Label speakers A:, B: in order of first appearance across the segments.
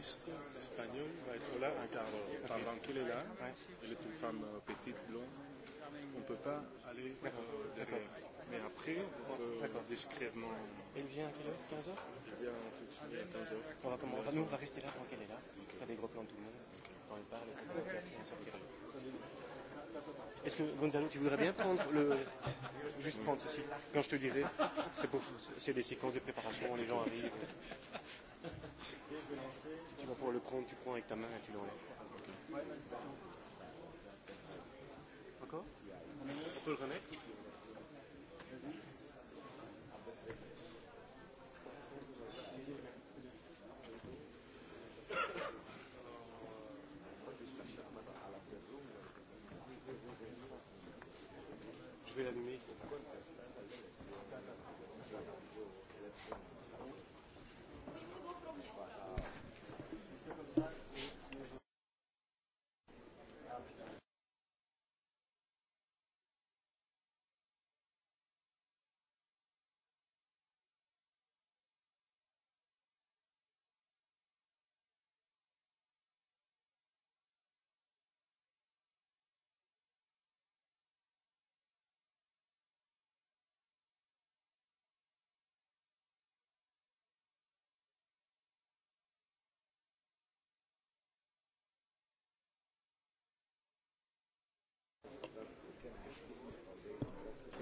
A: ministre espagnol va être là un quart d'heure. Pendant qu'elle est là, elle est une femme petite, blonde, on ne peut pas aller derrière. Mais après, on peut discrètement... Elle vient à quelle heure 15 h Elle vient tout de suite à 15 15h. On va comment, nous, on va rester là tant qu'elle est là. On Faire des gros plans tout le monde. Quand elle parle, on sortira. Est-ce que Gonzalo, tu voudrais bien prendre le. Juste prendre ceci. Quand je te dirai, c'est des séquences de préparation, les gens arrivent vas pouvoir le prendre, tu prends avec ta main et tu l'enlèves. Encore On peut le remettre
B: Je vais l'allumer.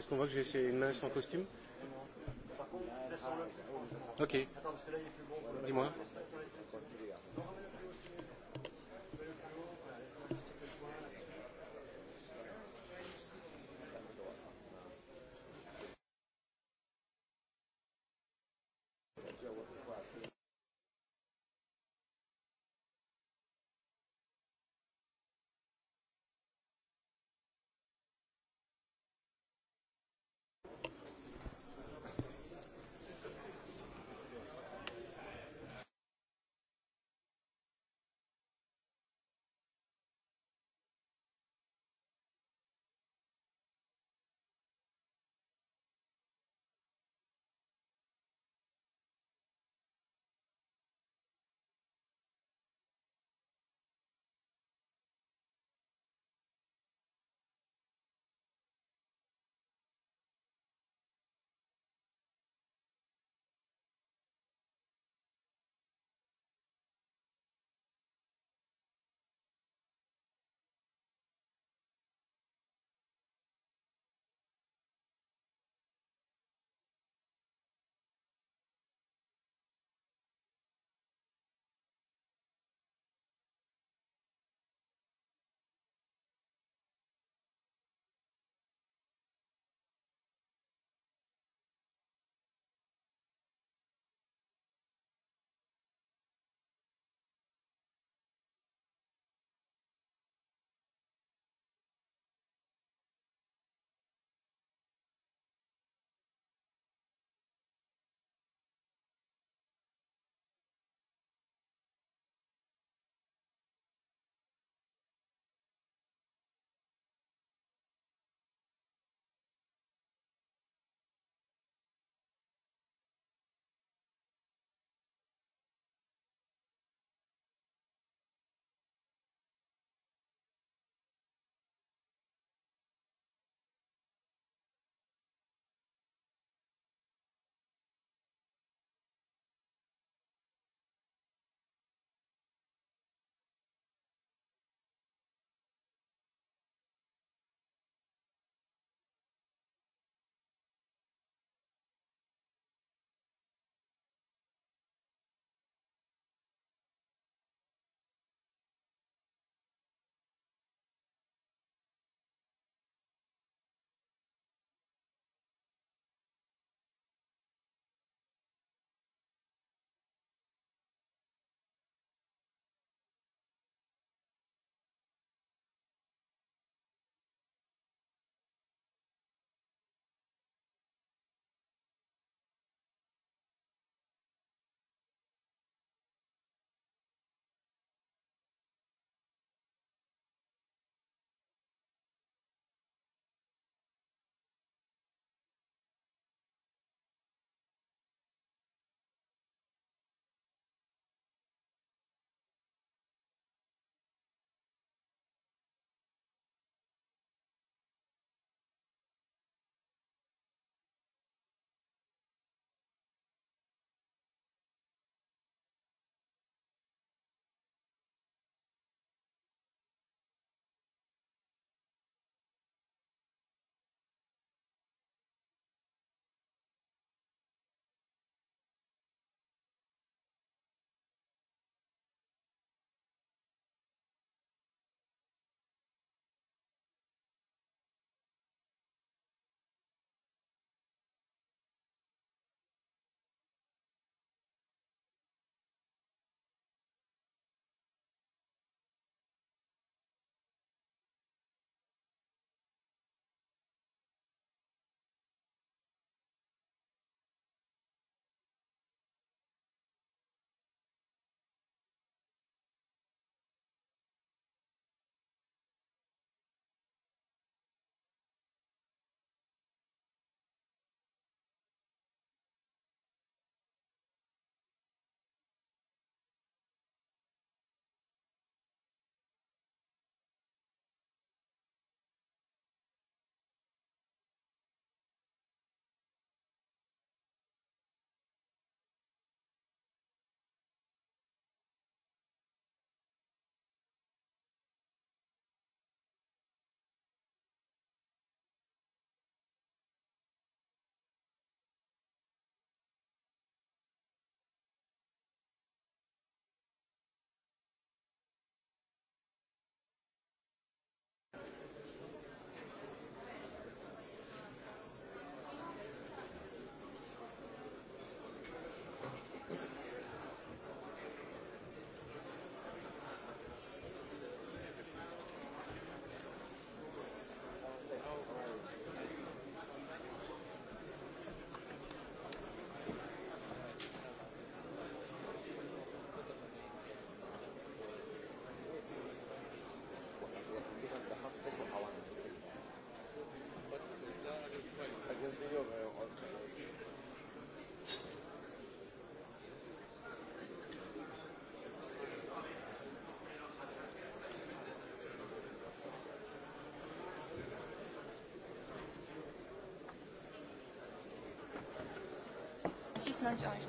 B: qu'on voit que j'ai une main sans costume Ok. Dis-moi.
C: Ach, 96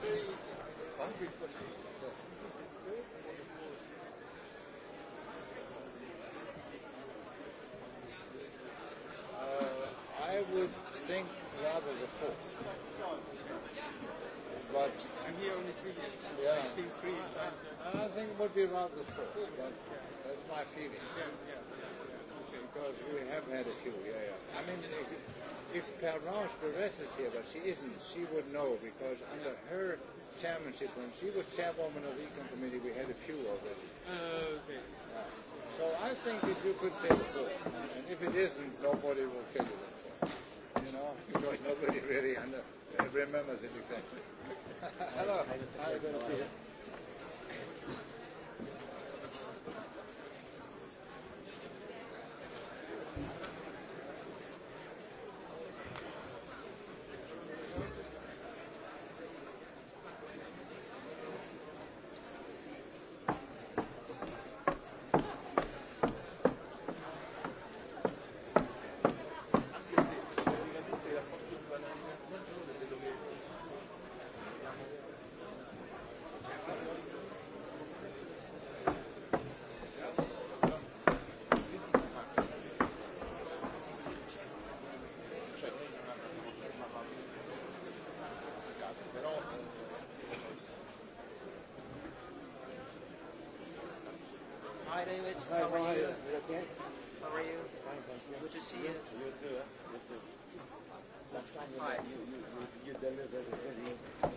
C: I
B: would think rather the fourth.
C: But I'm here only three years. Yeah. I
B: think it would be rather the fourth. But that's my feeling. Yeah, yeah. Because we have had a few. Yeah, yeah. I mean, if Pervenche Perez is here, but she isn't, she would know because under her chairmanship, when she was chairwoman of the Econ Committee, we had a few already. Uh, okay. So I think that you could say the book, And if it isn't, nobody will tell you that. You know, because nobody really under, remembers it
D: exactly. Hello. Hi, good to see you.
B: Hi, David. Hi, how, are you? okay? How are you? Fine, thank you. Good to see you. You too. You too. Last time you, you, you, you delivered a video.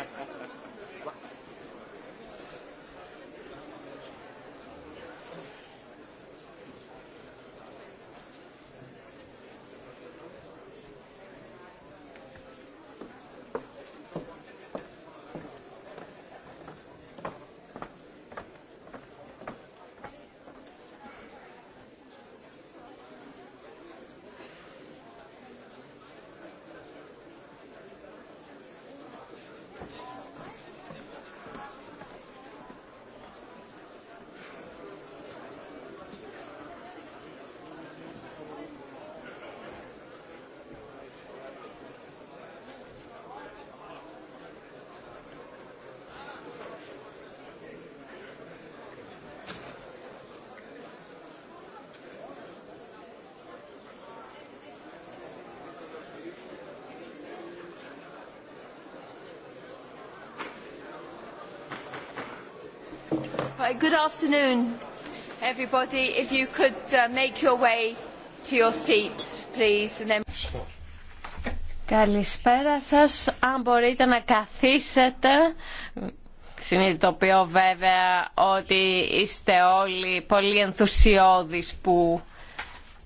C: Good If you could uh, make your way
E: Καλησπέρα σας. Αν μπορείτε να καθίσετε. Συνειδητοποιώ βέβαια ότι είστε όλοι πολύ ενθουσιώδεις που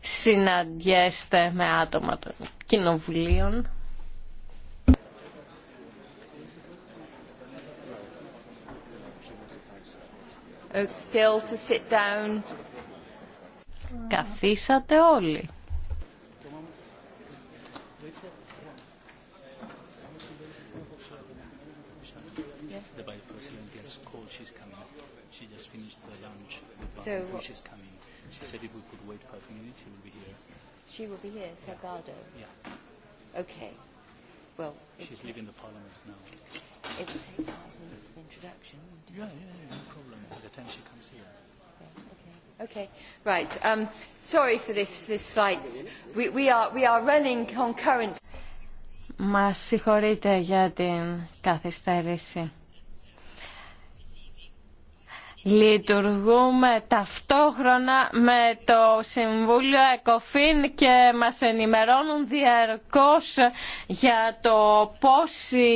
E: συναντιέστε με άτομα των κοινοβουλίων.
C: Still to sit down. Καθίσατε όλοι.
A: So what? She's coming. She said if we could wait five minutes, she will be here.
C: She will be here, Salgado.
A: Yeah.
C: Okay. Well. She's leaving the Parliament now. It take five minutes of introduction. Yeah, time she comes here. Okay. Right. Um, sorry for this, this slight. We, we, are, we are running concurrent.
E: Μας συγχωρείτε για την καθυστέρηση. Λειτουργούμε ταυτόχρονα με το Συμβούλιο ΕΚΟΦΗΝ και μας ενημερώνουν διαρκώς για το πόσοι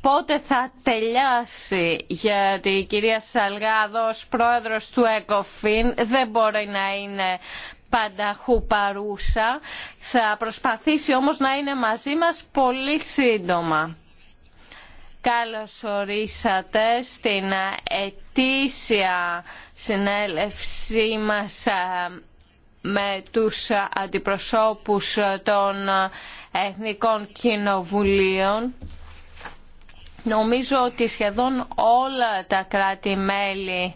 E: πότε θα τελειάσει γιατί η κυρία Σαλγάδος, πρόεδρος του ΕΚΟΦΗΝ, δεν μπορεί να είναι πανταχού παρούσα. Θα προσπαθήσει όμως να είναι μαζί μας πολύ σύντομα. Καλώς ορίσατε στην ετήσια συνέλευσή μας ε, με τους αντιπροσώπους των Εθνικών Κοινοβουλίων. Νομίζω ότι σχεδόν όλα τα κράτη-μέλη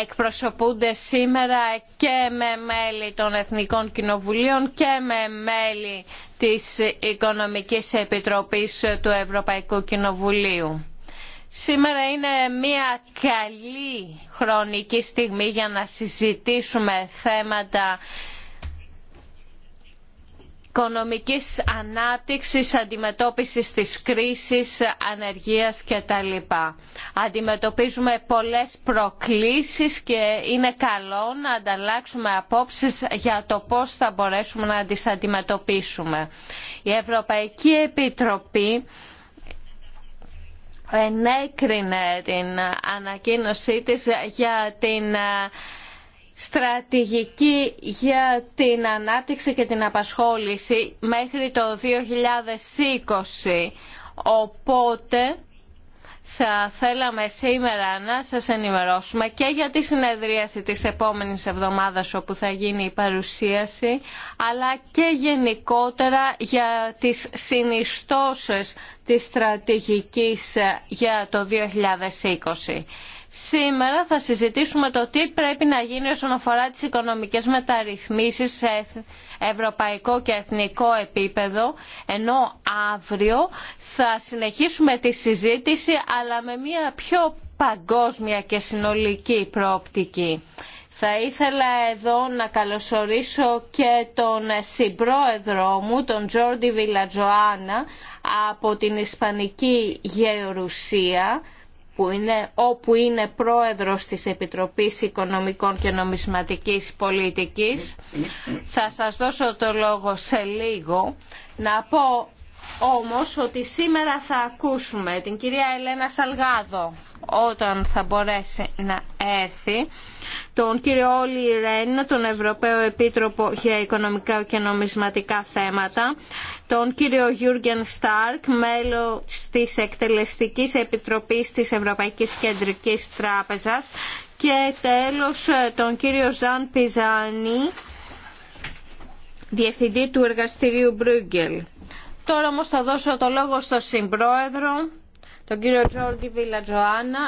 E: εκπροσωπούνται σήμερα και με μέλη των Εθνικών Κοινοβουλίων και με μέλη της Οικονομικής Επιτροπής του Ευρωπαϊκού Κοινοβουλίου. Σήμερα είναι μια καλή χρονική στιγμή για να συζητήσουμε θέματα οικονομικής ανάπτυξης, αντιμετώπισης της κρίσης, ανεργίας κτλ. Αντιμετωπίζουμε πολλές προκλήσεις και είναι καλό να ανταλλάξουμε απόψεις για το πώς θα μπορέσουμε να τις αντιμετωπίσουμε. Η Ευρωπαϊκή Επιτροπή ενέκρινε την ανακοίνωσή της για την στρατηγική για την ανάπτυξη και την απασχόληση μέχρι το 2020. Οπότε θα θέλαμε σήμερα να σας ενημερώσουμε και για τη συνεδρίαση της επόμενης εβδομάδας όπου θα γίνει η παρουσίαση αλλά και γενικότερα για τις συνιστώσεις της στρατηγικής για το 2020. Σήμερα θα συζητήσουμε το τι πρέπει να γίνει όσον αφορά τις οικονομικές μεταρρυθμίσεις σε ευρωπαϊκό και εθνικό επίπεδο, ενώ αύριο θα συνεχίσουμε τη συζήτηση αλλά με μια πιο παγκόσμια και συνολική προοπτική. Θα ήθελα εδώ να καλωσορίσω και τον συμπρόεδρό μου, τον Τζόρντι Βιλατζοάνα, από την Ισπανική Γεωρουσία, που είναι, όπου είναι πρόεδρος της Επιτροπής Οικονομικών και Νομισματικής Πολιτικής. Θα σας δώσω το λόγο σε λίγο. Να πω όμως ότι σήμερα θα ακούσουμε την κυρία Ελένα Σαλγάδο όταν θα μπορέσει να έρθει τον κύριο Όλι Ρεν, τον Ευρωπαίο Επίτροπο για Οικονομικά και Νομισματικά Θέματα, τον κύριο Γιούργεν Στάρκ, μέλο της Εκτελεστικής Επιτροπής της Ευρωπαϊκής Κεντρικής Τράπεζας και τέλος ε, τον κύριο Ζαν Πιζάνη, Διευθυντή του Εργαστηρίου Μπρούγκελ. Τώρα όμως θα δώσω το λόγο στον Συμπρόεδρο, τον κύριο Τζόρντι Βίλα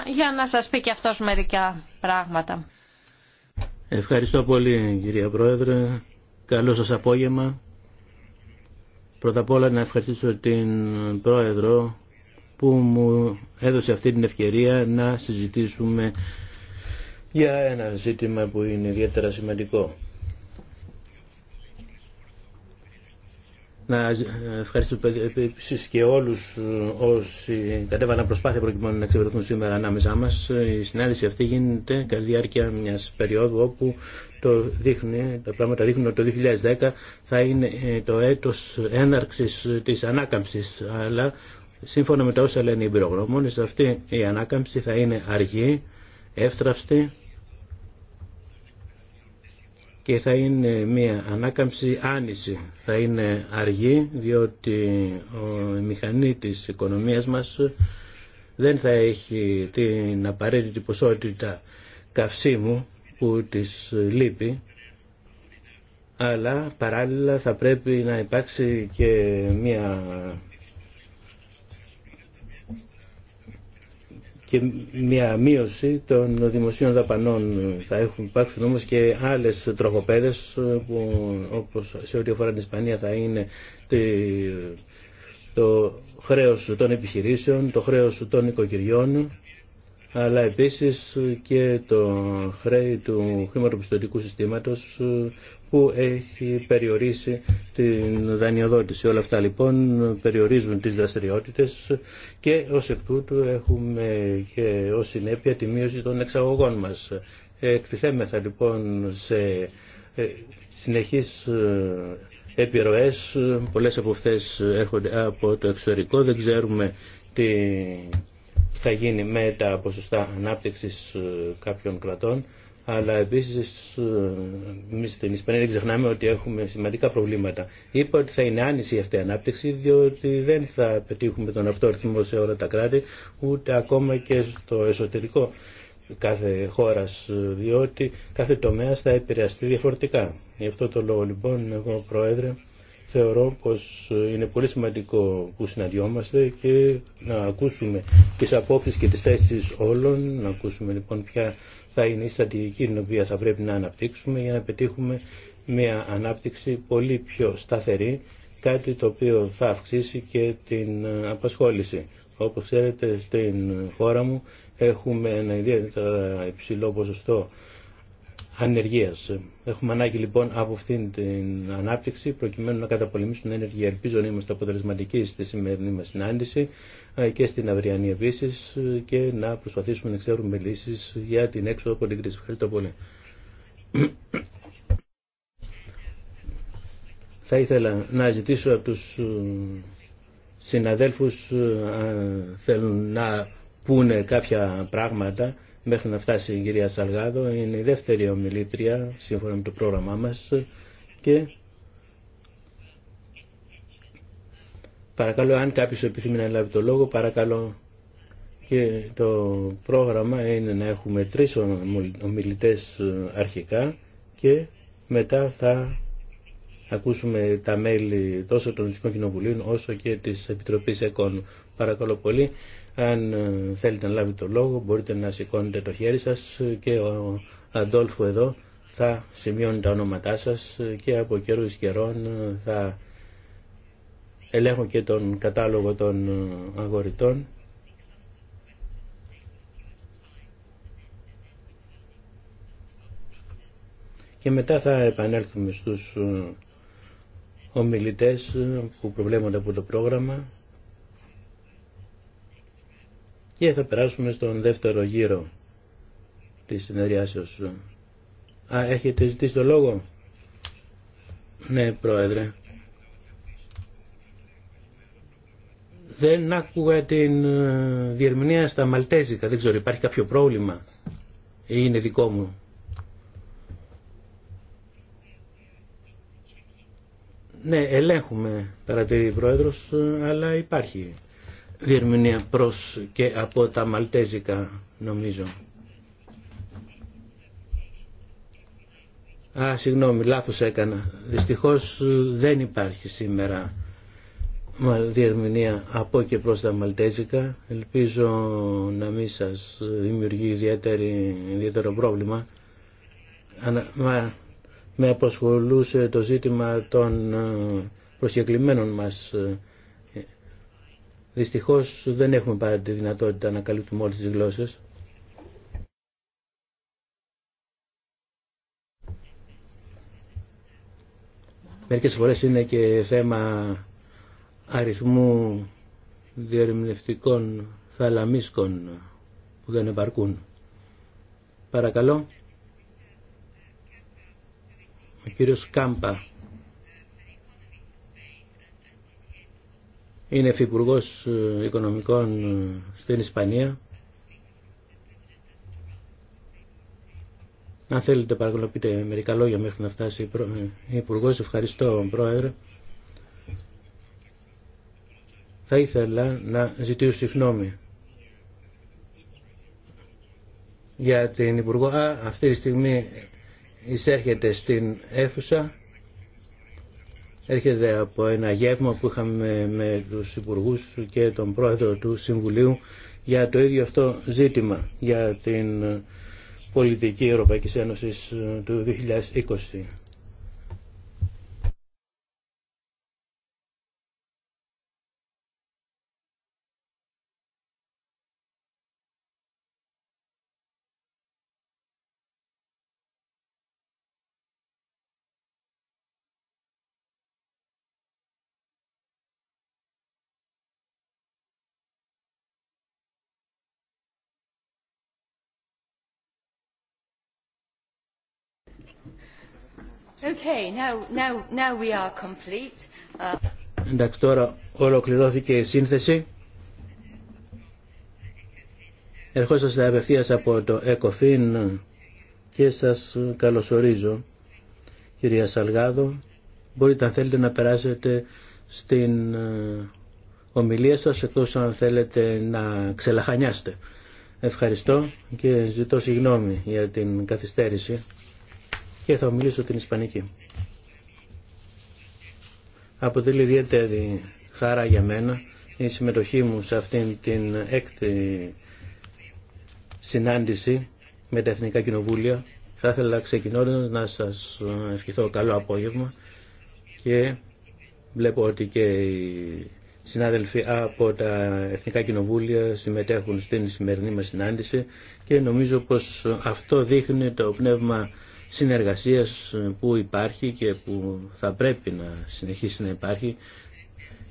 E: για να σας πει και αυτός μερικά πράγματα.
A: Ευχαριστώ πολύ κυρία Πρόεδρε. Καλό σας απόγευμα. Πρώτα απ' όλα να ευχαριστήσω την Πρόεδρο που μου έδωσε αυτή την ευκαιρία να συζητήσουμε για ένα ζήτημα που είναι ιδιαίτερα σημαντικό. να ευχαριστήσω επίση και όλου όσοι κατέβαλαν προσπάθεια προκειμένου να ξεβρεθούν σήμερα ανάμεσά μα. Η συνάντηση αυτή γίνεται κατά τη διάρκεια μια περίοδου όπου το δείχνει, τα πράγματα δείχνουν ότι το 2010 θα είναι ε, το έτο έναρξη τη ανάκαμψη. Αλλά σύμφωνα με τα όσα λένε οι εμπειρογνώμονε, αυτή η ανάκαμψη θα είναι αργή, εύθραυστη και θα είναι μια ανάκαμψη άνηση. Θα είναι αργή διότι η μηχανή της οικονομίας μας δεν θα έχει την απαραίτητη ποσότητα καυσίμου που της λείπει αλλά παράλληλα θα πρέπει να υπάρξει και μια και μια μείωση των δημοσίων δαπανών. Θα έχουν υπάρξουν όμως και άλλες τροχοπέδες που όπως σε ό,τι αφορά την Ισπανία θα είναι το χρέος των επιχειρήσεων, το χρέος των οικογενειών αλλά επίσης και το χρέη του χρηματοπιστωτικού συστήματος που έχει περιορίσει την δανειοδότηση. Όλα αυτά λοιπόν περιορίζουν τις δραστηριότητες και ως εκ τούτου έχουμε και ως συνέπεια τη μείωση των εξαγωγών μας. Εκτιθέμεθα λοιπόν σε ε, συνεχείς ε, επιρροές, πολλές από αυτές έρχονται από το εξωτερικό, δεν ξέρουμε τι θα γίνει με τα ποσοστά ανάπτυξης ε, κάποιων κρατών αλλά επίση, ε, εμεί στην Ισπανία δεν ξεχνάμε ότι έχουμε σημαντικά προβλήματα. Είπα ότι θα είναι άνηση αυτή η ανάπτυξη, διότι δεν θα πετύχουμε τον αυτό ρυθμό σε όλα τα κράτη, ούτε ακόμα και στο εσωτερικό κάθε χώρα, διότι κάθε τομέα θα επηρεαστεί διαφορετικά. Γι' αυτό το λόγο λοιπόν εγώ Πρόεδρε θεωρώ πως είναι πολύ σημαντικό που συναντιόμαστε και να ακούσουμε τις απόψεις και τις θέσεις όλων, να ακούσουμε λοιπόν ποια θα είναι η στρατηγική την οποία θα πρέπει να αναπτύξουμε για να πετύχουμε μια ανάπτυξη πολύ πιο σταθερή, κάτι το οποίο θα αυξήσει και την απασχόληση. Όπως ξέρετε στην χώρα μου έχουμε ένα ιδιαίτερα υψηλό ποσοστό ανεργίας. Έχουμε ανάγκη λοιπόν από αυτήν την ανάπτυξη προκειμένου να καταπολεμήσουμε την ενέργεια. Ελπίζω να είμαστε αποτελεσματικοί στη σημερινή μας συνάντηση ε, και στην αυριανή επίση ε, και να προσπαθήσουμε να ξέρουμε λύσεις για την έξοδο από την κρίση. Ευχαριστώ πολύ. Θα ήθελα να ζητήσω από τους ε, συναδέλφους αν να πούνε κάποια πράγματα μέχρι να φτάσει η κυρία Σαλγάδο. Είναι η δεύτερη ομιλήτρια σύμφωνα με το πρόγραμμά μας και παρακαλώ αν κάποιος επιθυμεί να λάβει το λόγο παρακαλώ και το πρόγραμμα είναι να έχουμε τρεις ομιλητές αρχικά και μετά θα ακούσουμε τα μέλη τόσο των Εθνικών Κοινοβουλίων όσο και της Επιτροπής ΕΚΟΝ. Παρακαλώ πολύ αν ε, θέλετε να λάβετε το λόγο μπορείτε να σηκώνετε το χέρι σας και ο Αντόλφου εδώ θα σημειώνει τα ονόματά σας και από καιρούς καιρών ε, θα ελέγχω και τον κατάλογο των ε, αγοριτών. Και μετά θα επανέλθουμε στους ομιλητές που προβλέπονται από το πρόγραμμα και θα περάσουμε στον δεύτερο γύρο της συνεδριάσεως. Α, έχετε ζητήσει το λόγο. Ναι, Πρόεδρε. Δεν άκουγα την ε, διερμηνία στα Μαλτέζικα. Δεν ξέρω, υπάρχει κάποιο πρόβλημα ή είναι δικό μου. Ναι, ελέγχουμε, παρατηρεί η Πρόεδρος, αλλά υπάρχει διερμηνία προς και από τα Μαλτέζικα νομίζω. Α, συγγνώμη, λάθος έκανα. Δυστυχώς ε, δεν υπάρχει σήμερα διερμηνία από και προς τα Μαλτέζικα. Ελπίζω να μην σας δημιουργεί ιδιαίτερη, ιδιαίτερο πρόβλημα. Μα, με απασχολούσε το ζήτημα των ε, προσκεκλημένων μας ε, Δυστυχώς δεν έχουμε πάρει τη δυνατότητα να καλύπτουμε όλες τις γλώσσες. Μερικές φορές είναι και θέμα αριθμού διερμηνευτικών θαλαμίσκων που δεν επαρκούν. Παρακαλώ. Ο κύριος Κάμπα. είναι Υφυπουργό ε, Οικονομικών ε, στην Ισπανία. Αν θέλετε παρακολουθείτε πείτε μερικά λόγια μέχρι να φτάσει η ε, Υπουργό. Ευχαριστώ Πρόεδρε. Θα ήθελα να ζητήσω συγγνώμη για την Υπουργό. Α, αυτή τη στιγμή εισέρχεται στην αίθουσα έρχεται από ένα γεύμα που είχαμε με τους υπουργούς και τον πρόεδρο του Συμβουλίου για το ίδιο αυτό ζήτημα, για την πολιτική Ευρωπαϊκής Ένωσης του 2020.
B: Okay, now,
C: now, uh,
A: Εντάξει, τώρα ολοκληρώθηκε η σύνθεση. Ερχόσαστε απευθεία από το ΕΚΟΦΗΝ και σας καλωσορίζω, κυρία Σαλγάδο. Μπορείτε αν θέλετε να περάσετε στην ε, ομιλία σας, εκτός αν θέλετε να ξελαχανιάστε. Ευχαριστώ και ζητώ συγγνώμη για την καθυστέρηση και θα μιλήσω την Ισπανική. Αποτελεί ιδιαίτερη χαρά για μένα η συμμετοχή μου σε αυτήν την έκτη συνάντηση με τα Εθνικά Κοινοβούλια. Θα ήθελα ξεκινώντας να σας ευχηθώ καλό απόγευμα και βλέπω ότι και οι συνάδελφοι από τα Εθνικά Κοινοβούλια συμμετέχουν στην σημερινή μας συνάντηση και νομίζω πως αυτό δείχνει το πνεύμα συνεργασίας που υπάρχει και που θα πρέπει να συνεχίσει να υπάρχει.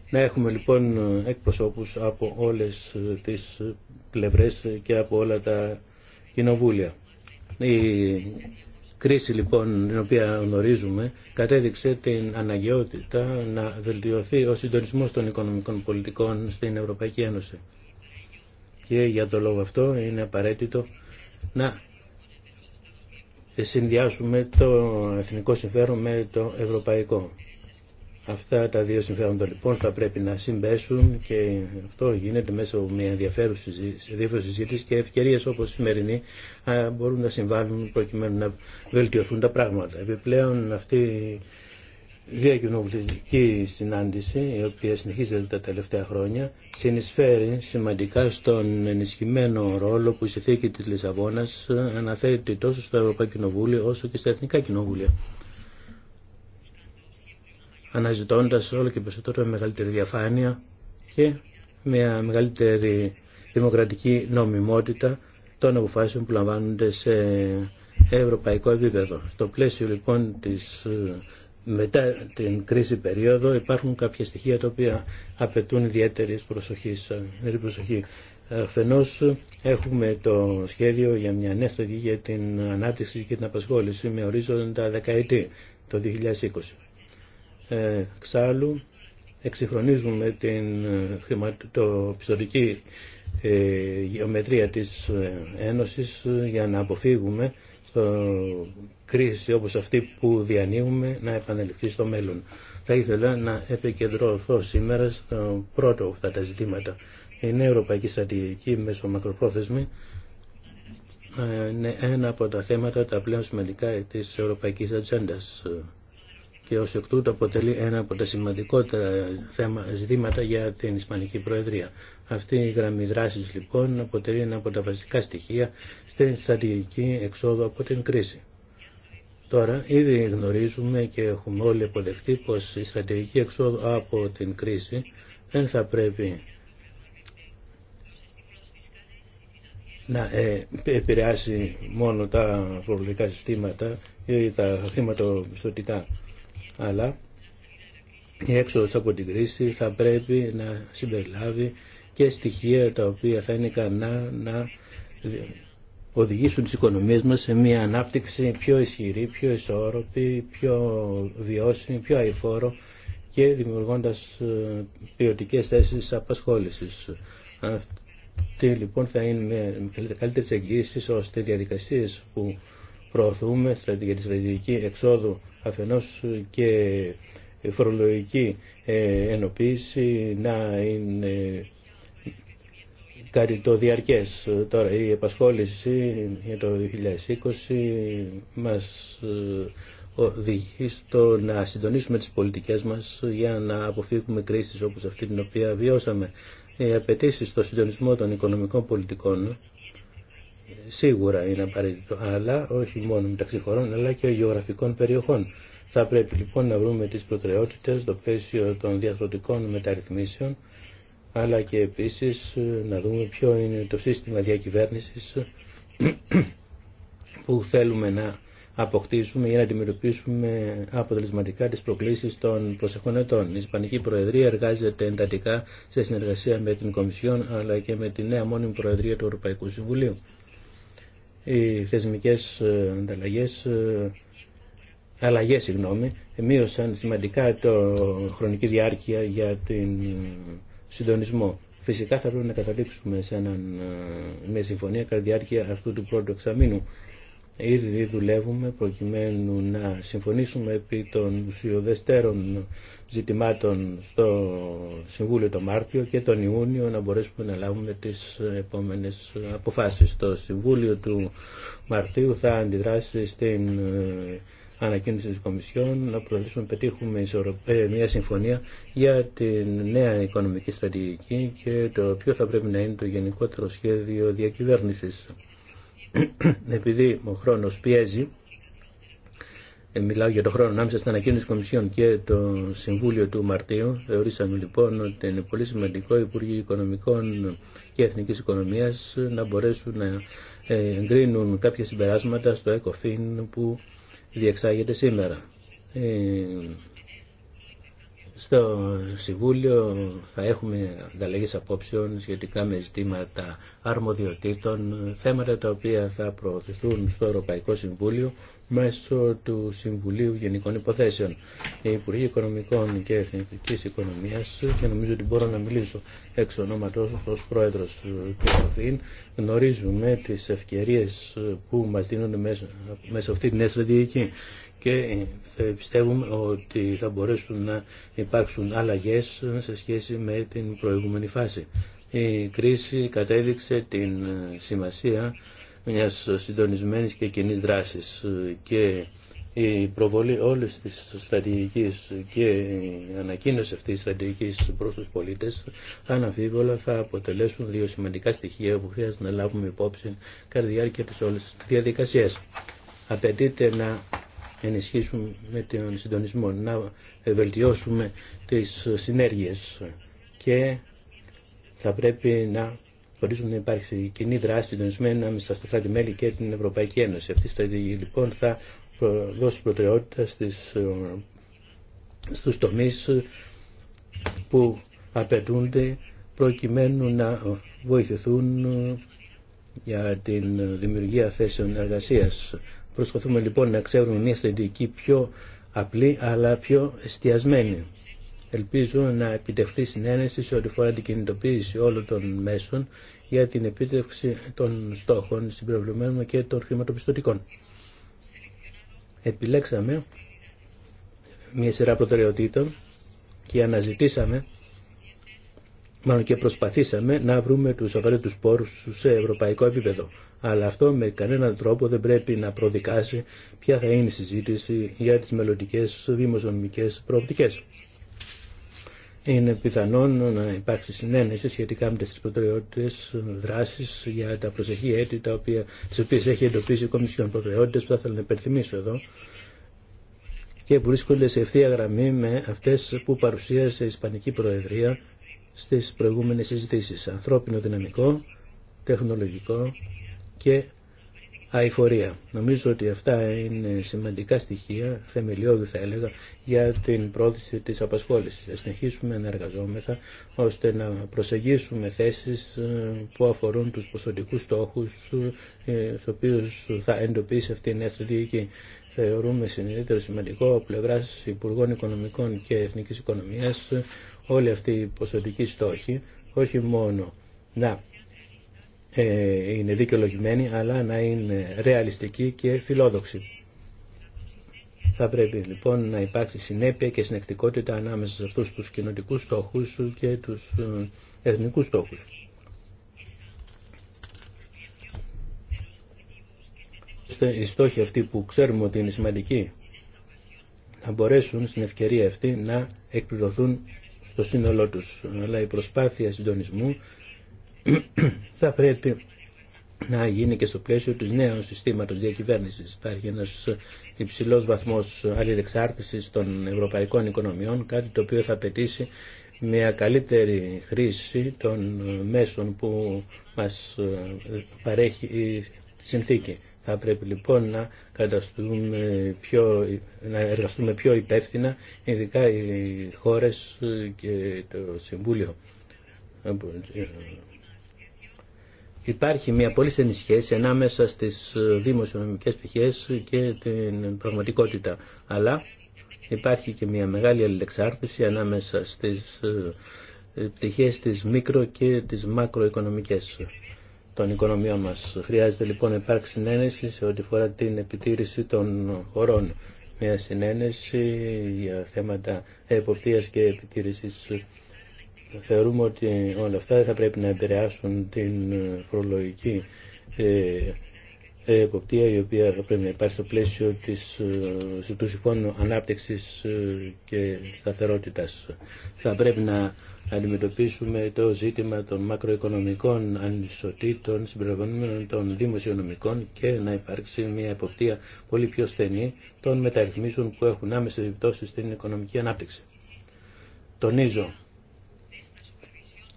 A: Να έχουμε λοιπόν εκπροσώπους από όλες τις πλευρές και από όλα τα κοινοβούλια. Η κρίση λοιπόν την οποία γνωρίζουμε κατέδειξε την αναγκαιότητα να βελτιωθεί ο συντονισμός των οικονομικών πολιτικών στην Ευρωπαϊκή Ένωση. Και για το λόγο αυτό είναι απαραίτητο να συνδυάσουμε το εθνικό συμφέρον με το ευρωπαϊκό. Αυτά τα δύο συμφέροντα λοιπόν θα πρέπει να συμπέσουν και αυτό γίνεται μέσα από μια ενδιαφέρουσα συζήτηση και ευκαιρίες όπως σημερινή μπορούν να συμβάλλουν προκειμένου να βελτιωθούν τα πράγματα. Επιπλέον αυτή διακοινοβουλευτική συνάντηση, η οποία συνεχίζεται τα τελευταία χρόνια, συνεισφέρει σημαντικά στον ενισχυμένο ρόλο που η συνθήκη τη Λισαβόνα αναθέτει τόσο στο Ευρωπαϊκό Κοινοβούλιο όσο και στα Εθνικά Κοινοβούλια. Αναζητώντα όλο και περισσότερο μεγαλύτερη διαφάνεια και μια μεγαλύτερη δημοκρατική νομιμότητα των αποφάσεων που λαμβάνονται σε ευρωπαϊκό επίπεδο. Στο πλαίσιο λοιπόν της μετά την κρίση περίοδο υπάρχουν κάποια στοιχεία τα οποία απαιτούν ε, ιδιαίτερη προσοχή. προσοχή. έχουμε το σχέδιο για μια νέα στρατηγική για την ανάπτυξη και την απασχόληση με ορίζοντα δεκαετή το 2020. Ε, Ξάλλου εξυγχρονίζουμε την ε, το ε, γεωμετρία της Ένωσης για να αποφύγουμε στο κρίση όπως αυτή που διανύουμε να επανελειφθεί στο μέλλον. Θα ήθελα να επικεντρωθώ σήμερα στο πρώτο αυτά τα ζητήματα. Η ευρωπαϊκή στρατηγική μέσω μακροπρόθεσμη ε, είναι ένα από τα θέματα τα πλέον σημαντικά της ευρωπαϊκής ατζέντα και ως εκ τούτου αποτελεί ένα από τα σημαντικότερα θέμα, ζητήματα για την Ισπανική Προεδρία. Αυτή η γραμμή δράση λοιπόν αποτελεί ένα από τα βασικά στοιχεία στην στρατηγική εξόδο από την κρίση. Τώρα ήδη γνωρίζουμε και έχουμε όλοι αποδεχτεί πως η στρατηγική εξόδο από την κρίση δεν θα πρέπει να ε, επηρεάσει μόνο τα προβλητικά συστήματα ή τα χρηματοπιστωτικά, αλλά η έξοδος από την κρίση θα πρέπει να συμπεριλάβει και στοιχεία τα οποία θα είναι ικανά να οδηγήσουν τις οικονομίες μας σε μια ανάπτυξη πιο ισχυρή, πιο ισόρροπη, πιο βιώσιμη, πιο αηφόρο και δημιουργώντας ε, ποιοτικέ θέσεις απασχόλησης. Αυτή λοιπόν θα είναι με καλύτερες εγγύσεις ώστε διαδικασίες που προωθούμε για τη στρατηγική εξόδου αφενός και φορολογική ε, ενοποίηση να είναι το διαρκές Τώρα η επασχόληση για το 2020 μας ε, οδηγεί στο να συντονίσουμε τις πολιτικές μας για να αποφύγουμε κρίσεις όπως αυτή την οποία βιώσαμε. Οι απαιτήσει στο συντονισμό των οικονομικών πολιτικών σίγουρα είναι απαραίτητο, αλλά όχι μόνο μεταξύ χωρών, αλλά και γεωγραφικών περιοχών. Θα πρέπει λοιπόν να βρούμε τις προτεραιότητες στο πλαίσιο των διαθροτικών μεταρρυθμίσεων αλλά και επίσης ε, να δούμε ποιο είναι το σύστημα διακυβέρνησης ε, που θέλουμε να αποκτήσουμε για να αντιμετωπίσουμε αποτελεσματικά τις προκλήσεις των προσεχών Η Ισπανική Προεδρία εργάζεται εντατικά σε συνεργασία με την Κομισιόν αλλά και με τη νέα μόνιμη Προεδρία του Ευρωπαϊκού Συμβουλίου. Οι θεσμικές ε, ανταλλαγές αλλαγές συγγνώμη, μείωσαν σημαντικά το χρονική διάρκεια για την συντονισμό. Φυσικά θα πρέπει να καταλήξουμε σε έναν, ε, μια συμφωνία κατά τη διάρκεια αυτού του πρώτου εξαμήνου. Ήδη δουλεύουμε προκειμένου να συμφωνήσουμε επί των ουσιοδεστέρων ζητημάτων στο Συμβούλιο το Μάρτιο και τον Ιούνιο να μπορέσουμε να λάβουμε τις επόμενες αποφάσεις. Το Συμβούλιο του Μαρτίου θα αντιδράσει στην ε, ανακοίνωση της Κομισιόν να προσπαθήσουμε να πετύχουμε ε, μια συμφωνία για την νέα οικονομική στρατηγική και το ποιο θα πρέπει να είναι το γενικότερο σχέδιο διακυβέρνησης. Επειδή ο χρόνος πιέζει, ε, μιλάω για το χρόνο ανάμεσα στην ανακοίνωση Κομισιόν και το Συμβούλιο του Μαρτίου. Θεωρήσαμε λοιπόν ότι είναι πολύ σημαντικό οι Υπουργοί Οικονομικών και Εθνικής Οικονομίας να μπορέσουν να ε, εγκρίνουν κάποια συμπεράσματα στο ΕΚΟΦΗΝ που διεξάγεται σήμερα. Ε, στο Συμβούλιο θα έχουμε ανταλλαγές απόψεων σχετικά με ζητήματα αρμοδιοτήτων, θέματα τα οποία θα προωθηθούν στο Ευρωπαϊκό Συμβούλιο μέσω του Συμβουλίου Γενικών Υποθέσεων. Οι Υπουργοί Οικονομικών και Εθνικής Οικονομίας και νομίζω ότι μπορώ να μιλήσω έξω ονόματος ως Πρόεδρος του ΑΦΗΝ γνωρίζουμε τις ευκαιρίες που μας δίνουν μέσα, αυτή την και ε, πιστεύουμε ότι θα μπορέσουν να υπάρξουν αλλαγές σε σχέση με την προηγούμενη φάση. Η κρίση κατέδειξε την ε, σημασία μιας συντονισμένης και κοινή δράσης και η προβολή όλης της στρατηγικής και η ανακοίνωση αυτής της στρατηγικής προς τους πολίτες αναφίβολα θα αποτελέσουν δύο σημαντικά στοιχεία που χρειάζεται να λάβουμε υπόψη κατά τη διάρκεια της όλης της διαδικασίας. Απαιτείται να ενισχύσουμε με τον συντονισμό, να βελτιώσουμε τις συνέργειες και θα πρέπει να εξασφαλίσουμε να υπάρξει κοινή δράση συντονισμένη ανάμεσα στα κράτη-μέλη και την Ευρωπαϊκή Ένωση. Αυτή η στρατηγική λοιπόν θα δώσει προτεραιότητα στις, ε, στους τομείς που απαιτούνται προκειμένου να βοηθηθούν για την δημιουργία θέσεων εργασία. Προσπαθούμε λοιπόν να ξέρουμε μια στρατηγική πιο απλή αλλά πιο εστιασμένη. Ελπίζω να επιτευχθεί συνένεση σε ό,τι φορά την κινητοποίηση όλων των μέσων για την επίτευξη των στόχων συμπεριβλημένων και των χρηματοπιστωτικών. Επιλέξαμε μια σειρά προτεραιοτήτων και αναζητήσαμε μάλλον και προσπαθήσαμε να βρούμε τους απαραίτητους πόρους σε ευρωπαϊκό επίπεδο. Αλλά αυτό με κανέναν τρόπο δεν πρέπει να προδικάσει ποια θα είναι η συζήτηση για τις μελλοντικέ δημοσιονομικές προοπτικές είναι πιθανόν να υπάρξει συνένεση σχετικά με τις προτεραιότητες ε, δράσεις για τα προσεχή έτη τα οποία, τις οποίες έχει εντοπίσει η Κομισιόν προτεραιότητες που θα ήθελα να υπενθυμίσω εδώ και που βρίσκονται σε ευθεία γραμμή με αυτές που παρουσίασε η Ισπανική Προεδρία στις προηγούμενες συζητήσεις. Ανθρώπινο δυναμικό, τεχνολογικό και αηφορία. Νομίζω ότι αυτά είναι σημαντικά στοιχεία, θεμελιώδη θα έλεγα, για την πρόθεση της απασχόλησης. Θα συνεχίσουμε να εργαζόμεθα ώστε να προσεγγίσουμε θέσεις ε, που αφορούν τους ποσοτικούς στόχους, ε, στους οποίους θα εντοπίσει αυτή η νέα στρατηγική θεωρούμε συνειδητό σημαντικό από πλευρά Υπουργών Οικονομικών και Εθνική Οικονομία ε, όλοι αυτοί οι ποσοτικοί στόχοι, όχι μόνο να ε, είναι δικαιολογημένη, αλλά να είναι ρεαλιστική και φιλόδοξη. Θα πρέπει λοιπόν να υπάρξει συνέπεια και συνεκτικότητα ανάμεσα σε αυτούς τους κοινωτικούς στόχους και τους ε, εθνικούς στόχους. Οι στόχοι αυτή που ξέρουμε ότι είναι σημαντική, θα μπορέσουν στην ευκαιρία αυτή να εκπληρωθούν στο σύνολό τους. Αλλά η προσπάθεια συντονισμού θα πρέπει να γίνει και στο πλαίσιο του νέου συστήματος διακυβέρνησης. Υπάρχει ένας υψηλός βαθμός αλληλεξάρτησης των ευρωπαϊκών οικονομιών, κάτι το οποίο θα απαιτήσει μια καλύτερη χρήση των μέσων που μας ε, παρέχει η συνθήκη. Θα πρέπει λοιπόν να, πιο, να εργαστούμε πιο υπεύθυνα, ειδικά οι χώρες και το Συμβούλιο ε, ε, υπάρχει μια πολύ στενή σχέση ανάμεσα στις ε, δημοσιονομικές πτυχές και την πραγματικότητα. Αλλά υπάρχει και μια μεγάλη αλληλεξάρτηση ανάμεσα στις ε, πτυχές της μικρο και της μακροοικονομικές των οικονομιών μας. Χρειάζεται λοιπόν να υπάρξει συνένεση σε ό,τι φορά την επιτήρηση των χωρών. Μια συνένεση για θέματα εποπτείας και επιτήρησης Θεωρούμε ότι όλα αυτά θα πρέπει να επηρεάσουν την φορολογική ε, εποπτεία η οποία θα πρέπει να υπάρχει στο πλαίσιο της, ε, του Συμφώνου Ανάπτυξης ε, και Σταθερότητας. Θα πρέπει να αντιμετωπίσουμε το ζήτημα των μακροοικονομικών ανισοτήτων συμπεριλαμβανομένων των δημοσιονομικών και να υπάρξει μια εποπτεία πολύ πιο στενή των μεταρρυθμίσεων που έχουν άμεση επιπτώσει στην οικονομική ανάπτυξη. Τονίζω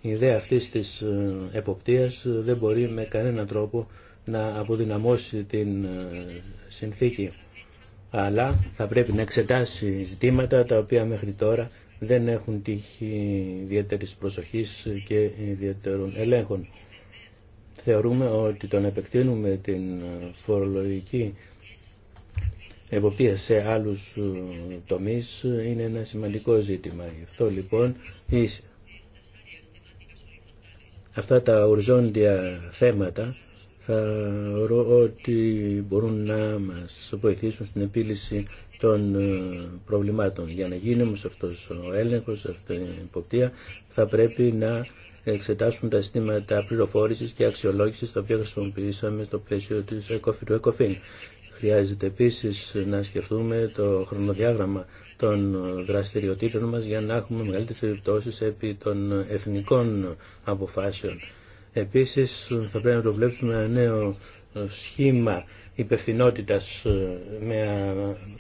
A: η ιδέα αυτής της ε, εποπτείας ε, δεν μπορεί με κανέναν τρόπο να αποδυναμώσει την ε, συνθήκη. Αλλά θα πρέπει να εξετάσει ζητήματα τα οποία μέχρι τώρα δεν έχουν τύχει ιδιαίτερης προσοχής και ιδιαίτερων ελέγχων. Θεωρούμε ότι το να επεκτείνουμε την φορολογική εποπτεία σε άλλους τομείς είναι ένα σημαντικό ζήτημα. Γι' αυτό λοιπόν αυτά τα οριζόντια θέματα θα θεωρώ ότι μπορούν να μας βοηθήσουν στην επίλυση των ε, προβλημάτων. Για να γίνει όμως αυτός ο έλεγχος, αυτή η υποπτία, θα πρέπει να εξετάσουν τα συστήματα πληροφόρηση και αξιολόγηση τα οποία χρησιμοποιήσαμε στο πλαίσιο του ΕΚΟΦΗΝ. Χρειάζεται επίσης να σκεφτούμε το χρονοδιάγραμμα των δραστηριοτήτων μας για να έχουμε μεγαλύτερες επιπτώσεις επί των εθνικών αποφάσεων. Επίσης θα πρέπει να το βλέπουμε ένα νέο σχήμα υπευθυνότητας ε, με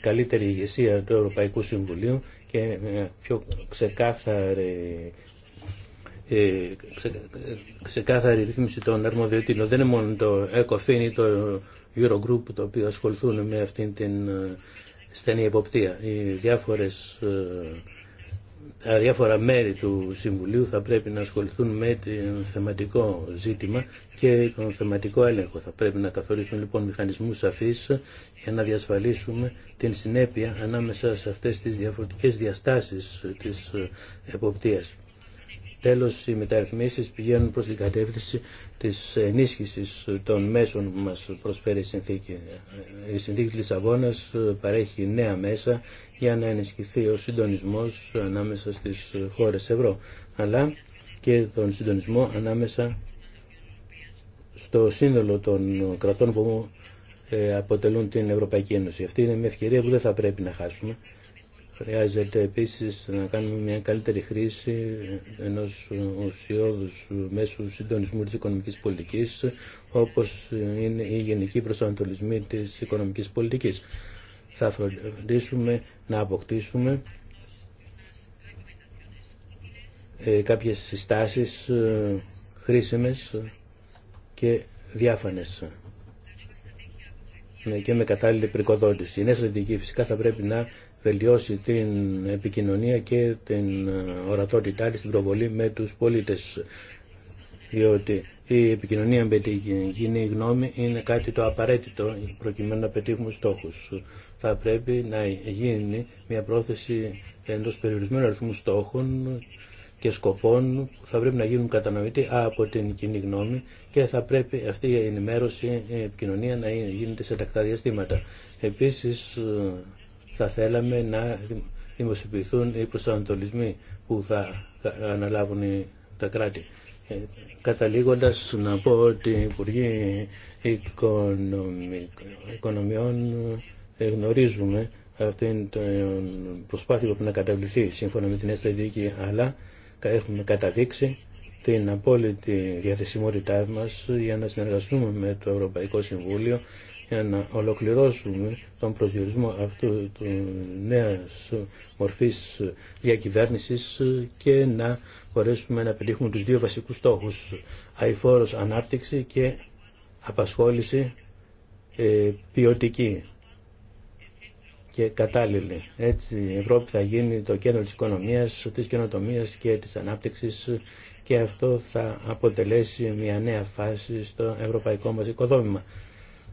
A: καλύτερη ηγεσία του Ευρωπαϊκού Συμβουλίου και με πιο ξεκάθαρη ε, ξεκάθαρη ρύθμιση των αρμοδιοτήτων. Δεν είναι μόνο το ECOFIN ή το Eurogroup το οποίο ασχοληθούν με αυτήν την ε, στενή εποπτεία. Οι διάφορες, ε, τα διάφορα μέρη του Συμβουλίου θα πρέπει να ασχοληθούν με το θεματικό ζήτημα και τον θεματικό έλεγχο. Θα πρέπει να καθορίσουν λοιπόν μηχανισμούς αφής για να διασφαλίσουμε την συνέπεια ανάμεσα σε αυτές τις διαφορετικές διαστάσεις της ε, εποπτείας. Τέλος, οι μεταρρυθμίσεις πηγαίνουν προς την κατεύθυνση της ενίσχυσης των μέσων που μας προσφέρει η συνθήκη. Η συνθήκη της Λισαβόνας παρέχει νέα μέσα για να ενισχυθεί ο συντονισμός ανάμεσα στις χώρες ευρώ, αλλά και τον συντονισμό ανάμεσα στο σύνολο των κρατών που ε, αποτελούν την Ευρωπαϊκή Ένωση. Αυτή είναι μια ευκαιρία που δεν θα πρέπει να χάσουμε Χρειάζεται επίσης να κάνουμε μια καλύτερη χρήση ενός ουσιώδους μέσου συντονισμού της οικονομικής πολιτικής, όπως είναι η γενική προσανατολισμή της οικονομικής πολιτικής. Θα φροντίσουμε να αποκτήσουμε ε, κάποιες συστάσεις ε, χρήσιμες και διάφανες ε, και με κατάλληλη πρικοδότηση. Η νέα στρατηγική φυσικά θα πρέπει να βελτιώσει την επικοινωνία και την ε, ορατότητά της στην προβολή με τους πολίτες. Διότι η επικοινωνία με την κοινή γνώμη είναι κάτι το απαραίτητο προκειμένου να πετύχουμε στόχους. Θα πρέπει να γίνει μια πρόθεση εντός περιορισμένου αριθμού στόχων και σκοπών που θα πρέπει να γίνουν κατανοητοί από την κοινή γνώμη και θα πρέπει αυτή η ενημέρωση, η επικοινωνία να γίνεται σε τακτά διαστήματα. Επίσης θα θέλαμε να δημοσιοποιηθούν οι προσανατολισμοί που θα αναλάβουν τα κράτη. Ε, καταλήγοντας να πω ότι οι Υπουργοί Οικονομιών ε, γνωρίζουμε αυτήν την προσπάθεια που πρέπει να καταβληθεί σύμφωνα με την Εστρατηγική, αλλά έχουμε καταδείξει την απόλυτη διαθεσιμότητά μας για να συνεργαστούμε με το Ευρωπαϊκό Συμβούλιο για να ολοκληρώσουμε τον προσδιορισμό αυτού του νέας μορφής διακυβέρνησης και να μπορέσουμε να πετύχουμε τους δύο βασικούς στόχους αηφόρος ανάπτυξη και απασχόληση ε, ποιοτική και κατάλληλη. Έτσι η Ευρώπη θα γίνει το κέντρο της οικονομίας, της καινοτομίας και της ανάπτυξης και αυτό θα αποτελέσει μια νέα φάση στο ευρωπαϊκό μας οικοδόμημα.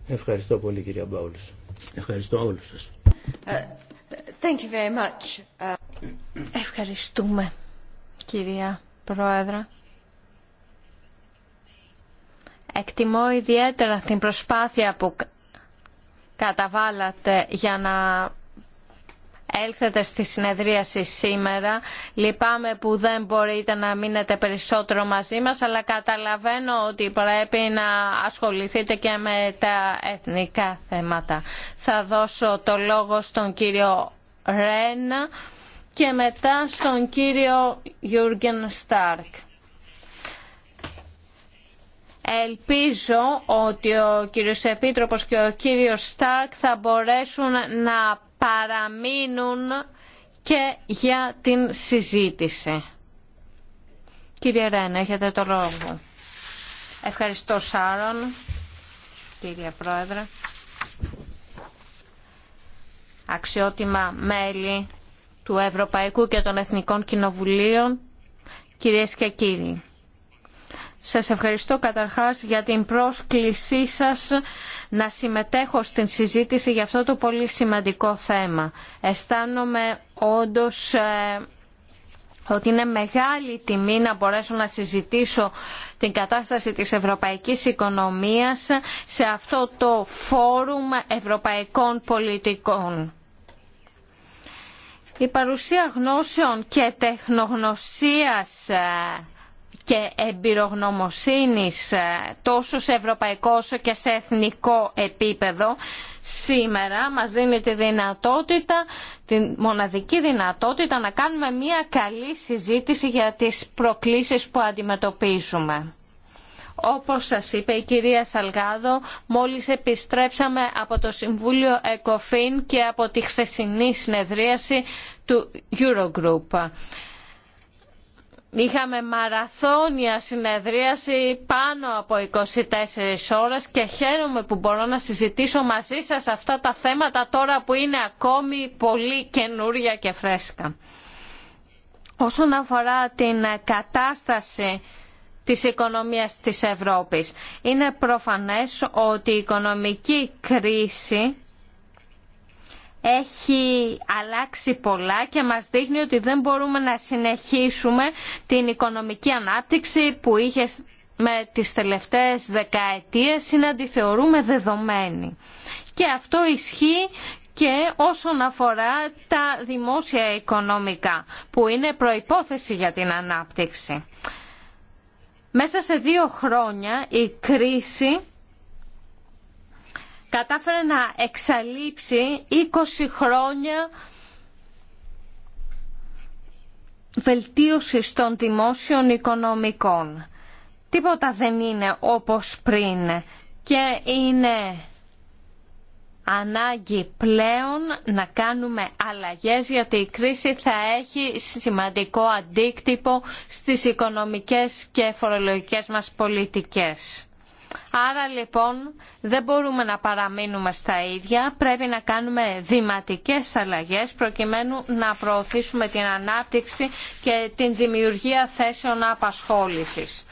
A: Ευχαριστώ πολύ κυρία Μπάουλης. Ευχαριστώ όλους σας.
C: Ε, thank you very much. Ε,
E: ευχαριστούμε κυρία Πρόεδρα. Εκτιμώ ιδιαίτερα την προσπάθεια που καταβάλατε για να έλθετε στη συνεδρίαση σήμερα. Λυπάμαι που δεν μπορείτε να μείνετε περισσότερο μαζί μας, αλλά καταλαβαίνω ότι πρέπει να ασχοληθείτε και με τα εθνικά θέματα. Θα δώσω το λόγο στον κύριο Ρένα και μετά στον κύριο Γιούργεν Στάρκ. Ελπίζω ότι ο κύριος Επίτροπος και ο κύριος Στάρκ θα μπορέσουν να παραμείνουν και για την συζήτηση. Κύριε Ρένα, έχετε το λόγο. Ευχαριστώ Σάρον, κύριε Πρόεδρε. Αξιότιμα μέλη του Ευρωπαϊκού και των Εθνικών Κοινοβουλίων, κυρίες και κύριοι. Σας ευχαριστώ καταρχάς για την πρόσκλησή σας να συμμετέχω στην συζήτηση για αυτό το πολύ σημαντικό θέμα. Αισθάνομαι όντως ε, ότι είναι μεγάλη τιμή να μπορέσω να συζητήσω την κατάσταση της ευρωπαϊκής οικονομίας σε αυτό το φόρουμ ευρωπαϊκών πολιτικών. Η παρουσία γνώσεων και τεχνογνωσίας ε, και εμπειρογνωμοσύνης ε, τόσο σε ευρωπαϊκό όσο και σε εθνικό επίπεδο σήμερα μας δίνει τη δυνατότητα, τη μοναδική δυνατότητα να κάνουμε μια καλή συζήτηση για τις προκλήσεις που αντιμετωπίζουμε. Όπως σας είπε η κυρία Σαλγάδο, μόλις επιστρέψαμε από το Συμβούλιο ΕΚΟΦΗΝ και από τη χθεσινή συνεδρίαση του Eurogroup. Είχαμε μαραθώνια συνεδρίαση πάνω από 24 ώρες και χαίρομαι που μπορώ να συζητήσω μαζί σας αυτά τα θέματα τώρα που είναι ακόμη πολύ καινούρια και φρέσκα. Όσον αφορά την κατάσταση της οικονομίας της Ευρώπης, είναι προφανές ότι η οικονομική κρίση έχει αλλάξει πολλά και μας δείχνει ότι δεν μπορούμε να συνεχίσουμε την οικονομική ανάπτυξη που είχε με τις τελευταίες δεκαετίες τη θεωρούμε δεδομένη. Και αυτό ισχύει και όσον αφορά τα δημόσια οικονομικά, που είναι προϋπόθεση για την ανάπτυξη. Μέσα σε δύο χρόνια η κρίση κατάφερε να εξαλείψει 20 χρόνια βελτίωση των δημόσιων οικονομικών. Τίποτα δεν είναι όπως πριν και είναι ανάγκη πλέον να κάνουμε αλλαγές γιατί η κρίση θα έχει σημαντικό αντίκτυπο στις οικονομικές και φορολογικές μας πολιτικές. Άρα λοιπόν δεν μπορούμε να παραμείνουμε στα ίδια, πρέπει να κάνουμε βηματικές αλλαγές προκειμένου να προωθήσουμε την ανάπτυξη και την δημιουργία θέσεων απασχόλησης.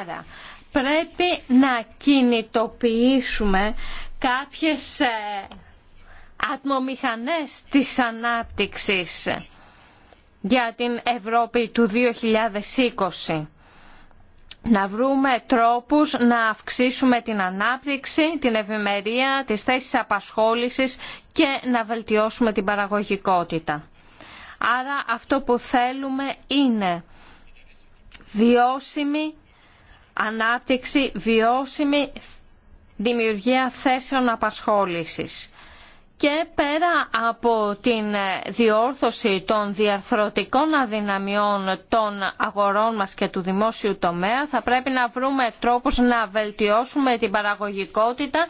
E: Άρα πρέπει να κινητοποιήσουμε κάποιες ε, ατμομηχανές της ανάπτυξης για την Ευρώπη του 2020 να βρούμε τρόπους να αυξήσουμε την ανάπτυξη, την ευημερία, τις θέσεις απασχόλησης και να βελτιώσουμε την παραγωγικότητα. Άρα αυτό που θέλουμε είναι βιώσιμη ανάπτυξη, βιώσιμη δημιουργία θέσεων απασχόλησης και πέρα από την διόρθωση των διαρθρωτικών αδυναμιών των αγορών μας και του δημόσιου τομέα θα πρέπει να βρούμε τρόπους να βελτιώσουμε την παραγωγικότητα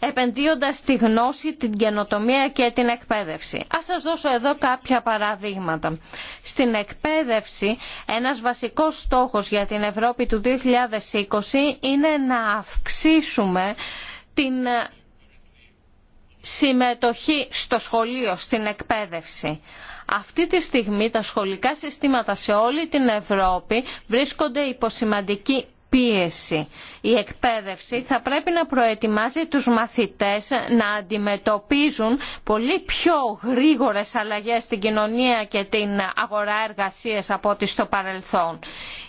E: επενδύοντας τη γνώση, την καινοτομία και την εκπαίδευση. Ας σας δώσω εδώ κάποια παραδείγματα. Στην εκπαίδευση ένας βασικός στόχος για την Ευρώπη του 2020 είναι να αυξήσουμε την συμμετοχή στο σχολείο, στην εκπαίδευση. Αυτή τη στιγμή τα σχολικά συστήματα σε όλη την Ευρώπη βρίσκονται υπό σημαντική πίεση. Η εκπαίδευση θα πρέπει να προετοιμάζει τους μαθητές να αντιμετωπίζουν πολύ πιο γρήγορες αλλαγές στην κοινωνία και την αγορά εργασίας από ό,τι στο παρελθόν.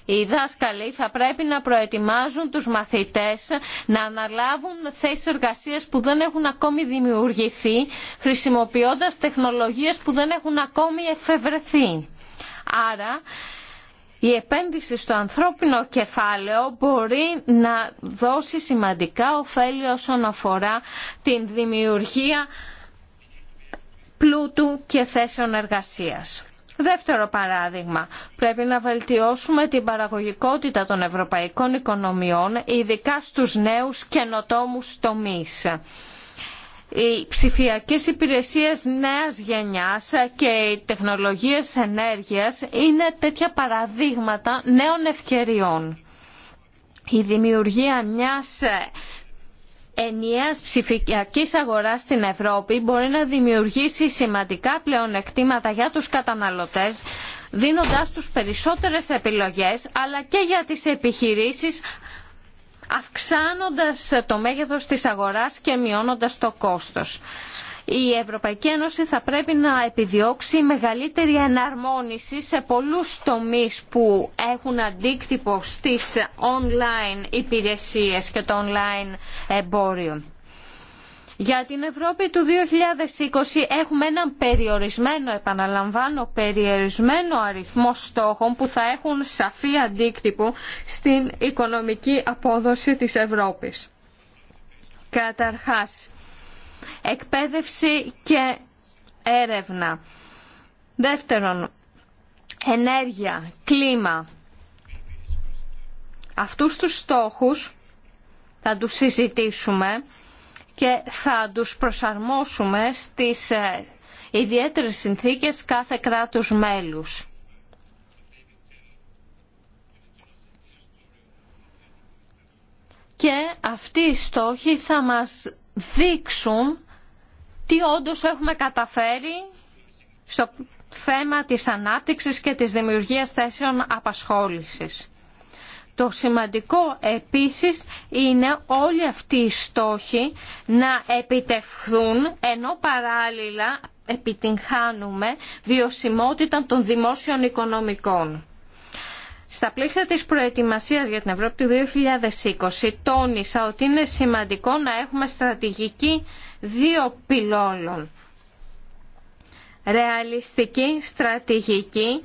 E: Οι δάσκαλοι θα πρέπει να προετοιμάζουν τους μαθητές να αναλάβουν θέσεις εργασίας που δεν έχουν ακόμη δημιουργηθεί, χρησιμοποιώντας τεχνολογίες που δεν έχουν ακόμη εφευρεθεί. Άρα η επένδυση στο ανθρώπινο κεφάλαιο μπορεί να δώσει σημαντικά ωφέλη όσον αφορά την δημιουργία πλούτου και θέσεων εργασίας. Δεύτερο παράδειγμα, πρέπει να βελτιώσουμε την παραγωγικότητα των ευρωπαϊκών οικονομιών, ειδικά στους νέους καινοτόμους τομείς οι ψηφιακές υπηρεσίες νέας γενιάς και οι τεχνολογίες ενέργειας είναι τέτοια παραδείγματα νέων ευκαιριών. Η δημιουργία μιας ενιαίας ψηφιακής αγοράς στην Ευρώπη μπορεί να δημιουργήσει σημαντικά πλεονεκτήματα για τους καταναλωτές, δίνοντάς τους περισσότερες επιλογές, αλλά και για τις επιχειρήσεις αυξάνοντας το μέγεθος της αγοράς και μειώνοντας το κόστος. Η Ευρωπαϊκή Ένωση θα πρέπει να επιδιώξει μεγαλύτερη εναρμόνιση σε πολλούς τομείς που έχουν αντίκτυπο στις online υπηρεσίες και το online εμπόριο. Για την Ευρώπη του 2020 έχουμε έναν περιορισμένο, επαναλαμβάνω, περιορισμένο αριθμό στόχων που θα έχουν σαφή αντίκτυπο στην οικονομική απόδοση της Ευρώπης. Καταρχάς, εκπαίδευση και έρευνα. Δεύτερον, ενέργεια, κλίμα. Αυτούς τους στόχους θα τους συζητήσουμε και θα τους προσαρμόσουμε στις ε, ιδιαίτερες συνθήκες κάθε κράτους μέλους. Και αυτοί οι στόχοι θα μας δείξουν τι όντως έχουμε καταφέρει στο θέμα της ανάπτυξης και της δημιουργίας θέσεων απασχόλησης. Το σημαντικό επίσης είναι όλοι αυτοί οι στόχοι να επιτευχθούν ενώ παράλληλα επιτυγχάνουμε βιωσιμότητα των δημόσιων οικονομικών. Στα πλαίσια της προετοιμασίας για την Ευρώπη του 2020 τόνισα ότι είναι σημαντικό να έχουμε στρατηγική δύο πυλώνων. Ρεαλιστική στρατηγική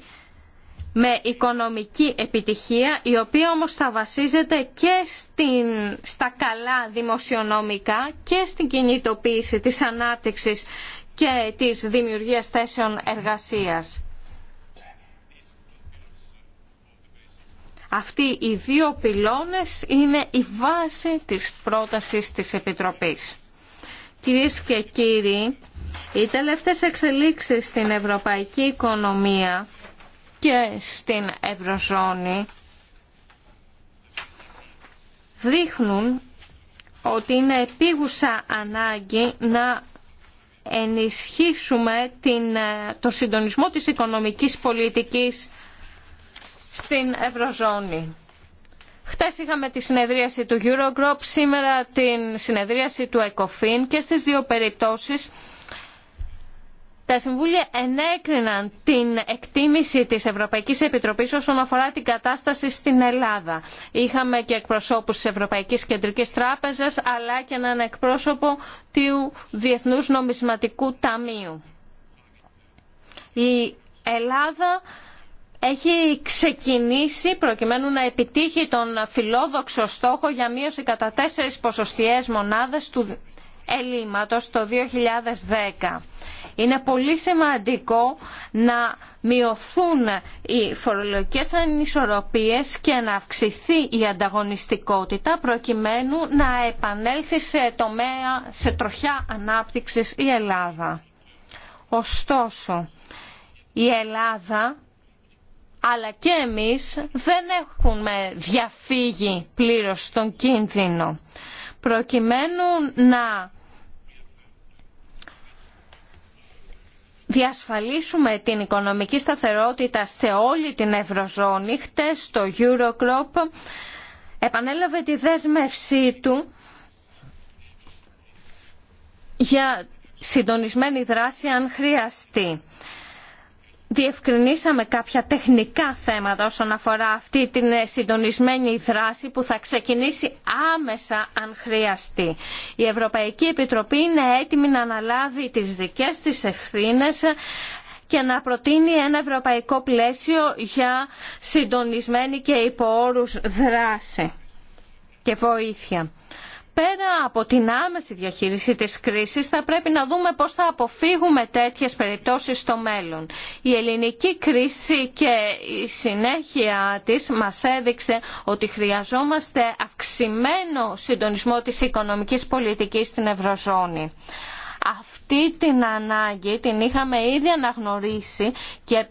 E: με οικονομική επιτυχία η οποία όμως θα βασίζεται και στην, στα καλά δημοσιονομικά και στην κινητοποίηση της ανάπτυξης και της δημιουργίας θέσεων εργασίας. Αυτοί οι δύο πυλώνες είναι η βάση της πρότασης της Επιτροπής. Κυρίες και κύριοι, οι τελευταίες εξελίξεις στην ευρωπαϊκή οικονομία και στην Ευρωζώνη δείχνουν ότι είναι επίγουσα ανάγκη να ενισχύσουμε την, το συντονισμό της οικονομικής πολιτικής στην Ευρωζώνη. Χτες είχαμε τη συνεδρίαση του Eurogroup, σήμερα την συνεδρίαση του ECOFIN και στις δύο περιπτώσεις τα Συμβούλια ενέκριναν την εκτίμηση της Ευρωπαϊκής Επιτροπής όσον αφορά την κατάσταση στην Ελλάδα. Είχαμε και εκπροσώπους της Ευρωπαϊκής Κεντρικής Τράπεζας αλλά και έναν εκπρόσωπο του Διεθνούς Νομισματικού Ταμείου. Η Ελλάδα έχει ξεκινήσει προκειμένου να επιτύχει τον φιλόδοξο στόχο για μείωση κατά τέσσερις ποσοστιαίες μονάδες του ελλείμματος το 2010. Είναι πολύ σημαντικό να μειωθούν οι φορολογικές ανισορροπίες και να αυξηθεί η ανταγωνιστικότητα προκειμένου να επανέλθει σε τομέα, σε τροχιά ανάπτυξης η Ελλάδα. Ωστόσο, η Ελλάδα αλλά και εμείς δεν έχουμε διαφύγει πλήρως τον κίνδυνο. Προκειμένου να διασφαλίσουμε την οικονομική σταθερότητα σε όλη την Ευρωζώνη, χτες το Eurogroup επανέλαβε τη δέσμευσή του για συντονισμένη δράση αν χρειαστεί διευκρινίσαμε κάποια τεχνικά θέματα όσον αφορά αυτή την συντονισμένη δράση που θα ξεκινήσει άμεσα αν χρειαστεί. Η Ευρωπαϊκή Επιτροπή είναι έτοιμη να αναλάβει τις δικές της ευθύνες και να προτείνει ένα ευρωπαϊκό πλαίσιο για συντονισμένη και υπό όρους δράση και βοήθεια πέρα από την άμεση διαχείριση της κρίσης θα πρέπει να δούμε πώς θα αποφύγουμε τέτοιες περιπτώσεις στο μέλλον. Η ελληνική κρίση και η συνέχεια της μας έδειξε ότι χρειαζόμαστε αυξημένο συντονισμό της οικονομικής πολιτικής στην Ευρωζώνη. Αυτή την ανάγκη την είχαμε ήδη αναγνωρίσει και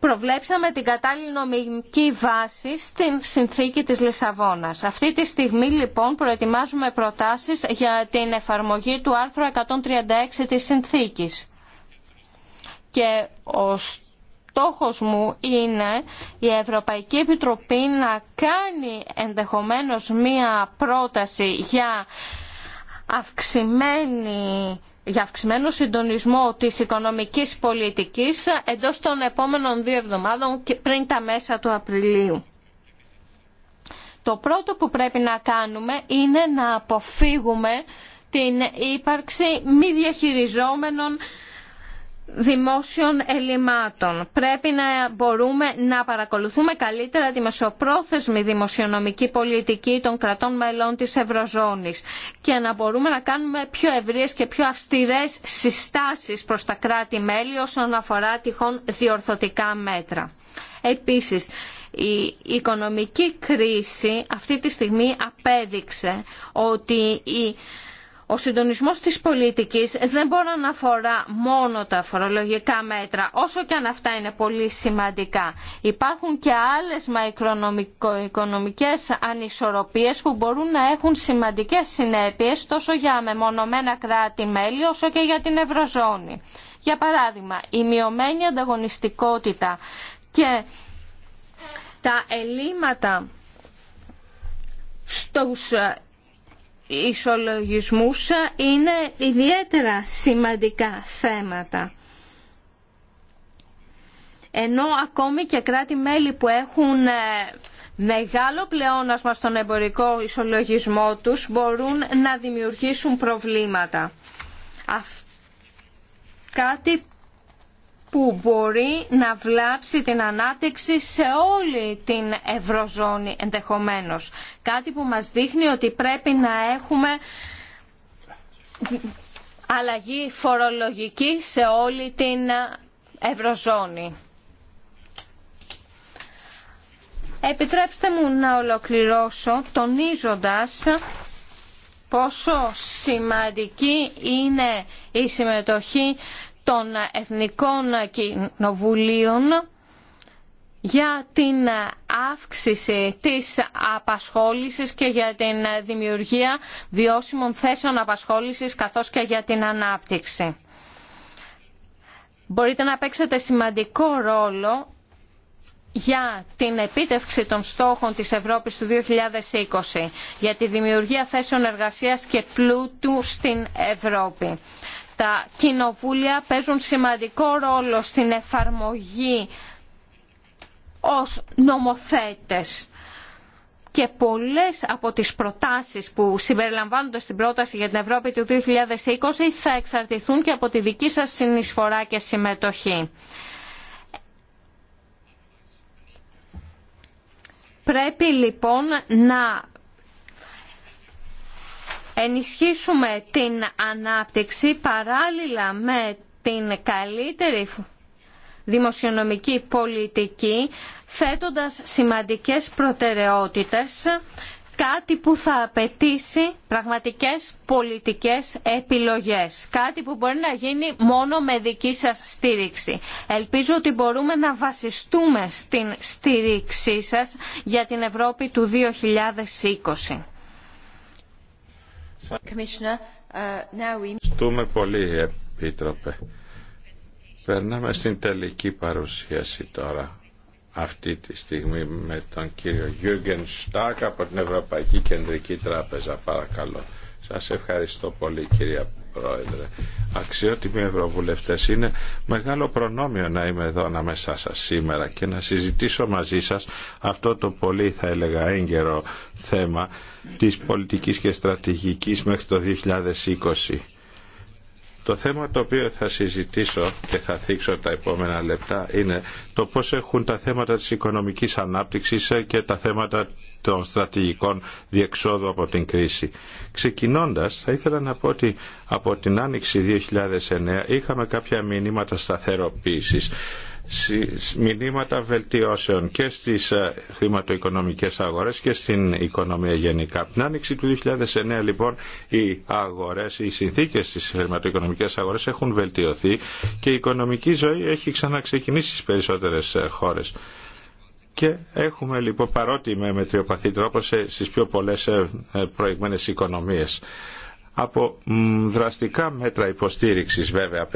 E: προβλέψαμε την κατάλληλη νομική βάση στην συνθήκη της Λισαβόνας. Αυτή τη στιγμή λοιπόν προετοιμάζουμε προτάσεις για την εφαρμογή του άρθρου 136 της συνθήκης. Και ο στόχος μου είναι η Ευρωπαϊκή Επιτροπή να κάνει ενδεχομένως μία πρόταση για αυξημένη για αυξημένο συντονισμό της οικονομικής πολιτικής εντός των επόμενων δύο εβδομάδων πριν τα μέσα του Απριλίου. Το πρώτο που πρέπει να κάνουμε είναι να αποφύγουμε την ύπαρξη μη διαχειριζόμενων δημόσιων ελλημάτων. Πρέπει να μπορούμε να παρακολουθούμε καλύτερα τη μεσοπρόθεσμη δημοσιονομική πολιτική των κρατών μελών της Ευρωζώνης και να μπορούμε να κάνουμε πιο ευρείες και πιο αυστηρές συστάσεις προς τα κράτη-μέλη όσον αφορά τυχόν διορθωτικά μέτρα. Επίσης, η οικονομική κρίση αυτή τη στιγμή απέδειξε ότι η ο συντονισμός της πολιτικής δεν μπορεί να αφορά μόνο τα φορολογικά μέτρα, όσο και αν αυτά είναι πολύ σημαντικά. Υπάρχουν και άλλες μακροοικονομικές ανισορροπίες που μπορούν να έχουν σημαντικές συνέπειες τόσο για μεμονωμένα κράτη-μέλη όσο και για την Ευρωζώνη. Για παράδειγμα, η μειωμένη ανταγωνιστικότητα και τα ελλείμματα στους ισολογισμούς είναι ιδιαίτερα σημαντικά θέματα. Ενώ ακόμη και κράτη-μέλη που έχουν ε, μεγάλο πλεόνασμα στον εμπορικό ισολογισμό τους μπορούν να δημιουργήσουν προβλήματα. Κάτι που μπορεί να βλάψει την ανάπτυξη σε όλη την Ευρωζώνη ενδεχομένως. Κάτι που μας δείχνει ότι πρέπει να έχουμε αλλαγή φορολογική σε όλη την Ευρωζώνη. Επιτρέψτε μου να ολοκληρώσω τονίζοντας πόσο σημαντική είναι η συμμετοχή των Εθνικών Κοινοβουλίων για την αύξηση της απασχόλησης και για την δημιουργία βιώσιμων θέσεων απασχόλησης καθώς και για την ανάπτυξη. Μπορείτε να παίξετε σημαντικό ρόλο για την επίτευξη των στόχων της Ευρώπης του 2020, για τη δημιουργία θέσεων εργασίας και πλούτου στην Ευρώπη τα κοινοβούλια παίζουν σημαντικό ρόλο στην εφαρμογή ως νομοθέτες και πολλές από τις προτάσεις που συμπεριλαμβάνονται στην πρόταση για την Ευρώπη του 2020 θα εξαρτηθούν και από τη δική σας συνεισφορά και συμμετοχή. Πρέπει λοιπόν να ενισχύσουμε την ανάπτυξη παράλληλα με την καλύτερη δημοσιονομική πολιτική, θέτοντας σημαντικές προτεραιότητες, κάτι που θα απαιτήσει πραγματικές πολιτικές επιλογές. Κάτι που μπορεί να γίνει μόνο με δική σας στήριξη. Ελπίζω ότι μπορούμε να βασιστούμε στην στήριξή σας για την Ευρώπη του 2020.
C: Uh,
D: Ευχαριστούμε πολύ, Επίτροπε. Περνάμε στην τελική παρουσίαση τώρα αυτή τη στιγμή με τον κύριο Γιούργεν Στάκ από την Ευρωπαϊκή Κεντρική Τράπεζα. Παρακαλώ. Σας ευχαριστώ πολύ κυρία Πρόεδρε. Αξιότιμοι Ευρωβουλευτές, είναι μεγάλο προνόμιο να είμαι εδώ ανάμεσά σα σήμερα και να συζητήσω μαζί σας αυτό το πολύ θα έλεγα έγκαιρο θέμα τη πολιτική και στρατηγική μέχρι το 2020. Το θέμα το οποίο θα συζητήσω και θα θίξω τα επόμενα λεπτά είναι το πώς έχουν τα θέματα της οικονομικής ανάπτυξης και τα θέματα των στρατηγικών διεξόδου από την κρίση. Ξεκινώντας, θα ήθελα να πω ότι από την Άνοιξη 2009 είχαμε κάποια μηνύματα σταθεροποίησης μηνύματα βελτιώσεων και στις ε, χρηματοοικονομικές αγορές και στην οικονομία γενικά. Από την άνοιξη του 2009 λοιπόν οι αγορές, οι συνθήκες στις χρηματοοικονομικές αγορές έχουν βελτιωθεί και η οικονομική ζωή έχει ξαναξεκινήσει στις περισσότερες ε, χώρες. Και έχουμε λοιπόν παρότι με μετριοπαθή τρόπο στις πιο πολλές ε, ε, προηγμένες οικονομίες από δραστικά μέτρα υποστήριξης βέβαια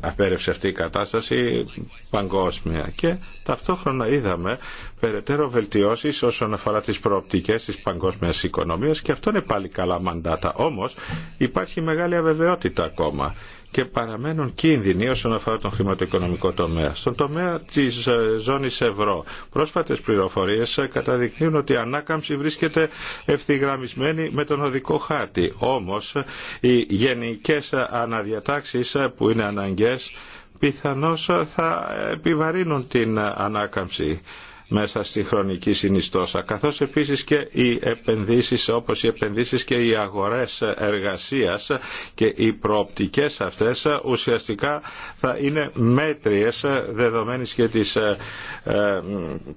D: απέρευσε αυτή η κατάσταση παγκόσμια και ταυτόχρονα είδαμε περαιτέρω βελτιώσεις όσον αφορά τις προοπτικές της παγκόσμιας οικονομίας και αυτό είναι πάλι καλά μαντάτα. Όμως υπάρχει μεγάλη αβεβαιότητα ακόμα και παραμένουν κίνδυνοι όσον αφορά τον χρηματοοικονομικό τομέα. Στον τομέα της ε, ζώνης ευρώ, πρόσφατες πληροφορίες ε, καταδεικνύουν ότι η ανάκαμψη βρίσκεται ευθυγραμμισμένη με τον οδικό χάρτη. Όμως, οι γενικέ αναδιατάξει ε, που είναι αναγκαίες πιθανώς θα επιβαρύνουν την ανάκαμψη μέσα στη χρονική συνιστόσα, καθώς επίσης και οι επενδύσεις όπως οι επενδύσεις και οι αγορές εργασίας και οι προοπτικές αυτές ουσιαστικά θα είναι μέτριες δεδομένης και της ε, ε,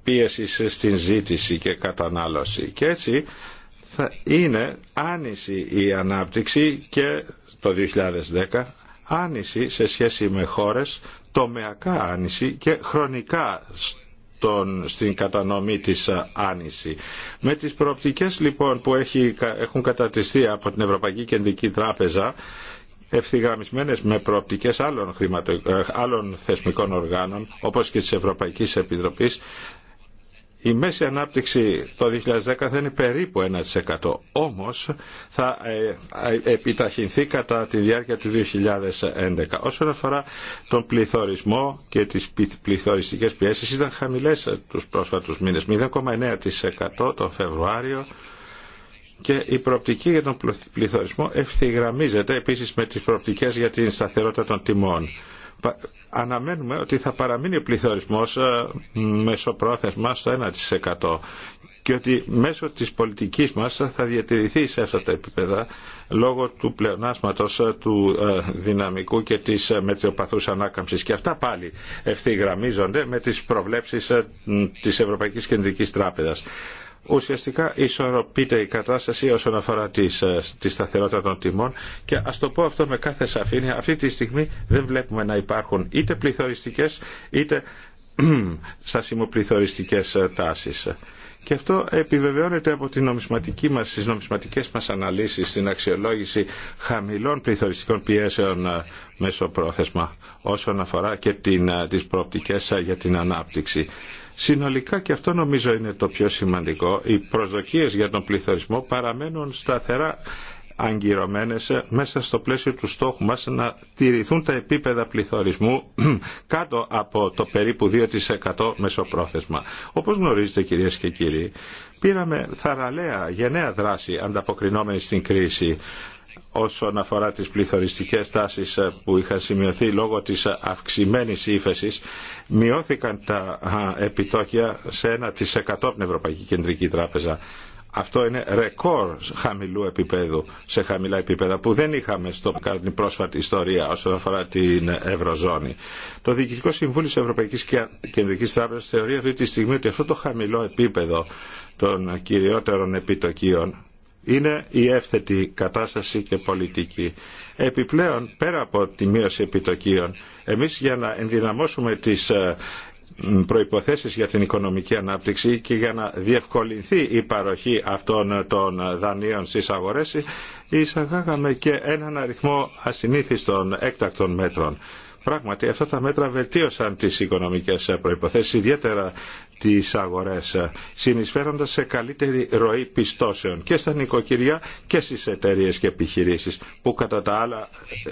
D: πίεσης στην ζήτηση και κατανάλωση. Και έτσι θα είναι άνηση η ανάπτυξη και το 2010 άνηση σε σχέση με χώρες τομεακά άνηση και χρονικά στην κατανομή της άνηση. Με τις προοπτικές λοιπόν που έχει, έχουν κατατιστεί από την Ευρωπαϊκή Κεντρική Τράπεζα ευθυγραμμισμένες με προοπτικές άλλων, χρηματο... Ε, άλλων θεσμικών οργάνων όπως και της Ευρωπαϊκής Επιτροπής η μέση ανάπτυξη το 2010 θα είναι περίπου 1%. Όμως θα ε, ε, επιταχυνθεί κατά τη διάρκεια του 2011. Όσον αφορά τον πληθωρισμό και τις πληθωριστικές πιέσεις ήταν χαμηλές τους πρόσφατους μήνες. 0,9% τον Φεβρουάριο και η προοπτική για τον πληθωρισμό ευθυγραμμίζεται επίσης με τις προοπτικές για την σταθερότητα των τιμών αναμένουμε ότι θα παραμείνει ο πληθωρισμός ε, μεσοπρόθεσμα στο 1% και ότι μέσω της πολιτικής μας θα διατηρηθεί σε αυτά τα επίπεδα λόγω του πλεονάσματος ε, του ε, δυναμικού και της μετριοπαθούς ανάκαμψης. Και αυτά πάλι ευθυγραμμίζονται με τις προβλέψεις της Ευρωπαϊκής Κεντρικής Τράπεζας ουσιαστικά ισορροπείται η κατάσταση όσον αφορά τις, ε, τη σταθερότητα των τιμών και ας το πω αυτό με κάθε σαφήνεια, αυτή τη στιγμή δεν βλέπουμε να υπάρχουν είτε πληθωριστικές είτε στασιμοπληθωριστικές ε, τάσεις. Και αυτό επιβεβαιώνεται από την νομισματική μας, τις νομισματικές μας αναλύσεις στην αξιολόγηση χαμηλών πληθωριστικών πιέσεων ε, μέσω πρόθεσμα όσον αφορά και την, τις προοπτικές για την ανάπτυξη. Συνολικά και αυτό νομίζω είναι το πιο σημαντικό. Οι προσδοκίες για τον πληθωρισμό παραμένουν σταθερά αγκυρωμένες μέσα στο πλαίσιο του στόχου μας να τηρηθούν τα επίπεδα πληθωρισμού κάτω από το περίπου 2% μεσοπρόθεσμα. Όπως γνωρίζετε κυρίες και κύριοι, πήραμε θαραλέα γενναία δράση ανταποκρινόμενη στην κρίση όσον αφορά τις πληθωριστικές τάσεις ε, που είχαν σημειωθεί λόγω της αυξημένης ύφεση, μειώθηκαν τα επιτόκια σε 1% από την Ευρωπαϊκή Κεντρική Τράπεζα. Αυτό είναι ρεκόρ χαμηλού επίπεδου, σε χαμηλά επίπεδα που δεν είχαμε στο την πρόσφατη ιστορία όσον αφορά την Ευρωζώνη. Το Διοικητικό Συμβούλιο της Ευρωπαϊκής Κεντρικής Τράπεζας θεωρεί αυτή τη στιγμή ότι αυτό το χαμηλό επίπεδο των κυριότερων επιτοκίων είναι η εύθετη κατάσταση και πολιτική. Επιπλέον, πέρα από τη μείωση επιτοκίων, εμείς για να ενδυναμώσουμε τις ε, προϋποθέσεις για την οικονομική ανάπτυξη και για να διευκολυνθεί η παροχή αυτών των δανείων στις αγορές, εισαγάγαμε και έναν αριθμό ασυνήθιστων έκτακτων μέτρων. Πράγματι, αυτά τα μέτρα βελτίωσαν τις οικονομικές προϋποθέσεις, ιδιαίτερα τις αγορές, ε, συνεισφέροντας σε καλύτερη ροή πιστώσεων και στα νοικοκυριά και στις εταιρείε και επιχειρήσεις που κατά τα άλλα ε,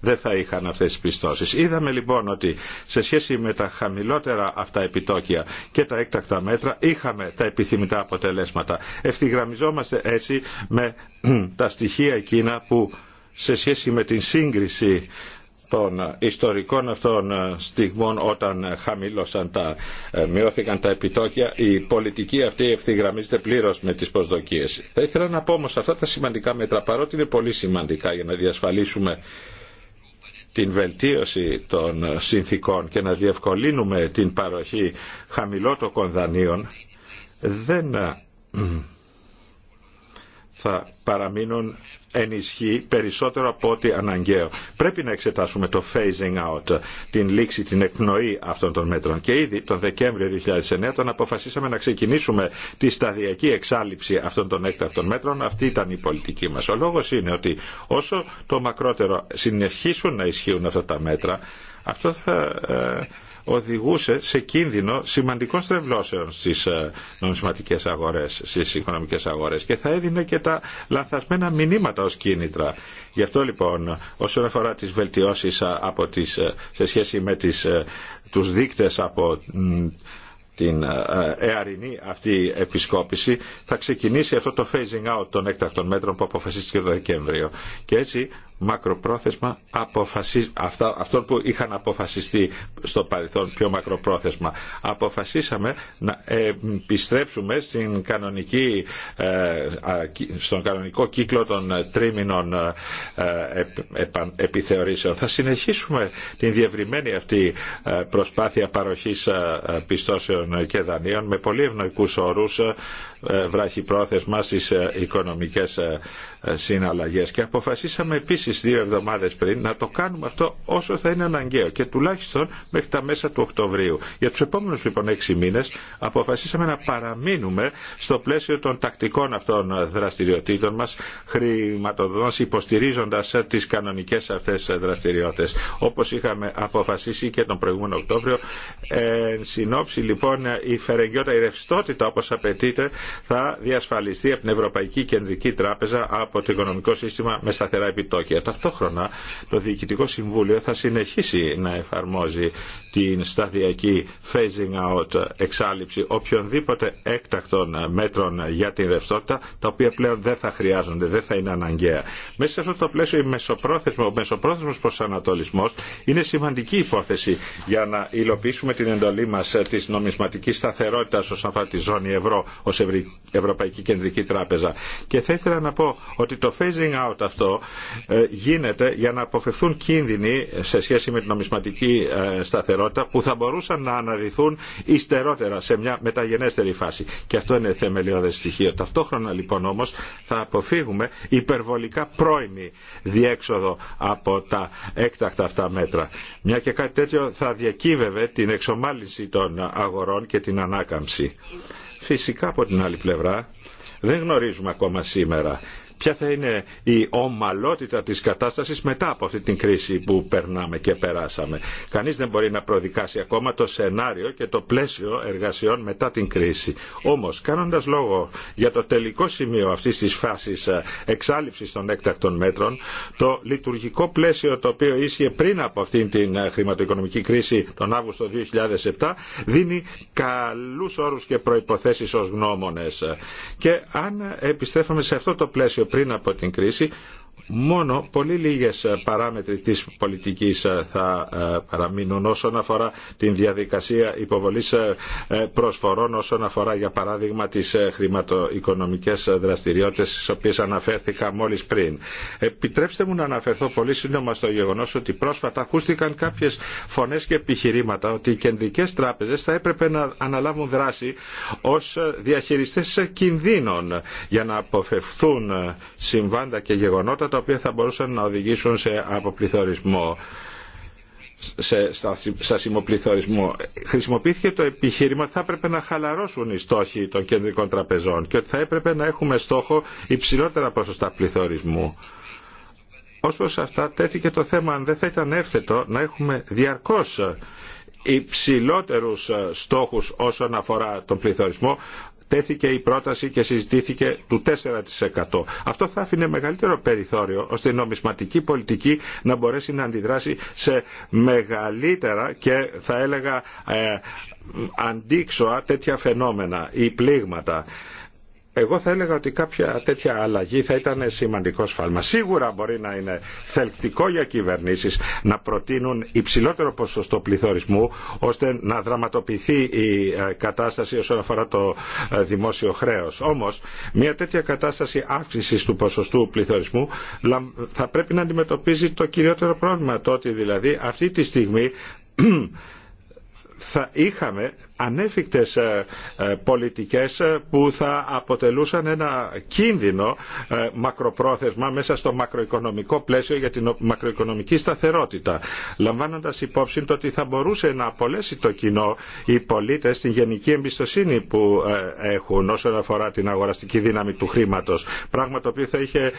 D: δεν θα είχαν αυτές τις πιστώσεις. Είδαμε λοιπόν ότι σε σχέση με τα χαμηλότερα αυτά επιτόκια και τα έκτακτα μέτρα είχαμε τα επιθυμητά αποτελέσματα. Ευθυγραμμιζόμαστε έτσι με ε, τα στοιχεία εκείνα που σε σχέση με την σύγκριση των ιστορικών αυτών στιγμών όταν χαμήλωσαν τα, ε, μειώθηκαν τα επιτόκια, η πολιτική αυτή ευθυγραμμίζεται πλήρω με τι προσδοκίε. Θα ήθελα να πω όμω αυτά τα σημαντικά μέτρα, παρότι είναι πολύ σημαντικά για να διασφαλίσουμε την βελτίωση των συνθήκων και να διευκολύνουμε την παροχή χαμηλότοκων δανείων, δεν ε, θα παραμείνουν ενισχύει περισσότερο από ό,τι αναγκαίο. Πρέπει να εξετάσουμε το phasing out, την λήξη, την εκπνοή αυτών των μέτρων. Και ήδη τον Δεκέμβριο 2009 τον αποφασίσαμε να ξεκινήσουμε τη σταδιακή εξάλληψη αυτών των έκτακτων μέτρων. Αυτή ήταν η πολιτική μας. Ο λόγος είναι ότι όσο το μακρότερο συνεχίσουν να ισχύουν αυτά τα μέτρα, αυτό θα ε, οδηγούσε σε κίνδυνο σημαντικών στρεβλώσεων στις ε, νομισματικές αγορές, στις οικονομικές αγορές και θα έδινε και τα λανθασμένα μηνύματα ως κίνητρα. Γι' αυτό λοιπόν όσον αφορά τις βελτιώσεις ε, από τις, ε, σε σχέση με τις, τους δείκτες από την εαρινή αυτή επισκόπηση θα ξεκινήσει αυτό το phasing out των έκτακτων μέτρων που αποφασίστηκε το Δεκέμβριο. Και έτσι μακροπρόθεσμα αυτό που είχαν αποφασιστεί στο παρελθόν πιο μακροπρόθεσμα. Αποφασίσαμε να επιστρέψουμε στην κανονική, ε, στον κανονικό κύκλο των τρίμηνων ε, επιθεωρήσεων. Θα συνεχίσουμε την διευρυμένη αυτή ε, προσπάθεια παροχής πιστώσεων και δανείων με πολύ ευνοϊκούς όρους ε, βραχυπρόθεσμα στις ε, οικονομικές ε, συναλλαγές. Και αποφασίσαμε επίσης δύο εβδομάδες πριν να το κάνουμε αυτό όσο θα είναι αναγκαίο και τουλάχιστον μέχρι τα μέσα του Οκτωβρίου. Για τους επόμενους λοιπόν έξι μήνες αποφασίσαμε να παραμείνουμε στο πλαίσιο των τακτικών αυτών δραστηριοτήτων μας χρηματοδόνως υποστηρίζοντας τις κανονικές αυτές δραστηριότητες. Όπως είχαμε αποφασίσει και τον προηγούμενο Οκτώβριο, εν συνόψη λοιπόν η φερεγγιότητα, η ρευστότητα όπω απαιτείται θα διασφαλιστεί από την Ευρωπαϊκή Κεντρική Τράπεζα από το οικονομικό σύστημα με σταθερά επιτόκια. Ταυτόχρονα το Διοικητικό Συμβούλιο θα συνεχίσει να εφαρμόζει την σταδιακή phasing out, εξάλληψη οποιονδήποτε έκτακτων μέτρων για την ρευστότητα, τα οποία πλέον δεν θα χρειάζονται, δεν θα είναι αναγκαία. Μέσα σε αυτό το πλαίσιο η μεσοπρόθεσμο, ο μεσοπρόθεσμος προσανατολισμός είναι σημαντική υπόθεση για να υλοποιήσουμε την εντολή μας ε, της νομισματικής σταθερότητας όσον αφορά τη ζώνη ευρώ ως Ευρωπαϊκή Κεντρική Τράπεζα. Και θα ήθελα να πω ότι το phasing out αυτό ε, γίνεται για να αποφευθούν κίνδυνοι σε σχέση με την νομισματική ε, σταθερότητα που θα μπορούσαν να αναδυθούν υστερότερα σε μια μεταγενέστερη φάση. Και αυτό είναι θεμελιώδες στοιχείο. Ταυτόχρονα λοιπόν όμω θα αποφύγουμε υπερβολικά πρώιμη διέξοδο από τα έκτακτα αυτά μέτρα. Μια και κάτι τέτοιο θα διακύβευε την εξομάλυνση των αγορών και την ανάκαμψη. Φυσικά από την άλλη πλευρά δεν γνωρίζουμε ακόμα σήμερα ποια θα είναι η ομαλότητα της κατάστασης μετά από αυτή την κρίση που περνάμε και περάσαμε. Κανείς δεν μπορεί να προδικάσει ακόμα το σενάριο και το πλαίσιο εργασιών μετά την κρίση. Όμως, κάνοντας λόγο για το τελικό σημείο αυτής της φάσης ε, εξάλληψης των έκτακτων μέτρων, το λειτουργικό πλαίσιο το οποίο ίσχυε πριν από αυτήν την ε, χρηματοοικονομική κρίση τον Αύγουστο 2007 δίνει καλούς όρους και προϋποθέσεις ως γνώμονες. Και αν επιστρέφαμε σε αυτό το πλαίσιο πριν από την κρίση μόνο πολύ λίγες ε, παράμετροι της πολιτικής ε, θα ε, παραμείνουν όσον αφορά την διαδικασία υποβολής προσφορών όσον αφορά για παράδειγμα τις χρηματοοικονομικές δραστηριότητες στις οποίες αναφέρθηκα μόλις πριν. Επιτρέψτε μου να αναφερθώ πολύ σύντομα στο γεγονός ότι πρόσφατα ακούστηκαν κάποιες φωνές και επιχειρήματα ότι οι κεντρικές τράπεζες θα έπρεπε να αναλάβουν δράση ως διαχειριστές κινδύνων για να αποφευθούν συμβάντα και γεγονότα τα οποία θα μπορούσαν να οδηγήσουν σε αποπληθωρισμό σε στασιμοπληθωρισμό. Χρησιμοποιήθηκε το επιχείρημα ότι θα έπρεπε να χαλαρώσουν οι στόχοι των κεντρικών τραπεζών και ότι θα έπρεπε να έχουμε στόχο υψηλότερα ποσοστά πληθωρισμού. Ω προ αυτά τέθηκε το θέμα αν δεν θα ήταν εύθετο να έχουμε διαρκώ υψηλότερους στόχους όσον αφορά τον πληθωρισμό τέθηκε η πρόταση και συζητήθηκε του 4%. Αυτό θα άφηνε μεγαλύτερο περιθώριο ώστε η νομισματική πολιτική να μπορέσει να αντιδράσει σε μεγαλύτερα και θα έλεγα ε, αντίξωα τέτοια φαινόμενα ή πλήγματα. Εγώ θα έλεγα ότι κάποια τέτοια αλλαγή θα ήταν σημαντικό σφάλμα. Σίγουρα μπορεί να είναι θελκτικό για κυβερνήσεις να προτείνουν υψηλότερο ποσοστό πληθωρισμού ώστε να δραματοποιηθεί η ε, κατάσταση όσον αφορά το ε, δημόσιο χρέος. Όμως, μια τέτοια κατάσταση αύξησης του ποσοστού πληθωρισμού θα πρέπει να αντιμετωπίζει το κυριότερο πρόβλημα, το ότι δηλαδή αυτή τη στιγμή θα είχαμε ανέφικτες ε, ε, πολιτικές ε, που θα αποτελούσαν ένα κίνδυνο μακροπρόθεσμα μέσα στο μακροοικονομικό πλαίσιο για την μακροοικονομική σταθερότητα. Λαμβάνοντας υπόψη το ότι θα μπορούσε να απολέσει το κοινό οι πολίτες την γενική εμπιστοσύνη που έχουν όσον αφορά την αγοραστική δύναμη του χρήματος, πράγμα το οποίο θα είχε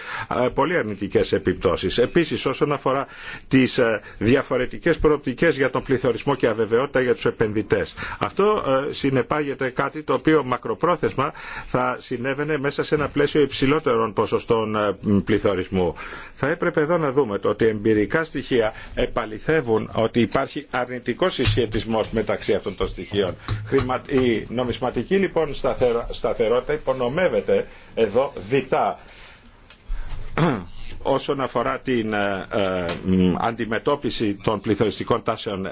D: πολύ αρνητικές επιπτώσεις. Επίσης όσον αφορά τις διαφορετικές προοπτικές για τον πληθωρισμό και αβεβαιότητα για τους επενδυτές. Αυτό ε, συνεπάγεται κάτι το οποίο μακροπρόθεσμα θα συνέβαινε μέσα σε ένα πλαίσιο υψηλότερων ποσοστών ε, πληθωρισμού. Θα έπρεπε εδώ να δούμε το ότι εμπειρικά στοιχεία επαληθεύουν ότι υπάρχει αρνητικό συσχετισμό μεταξύ αυτών των στοιχείων. Η νομισματική λοιπόν σταθερότητα υπονομεύεται εδώ διτά όσον αφορά την ε, ε, αντιμετώπιση των πληθωριστικών τάσεων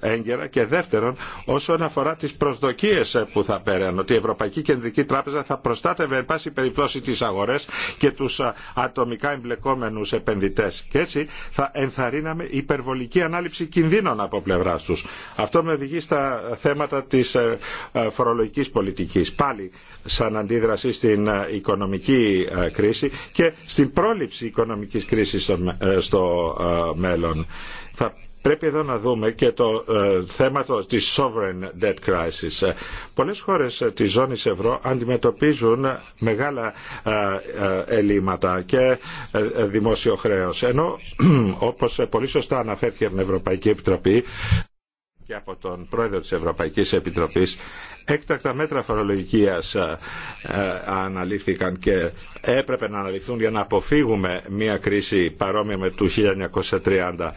D: έγκαιρα και δεύτερον όσον αφορά τις προσδοκίες ε, που θα πέραν ότι η Ευρωπαϊκή Κεντρική Τράπεζα θα προστάτευε εν πάση περιπτώσει τις αγορές και τους ατομικά εμπλεκόμενους επενδυτές και έτσι θα ενθαρρύναμε υπερβολική ανάληψη κινδύνων από πλευρά τους. Αυτό με οδηγεί στα θέματα της φορολογικής πολιτικής. Πάλι σαν αντίδραση στην ε, οικονομική ε, κρίση και στην πρόληψη οικονομικής κρίσης στο ε, μέλλον. Θα πρέπει εδώ να δούμε και το θέμα της sovereign debt crisis. Πολλές χώρες της ζώνης ευρώ αντιμετωπίζουν μεγάλα ελλείμματα και δημόσιο χρέος. Ενώ, όπως πολύ σωστά αναφέρθηκε η την Ευρωπαϊκή Επιτροπή, και από τον πρόεδρο της Ευρωπαϊκής Επιτροπής έκτακτα μέτρα φορολογικίας ε, ε, αναλήφθηκαν και έπρεπε να αναλυθούν για να αποφύγουμε μια κρίση παρόμοια με του 1930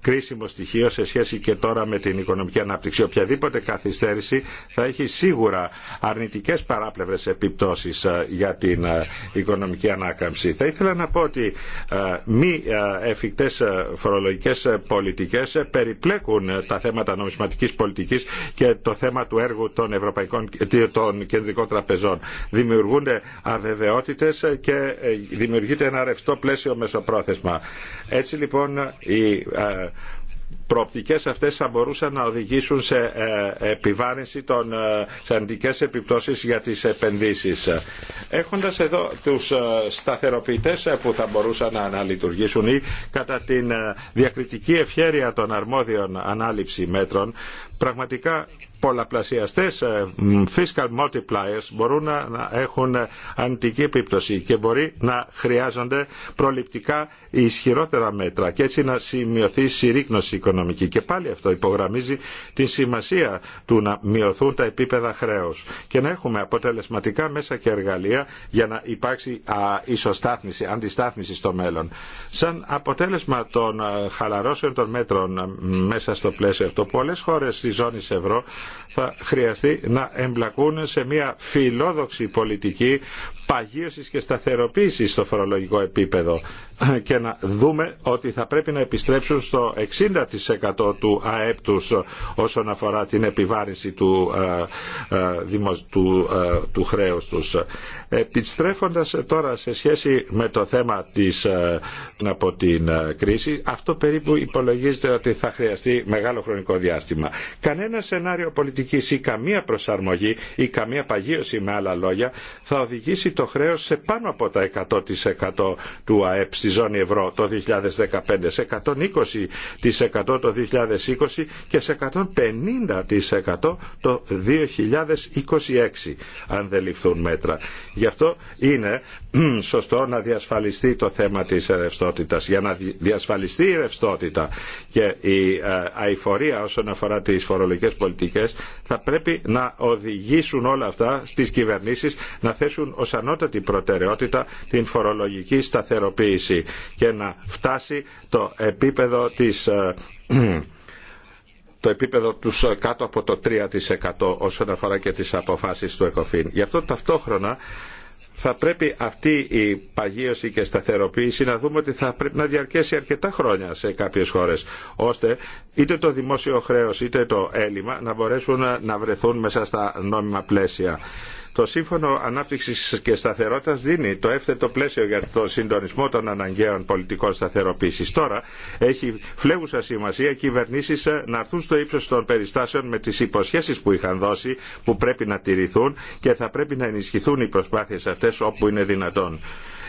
D: κρίσιμο στοιχείο σε σχέση και τώρα με την οικονομική ανάπτυξη. Οποιαδήποτε καθυστέρηση θα έχει σίγουρα αρνητικές παράπλευρες επιπτώσεις ε, για την ε, οικονομική ανάκαμψη. Θα ήθελα να πω ότι ε, μη εφικτές φορολογικές πολιτικές περιπλέκουν τα θέματα νομισματικής πολιτικής και το θέμα του έργου των, ευρωπαϊκών, των κεντρικών τραπεζών. Δημιουργούνται αβεβαιότητες και δημιουργείται ένα ρευστό πλαίσιο μεσοπρόθεσμα. Έτσι λοιπόν η προοπτικές αυτές θα μπορούσαν να οδηγήσουν σε ε, επιβάρυνση των ε, σαντικές επιπτώσεις για τις επενδύσεις. Έχοντας εδώ τους ε, σταθεροποιητές που θα μπορούσαν να αναλειτουργήσουν ή κατά την διακριτική ευχέρεια των αρμόδιων ανάληψη μέτρων, πραγματικά πολλαπλασιαστές ε, fiscal multipliers μπορούν να έχουν αντική επίπτωση και μπορεί να χρειάζονται προληπτικά ισχυρότερα μέτρα και έτσι να σημειωθεί συρρήκνωση οικονομική. Και πάλι αυτό υπογραμμίζει τη σημασία του να μειωθούν τα επίπεδα χρέους και να έχουμε αποτελεσματικά μέσα και εργαλεία για να υπάρξει ισοστάθμιση, αντιστάθμιση στο μέλλον. Σαν αποτέλεσμα των ε, χαλαρώσεων των μέτρων μέσα στο πλαίσιο αυτό, πολλές χώρες της ζώνης ευρώ θα χρειαστεί να εμπλακούν σε μια φιλόδοξη πολιτική παγίωσης και σταθεροποίησης στο φορολογικό επίπεδο και να δούμε ότι θα πρέπει να επιστρέψουν στο 60% του ΑΕΠ τους όσον αφορά την επιβάρηση του, ε, ε, του, ε, του χρέους τους. Επιστρέφοντας τώρα σε σχέση με το θέμα της, από την κρίση, αυτό περίπου υπολογίζεται ότι θα χρειαστεί μεγάλο χρονικό διάστημα. Κανένα σενάριο πολιτικής ή καμία προσαρμογή ή καμία παγίωση με άλλα λόγια θα οδηγήσει το χρέος σε πάνω από τα 100% του ΑΕΠ στη ζώνη ευρώ το 2015, σε 120% το 2020 και σε 150% το 2026 αν δεν ληφθούν μέτρα. Γι' αυτό είναι σωστό να διασφαλιστεί το θέμα της ρευστότητας. Για να διασφαλιστεί η ρευστότητα και η ε, αηφορία όσον αφορά τις φορολογικές πολιτικές θα πρέπει να οδηγήσουν όλα αυτά στις κυβερνήσεις να θέσουν ως ανώτατη προτεραιότητα την φορολογική σταθεροποίηση και να φτάσει το επίπεδο της ε, το επίπεδο τους κάτω από το 3% όσον αφορά και τις αποφάσεις του ΕΚΟΦΗΝ. Γι' αυτό ταυτόχρονα θα πρέπει αυτή η παγίωση και σταθεροποίηση να δούμε ότι θα πρέπει να διαρκέσει αρκετά χρόνια σε κάποιες χώρες, ώστε είτε το δημόσιο χρέος είτε το έλλειμμα να μπορέσουν να βρεθούν μέσα στα νόμιμα πλαίσια. Το Σύμφωνο Ανάπτυξη και Σταθερότητα δίνει το εύθετο πλαίσιο για το συντονισμό των αναγκαίων πολιτικών σταθεροποίηση. Τώρα έχει φλέγουσα σημασία κυβερνήσει να έρθουν στο ύψο των περιστάσεων με τι υποσχέσει που είχαν δώσει, που πρέπει να τηρηθούν και θα πρέπει να ενισχυθούν οι προσπάθειε αυτέ όπου είναι δυνατόν.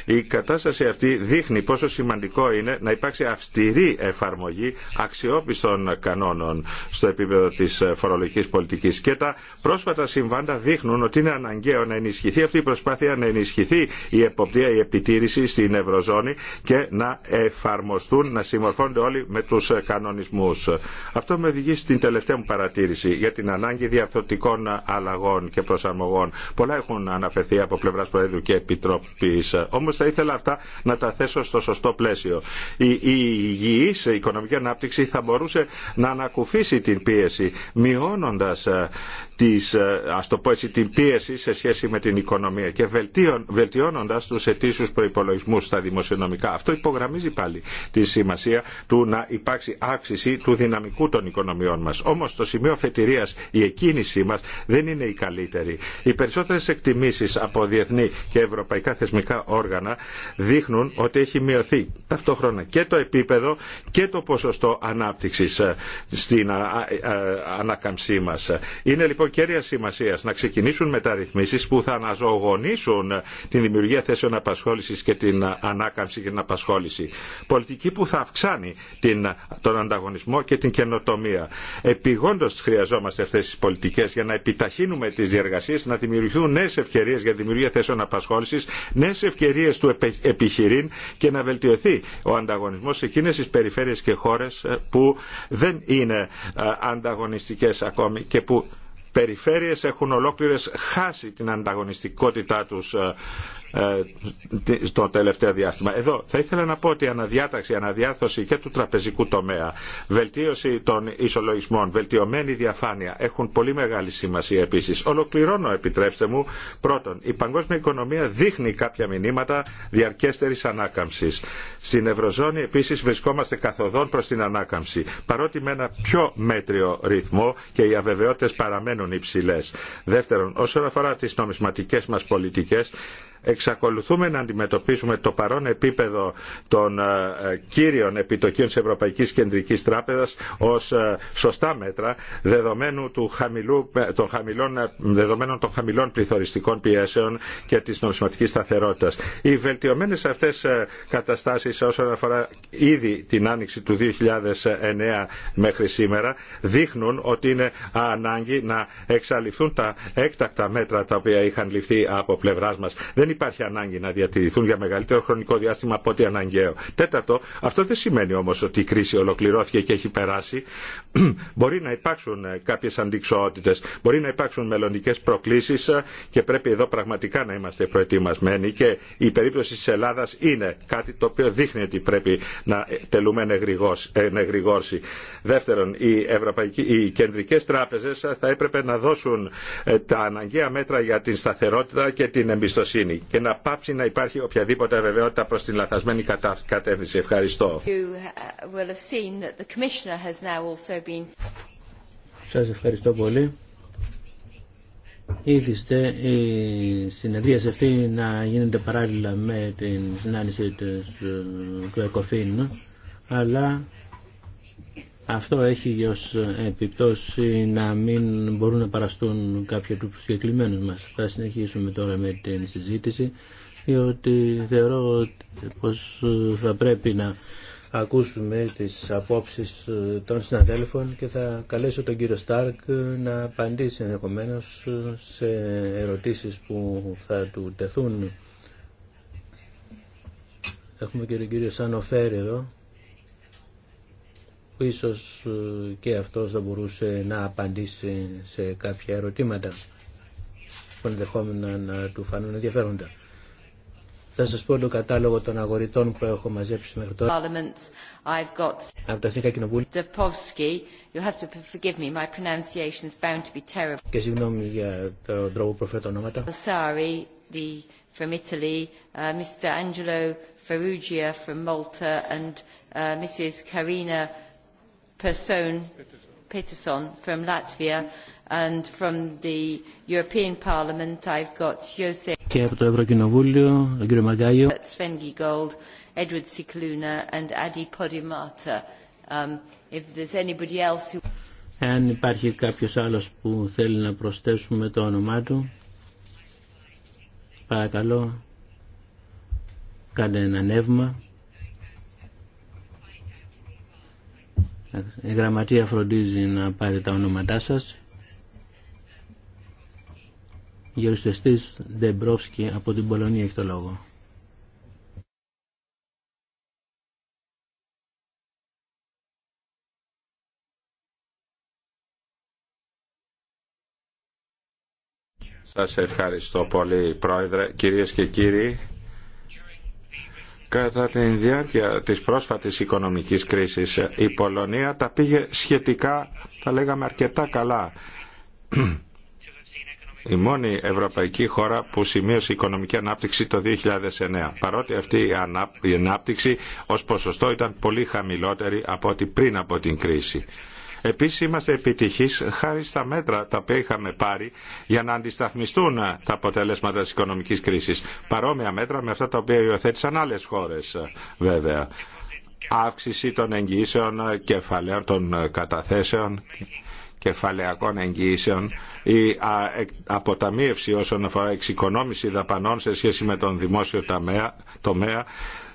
D: Η κατάσταση αυτή δείχνει πόσο σημαντικό είναι να υπάρξει αυστηρή εφαρμογή αξιόπιστων κανόνων στο επίπεδο τη φορολογική πολιτική. Και τα πρόσφατα συμβάντα δείχνουν ότι είναι αναγκαίο να ενισχυθεί αυτή η προσπάθεια, να ενισχυθεί η εποπτεία, η επιτήρηση στην Ευρωζώνη και να εφαρμοστούν, να συμμορφώνονται όλοι με τους κανονισμούς. Αυτό με οδηγεί στην τελευταία μου παρατήρηση για την ανάγκη διαρθωτικών αλλαγών και προσαρμογών. Πολλά έχουν αναφερθεί από πλευράς Προέδρου και Επιτροπής. Όμως θα ήθελα αυτά να τα θέσω στο σωστό πλαίσιο. Η, η υγιής οικονομική ανάπτυξη θα μπορούσε να ανακουφίσει την πίεση, μειώνοντας ε, ε, το την πίεση σε σχέση με την οικονομία και βελτιώνοντας τους αιτήσους προϋπολογισμούς στα δημοσιονομικά. Αυτό υπογραμμίζει πάλι τη σημασία του να υπάρξει άξιση του δυναμικού των οικονομιών μας. Όμως το σημείο φετηρίας η εκκίνησή μας δεν είναι η καλύτερη. Οι περισσότερες εκτιμήσεις από διεθνή και ευρωπαϊκά θεσμικά όργανα δείχνουν ότι έχει μειωθεί ταυτόχρονα και το επίπεδο και το ποσοστό ανάπτυξης ε, στην ε, ε, ανακαμψή μας. Είναι λοιπόν κέρια σημασία να ξεκινήσουν μεταρρυθμίσεις που θα αναζωογονήσουν την δημιουργία θέσεων απασχόλησης και την ανάκαμψη και την απασχόληση. Πολιτική που θα αυξάνει την, τον ανταγωνισμό και την καινοτομία. Επιγόντως χρειαζόμαστε αυτές τις πολιτικές για να επιταχύνουμε τις διεργασίες, να δημιουργηθούν νέες ευκαιρίες για δημιουργία θέσεων απασχόλησης, νέες ευκαιρίες του επιχειρήν και να βελτιωθεί ο ανταγωνισμός σε εκείνες τις περιφέρειες και χώρες που δεν είναι ε, ανταγωνιστικές ακόμη και που περιφέρειες έχουν ολόκληρες χάσει την ανταγωνιστικότητά τους ε, ε, το τελευταίο διάστημα. Εδώ θα ήθελα να πω ότι η αναδιάταξη, η αναδιάρθρωση και του τραπεζικού τομέα, βελτίωση των ισολογισμών, βελτιωμένη διαφάνεια έχουν πολύ μεγάλη σημασία επίση. Ολοκληρώνω, επιτρέψτε μου, πρώτον, η παγκόσμια οικονομία δείχνει κάποια μηνύματα διαρκέστερη ανάκαμψη. Στην Ευρωζώνη επίση βρισκόμαστε καθοδόν προ την ανάκαμψη, παρότι με ένα πιο μέτριο ρυθμό και οι αβεβαιότητε παραμένουν υψηλέ. Δεύτερον, όσον αφορά τι νομισματικέ μα πολιτικέ, εξακολουθούμε να αντιμετωπίσουμε το παρόν επίπεδο των ε, κύριων επιτοκίων της Ευρωπαϊκής Κεντρικής Τράπεζας ως ε, σωστά μέτρα δεδομένου του ε, των χαμηλών, δεδομένων των χαμηλών πληθωριστικών πιέσεων και της νομισματικής σταθερότητας. Οι βελτιωμένες αυτές καταστάσεις όσον αφορά ήδη την άνοιξη του 2009 μέχρι σήμερα δείχνουν ότι είναι ανάγκη να εξαλειφθούν τα έκτακτα μέτρα τα οποία είχαν ληφθεί από πλευράς μας υπάρχει ανάγκη να διατηρηθούν για μεγαλύτερο χρονικό διάστημα από ό,τι αναγκαίο. Τέταρτο, αυτό δεν σημαίνει όμω ότι η κρίση ολοκληρώθηκε και έχει περάσει. Μπορεί να υπάρξουν ε, κάποιε αντικσοότητε, μπορεί να υπάρξουν μελλοντικέ προκλήσει ε, και πρέπει εδώ πραγματικά να είμαστε προετοιμασμένοι και η περίπτωση τη Ελλάδα είναι κάτι το οποίο δείχνει ότι πρέπει να ε, τελούμε ενεγρηγόρση. Δεύτερον, οι, οι κεντρικές τράπεζες θα έπρεπε να δώσουν τα αναγκαία μέτρα για την σταθερότητα και την εμπιστοσύνη και να πάψει να υπάρχει οποιαδήποτε βεβαιότητα προς την λαθασμένη κατεύθυνση. Ευχαριστώ. Uh,
A: Σας ευχαριστώ πολύ. Ήδηστε η συνεδρία σε αυτή να γίνεται παράλληλα με την συνάντηση ε, του ΕΚΟΦΗΝ, αλλά αυτό έχει ως επιπτώσει να μην μπορούν να παραστούν κάποιοι του συγκεκριμένου μα. μας. Θα συνεχίσουμε τώρα με την συζήτηση, διότι θεωρώ πως θα πρέπει να ακούσουμε τις απόψεις των συναδέλφων και θα καλέσω τον κύριο Στάρκ να απαντήσει ενδεχομένω σε ερωτήσεις που θα του τεθούν. Έχουμε και τον κύριο Σανοφέρη εδώ που ίσως ε, και αυτός θα μπορούσε να απαντήσει σε κάποια ερωτήματα που ενδεχόμενα να του φανούν ενδιαφέροντα. Θα σας πω το κατάλογο των αγοριτών που έχω μαζέψει μέχρι τώρα.
C: Got...
A: Από τα Εθνικά Κοινοβούλια. Και συγγνώμη για τον τρόπο που προφέρω τα ονόματα.
C: Sorry, the, from Italy, uh, Mr. Angelo Ferrugia from Malta and uh, Mrs. Person Peterson from Latvia and from the European Parliament I've got Jose
A: και από το Ευρωκοινοβούλιο, τον Μαγκάγιο.
C: Sven Giegold, Edward Sikluna and Adi Podimata. Um, if there's anybody else who...
A: Αν υπάρχει κάποιος άλλος που θέλει να προσθέσουμε το όνομά του, παρακαλώ, κάντε ένα νεύμα. Η γραμματεία φροντίζει να πάρει τα ονόματά σας. Γερουσιαστής Ντεμπρόφσκι από την Πολωνία έχει το λόγο.
D: Σας ευχαριστώ πολύ Πρόεδρε, κυρίες και κύριοι. Κατά τη διάρκεια της πρόσφατης οικονομικής κρίσης η Πολωνία τα πήγε σχετικά, θα λέγαμε αρκετά καλά. Η μόνη ευρωπαϊκή χώρα που σημείωσε οικονομική ανάπτυξη το 2009. Παρότι αυτή η ανάπτυξη ως ποσοστό ήταν πολύ χαμηλότερη από ό,τι πριν από την κρίση. Επίσης είμαστε επιτυχείς χάρη στα μέτρα τα οποία είχαμε πάρει για να αντισταθμιστούν τα αποτελέσματα της οικονομικής κρίσης. Παρόμοια μέτρα με αυτά τα οποία υιοθέτησαν άλλες χώρες βέβαια. Αύξηση των εγγυήσεων κεφαλαίων των καταθέσεων κεφαλαιακών εγγυήσεων, η αποταμίευση όσον αφορά εξοικονόμηση δαπανών σε σχέση με τον δημόσιο τομέα,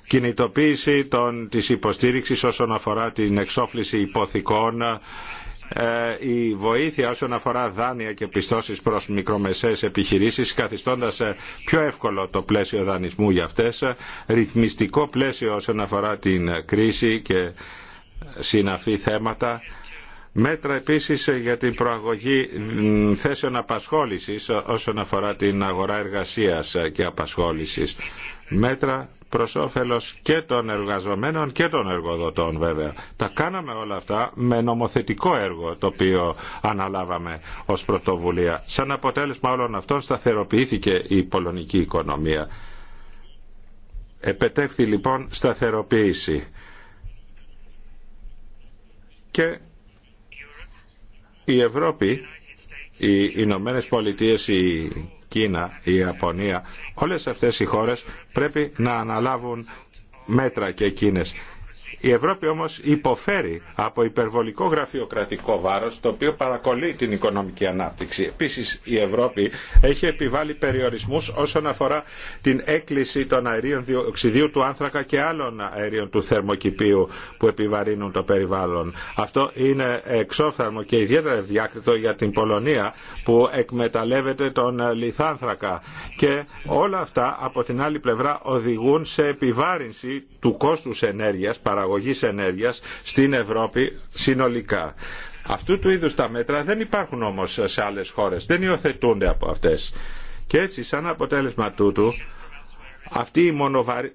D: κινητοποίηση των, της υποστήριξης όσον αφορά την εξόφληση υποθηκών ε, η βοήθεια όσον αφορά δάνεια και πιστώσεις προς μικρομεσαίες επιχειρήσεις καθιστώντας ε, πιο εύκολο το πλαίσιο δανεισμού για αυτές ε, ρυθμιστικό πλαίσιο όσον αφορά την κρίση και συναφή θέματα μέτρα επίσης για την προαγωγή θέσεων απασχόλησης όσον αφορά την αγορά εργασίας και απασχόλησης μέτρα προς όφελος και των εργαζομένων και των εργοδοτών βέβαια. Τα κάναμε όλα αυτά με νομοθετικό έργο το οποίο αναλάβαμε ως πρωτοβουλία. Σαν αποτέλεσμα όλων αυτών σταθεροποιήθηκε η πολωνική οικονομία. Επετέχθη λοιπόν σταθεροποίηση. Και η Ευρώπη οι Ηνωμένε Πολιτείε, οι Κίνα, η Ιαπωνία, όλες αυτές οι χώρες πρέπει να αναλάβουν μέτρα και εκείνες η Ευρώπη όμως υποφέρει από υπερβολικό γραφειοκρατικό βάρος το οποίο παρακολεί την οικονομική ανάπτυξη. Επίσης η Ευρώπη έχει επιβάλει περιορισμούς όσον αφορά την έκκληση των αερίων διοξιδίου του άνθρακα και άλλων αερίων του θερμοκηπίου που επιβαρύνουν το περιβάλλον. Αυτό είναι εξόφθαλμο και ιδιαίτερα διάκριτο για την Πολωνία που εκμεταλλεύεται τον λιθάνθρακα και όλα αυτά από την άλλη πλευρά οδηγούν σε επιβάρυνση του κόστους ενέργειας παραγωγής ενέργειας στην Ευρώπη συνολικά. Αυτού του είδους τα μέτρα δεν υπάρχουν όμως σε άλλες χώρες, δεν υιοθετούνται από αυτές. Και έτσι σαν αποτέλεσμα τούτου αυτή η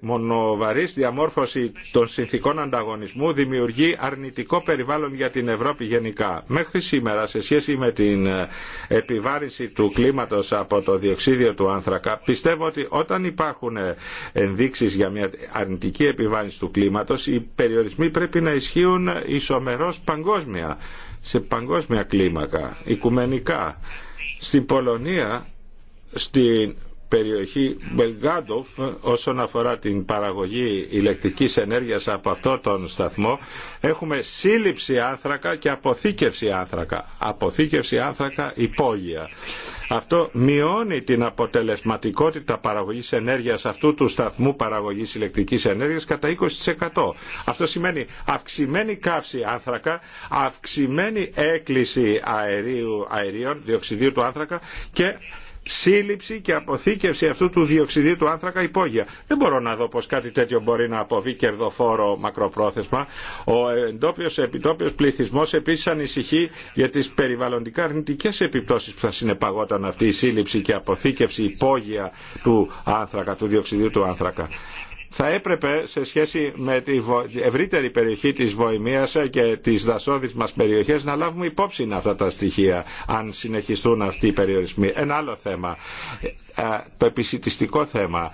D: μονοβαρής διαμόρφωση των συνθήκων ανταγωνισμού δημιουργεί αρνητικό περιβάλλον για την Ευρώπη γενικά. Μέχρι σήμερα σε σχέση με την ε, επιβάρηση του κλίματος από το διοξίδιο του άνθρακα πιστεύω ότι όταν υπάρχουν ε, ενδείξεις για μια αρνητική επιβάρηση του κλίματος οι περιορισμοί πρέπει να ισχύουν ισομερώς παγκόσμια, σε παγκόσμια κλίμακα, οικουμενικά. Στην Πολωνία, στην περιοχή Μπελγκάντοφ όσον αφορά την παραγωγή ηλεκτρικής ενέργειας από αυτό τον σταθμό έχουμε σύλληψη άνθρακα και αποθήκευση άνθρακα αποθήκευση άνθρακα υπόγεια αυτό μειώνει την αποτελεσματικότητα παραγωγής ενέργειας αυτού του σταθμού παραγωγής ηλεκτρικής ενέργειας κατά 20% αυτό σημαίνει αυξημένη καύση άνθρακα αυξημένη έκκληση αερίου, αερίων διοξιδίου του άνθρακα και σύλληψη και αποθήκευση αυτού του διοξιδίου του άνθρακα υπόγεια. Δεν μπορώ να δω πως κάτι τέτοιο μπορεί να αποβεί κερδοφόρο μακροπρόθεσμα. Ο εντόπιος επιτόπιος πληθυσμός επίσης ανησυχεί για τις περιβαλλοντικά αρνητικές επιπτώσεις που θα συνεπαγόταν αυτή η σύλληψη και αποθήκευση υπόγεια του άνθρακα, του διοξιδίου του άνθρακα θα έπρεπε σε σχέση με την ευρύτερη περιοχή της Βοημίας και της δασόδης μας περιοχές να λάβουμε υπόψη αυτά τα στοιχεία αν συνεχιστούν αυτοί οι περιορισμοί. Ένα άλλο θέμα, ε, ε, το επισητιστικό θέμα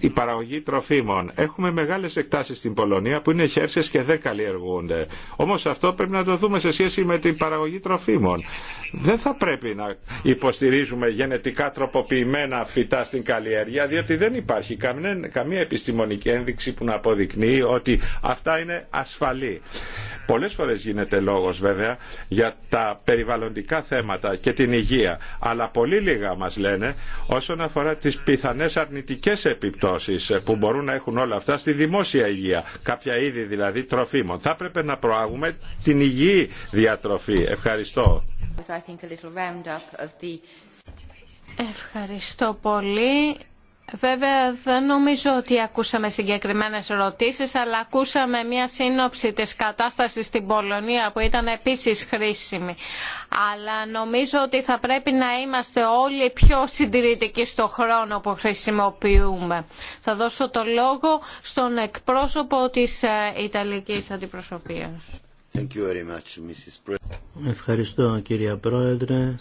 D: η παραγωγή τροφίμων. Έχουμε μεγάλε εκτάσει στην Πολωνία που είναι χέρσες και δεν καλλιεργούνται. Όμω αυτό πρέπει να το δούμε σε σχέση με την παραγωγή τροφίμων. Δεν θα πρέπει να υποστηρίζουμε γενετικά τροποποιημένα φυτά στην καλλιέργεια, διότι δεν υπάρχει καμία, καμία επιστημονική ένδειξη που να αποδεικνύει ότι αυτά είναι ασφαλή. Πολλέ φορέ γίνεται λόγο, βέβαια για τα περιβαλλοντικά θέματα και την υγεία, αλλά πολύ λίγα μα λένε όσον αφορά τι πιθανέ αρνητικέ επιπτώσει ε, που μπορούν να έχουν όλα αυτά στη δημόσια υγεία. Κάποια είδη δηλαδή τροφίμων. Θα πρέπει να προάγουμε την υγιή διατροφή. Ευχαριστώ.
C: Ευχαριστώ πολύ. Βέβαια δεν νομίζω
E: ότι ακούσαμε συγκεκριμένες ερωτήσεις, αλλά ακούσαμε μια σύνοψη της κατάστασης στην Πολωνία που ήταν επίσης χρήσιμη. Αλλά νομίζω ότι θα πρέπει να είμαστε όλοι πιο συντηρητικοί στο χρόνο που χρησιμοποιούμε. Θα δώσω το λόγο στον εκπρόσωπο της ε, Ιταλικής Αντιπροσωπείας.
A: Ευχαριστώ κυρία Πρόεδρε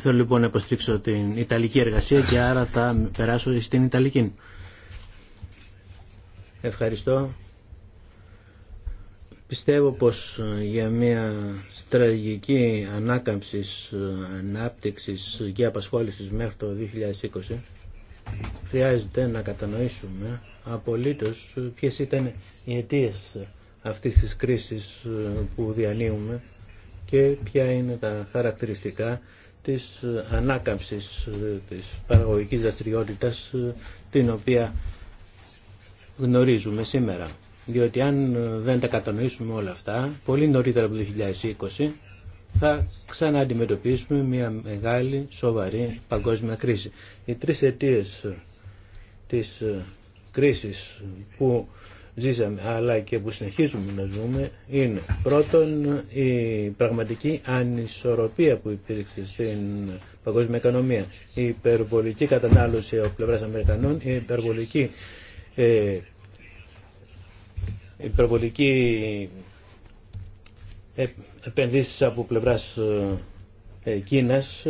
A: θέλω λοιπόν να υποστηρίξω την Ιταλική εργασία και άρα θα περάσω στην Ιταλική. Ευχαριστώ. Πιστεύω πως ε, για μια στρατηγική ανάκαμψης, ε, ανάπτυξης και απασχόληση μέχρι το 2020 χρειάζεται να κατανοήσουμε απολύτως ε, ποιε ήταν οι αιτίε αυτής της κρίσης που διανύουμε και ποια είναι τα χαρακτηριστικά της ανάκαμψης ε, της παραγωγικής δραστηριότητα ε, την οποία γνωρίζουμε σήμερα. Διότι αν ε, δεν τα κατανοήσουμε όλα αυτά, πολύ νωρίτερα από το 2020 θα ξανααντιμετωπίσουμε μια μεγάλη σοβαρή παγκόσμια κρίση. Οι τρεις αιτίες της κρίσης που ζήσαμε αλλά και που συνεχίζουμε να ζούμε είναι πρώτον η πραγματική ανισορροπία που υπήρξε στην παγκόσμια οικονομία. Η υπερβολική κατανάλωση από πλευράς Αμερικανών, η υπερβολική, ε, υπερβολική ε, επενδύσεις από πλευράς ε, Κίνας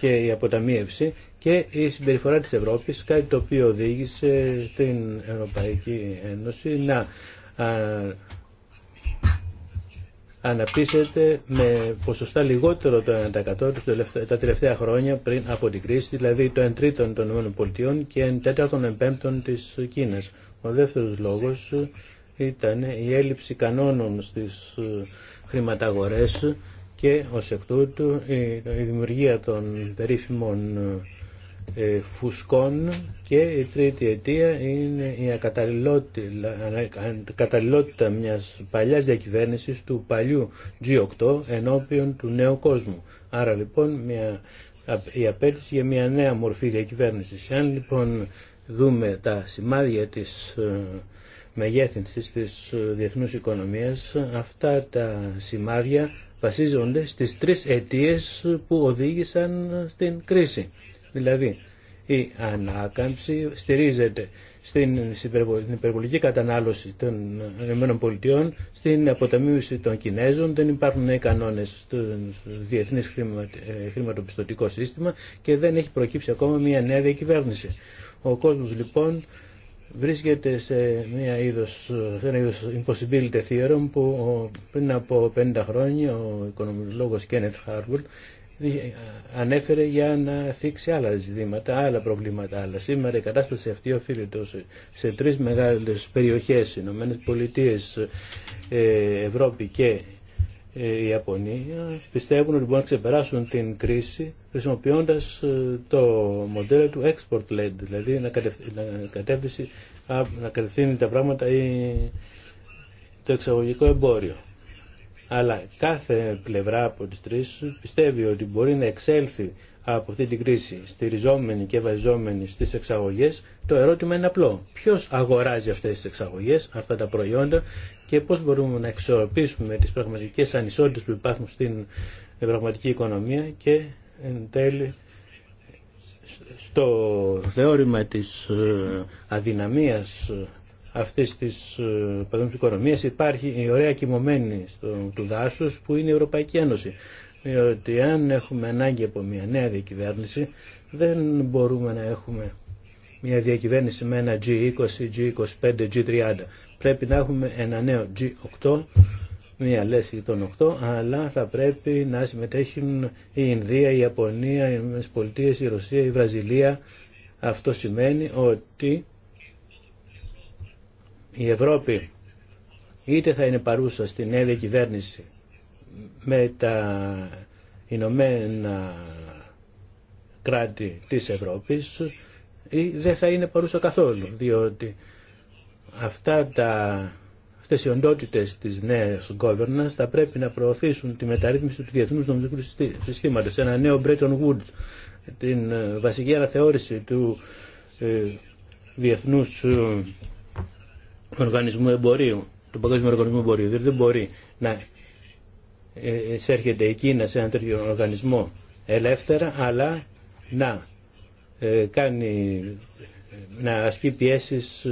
A: και η αποταμίευση και η συμπεριφορά της Ευρώπης, κάτι το οποίο οδήγησε την Ευρωπαϊκή Ένωση να αναπτύσσεται με ποσοστά λιγότερο το 1% τα τελευταία χρόνια πριν από την κρίση, δηλαδή το 1 τρίτον των ΗΠΑ και 1 τέταρτον των 5 της Κίνας. Ο δεύτερος λόγος ήταν η έλλειψη κανόνων στις χρηματαγορές και ως εκ τούτου η δημιουργία των περίφημων ε, φουσκών και η τρίτη αιτία είναι η ακαταλληλότητα μιας παλιάς διακυβέρνησης του παλιού G8 ενώπιον του νέου κόσμου. Άρα λοιπόν μια, η απέτηση για μια νέα μορφή διακυβέρνησης. Αν λοιπόν δούμε τα σημάδια της ε, μεγέθυνσης της ε, διεθνούς οικονομίας, αυτά τα σημάδια βασίζονται στις τρεις αιτίες που οδήγησαν στην κρίση. Δηλαδή, η ανάκαμψη στηρίζεται στην υπερβολική κατανάλωση των ΗΠΑ, στην αποταμίωση των Κινέζων, δεν υπάρχουν νέοι κανόνε στο διεθνέ ε, χρηματοπιστωτικό σύστημα και δεν έχει προκύψει ακόμα μια νέα διακυβέρνηση. Ο κόσμο λοιπόν βρίσκεται σε, μια είδος, ένα impossibility theorem που πριν από 50 χρόνια ο οικονομολόγος Kenneth Harwood ανέφερε για να θίξει άλλα ζητήματα, άλλα προβλήματα. Αλλά σήμερα η κατάσταση αυτή οφείλεται σε τρεις μεγάλες περιοχές, Ηνωμένε Πολιτείε, ε, Ευρώπη και ε, η Ιαπωνία, πιστεύουν ότι μπορούν να ξεπεράσουν την κρίση χρησιμοποιώντας ε, το μοντέλο του export-led, δηλαδή να, κατευθύνει, να κατευθύνει τα πράγματα ή το εξαγωγικό εμπόριο αλλά κάθε πλευρά από τις τρεις πιστεύει ότι μπορεί να εξέλθει από αυτή την κρίση στηριζόμενη και βαζόμενη στις εξαγωγές, το ερώτημα είναι απλό. Ποιος αγοράζει αυτές τις εξαγωγές, αυτά τα προϊόντα και πώς μπορούμε να εξορροπήσουμε τις πραγματικές ανισότητες που υπάρχουν στην πραγματική οικονομία και εν τέλει στο θεώρημα της ε, αδυναμίας ε, αυτή τη ε, παγκόσμια οικονομία υπάρχει η ωραία κοιμωμένη του δάσου που είναι η Ευρωπαϊκή Ένωση. Διότι αν έχουμε ανάγκη από μια νέα διακυβέρνηση δεν μπορούμε να έχουμε μια διακυβέρνηση με ένα G20, G25, G30. Πρέπει να έχουμε ένα νέο G8, μια λέση των 8, αλλά θα πρέπει να συμμετέχουν η Ινδία, η Ιαπωνία, οι Πολιτείε, η Ρωσία, η Βραζιλία. Αυτό σημαίνει ότι η Ευρώπη είτε θα είναι παρούσα στην νέα διακυβέρνηση με τα Ηνωμένα κράτη της Ευρώπης ή δεν θα είναι παρούσα καθόλου διότι αυτά τα, αυτές οι οντότητες της νέας governance θα πρέπει να προωθήσουν τη μεταρρύθμιση του διεθνούς νομικού συστήματος ένα νέο Bretton Woods την ε, βασική αναθεώρηση του ε, διεθνούς ε, Οργανισμού Εμπορίου, του παγκόσμιο Οργανισμού Εμπορίου. Δηλαδή δεν μπορεί να εισέρχεται ε, η Κίνα σε ένα τέτοιο οργανισμό ελεύθερα, αλλά να ε, κάνει ε, να ασκεί πιέσεις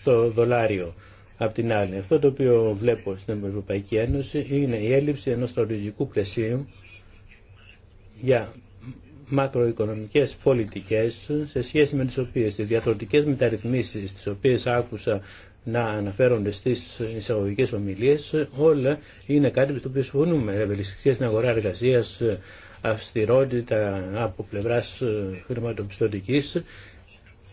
A: στο δολάριο απ' την άλλη. Αυτό το οποίο βλέπω στην Ευρωπαϊκή Ένωση είναι η έλλειψη ενός στρατηγικού πλαισίου για μακροοικονομικές πολιτικές σε σχέση με τις οποίες οι διαφορετικές μεταρρυθμίσεις τις οποίες άκουσα να αναφέρονται στις εισαγωγικές ομιλίες, όλα είναι κάτι με το οποίο συμφωνούμε. Ευελιξία στην αγορά εργασίας, αυστηρότητα από πλευράς ε, χρηματοπιστωτικής,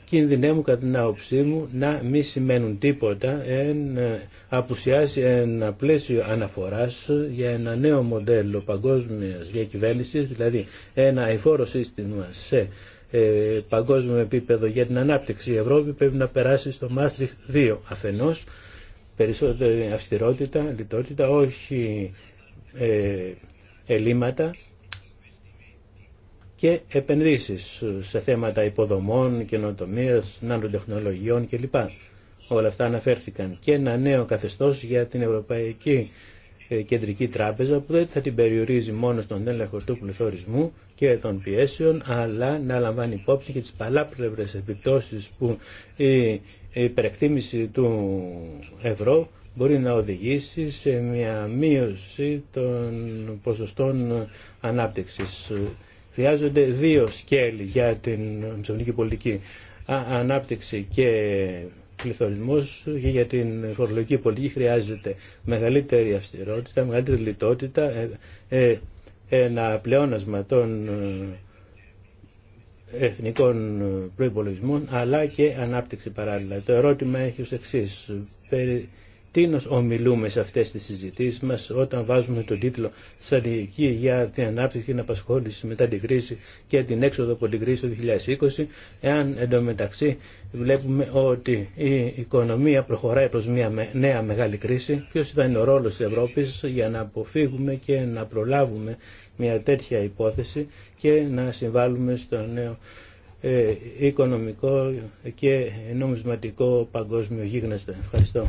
A: κινδυνεύουν κατά την άποψή μου να μη σημαίνουν τίποτα, εν, ε, απουσιάσει ένα πλαίσιο αναφοράς για ένα νέο μοντέλο παγκόσμιας διακυβέρνησης, δηλαδή ένα εφόρο σύστημα σε ε, παγκόσμιο επίπεδο για την ανάπτυξη. Η Ευρώπη πρέπει να περάσει στο Μάστριχ 2 αφενός, περισσότερη αυστηρότητα, λιτότητα, όχι ε, ελλείμματα και επενδύσεις σε θέματα υποδομών, καινοτομίας, νανοτεχνολογιών κλπ. Όλα αυτά αναφέρθηκαν και ένα νέο καθεστώς για την ευρωπαϊκή ε, κεντρική τράπεζα που δεν θα την περιορίζει μόνο στον έλεγχο του πληθωρισμού και των πιέσεων, αλλά να λαμβάνει υπόψη και τις παλάπλευρες επιπτώσεις που η υπερεκτίμηση του ευρώ μπορεί να οδηγήσει σε μια μείωση των ποσοστών ανάπτυξης. Χρειάζονται δύο σκέλη για την μισονική πολιτική. Ανάπτυξη και και για την φορολογική πολιτική χρειάζεται μεγαλύτερη αυστηρότητα, μεγαλύτερη λιτότητα, ε, ε, ένα πλεόνασμα των ε, εθνικών προϋπολογισμών αλλά και ανάπτυξη παράλληλα. Το ερώτημα έχει ως εξής τι ομιλούμε σε αυτές τις συζητήσεις μας όταν βάζουμε τον τίτλο «Στρατηγική για την ανάπτυξη και την απασχόληση μετά την κρίση και την έξοδο από την κρίση του 2020» εάν μεταξύ βλέπουμε ότι η οικονομία προχωράει προς μια νέα μεγάλη κρίση ποιος θα είναι ο ρόλος της Ευρώπης για να αποφύγουμε και να προλάβουμε μια τέτοια υπόθεση και να συμβάλλουμε στο νέο ε, οικονομικό και νομισματικό παγκόσμιο γίγνεσθε. Ευχαριστώ.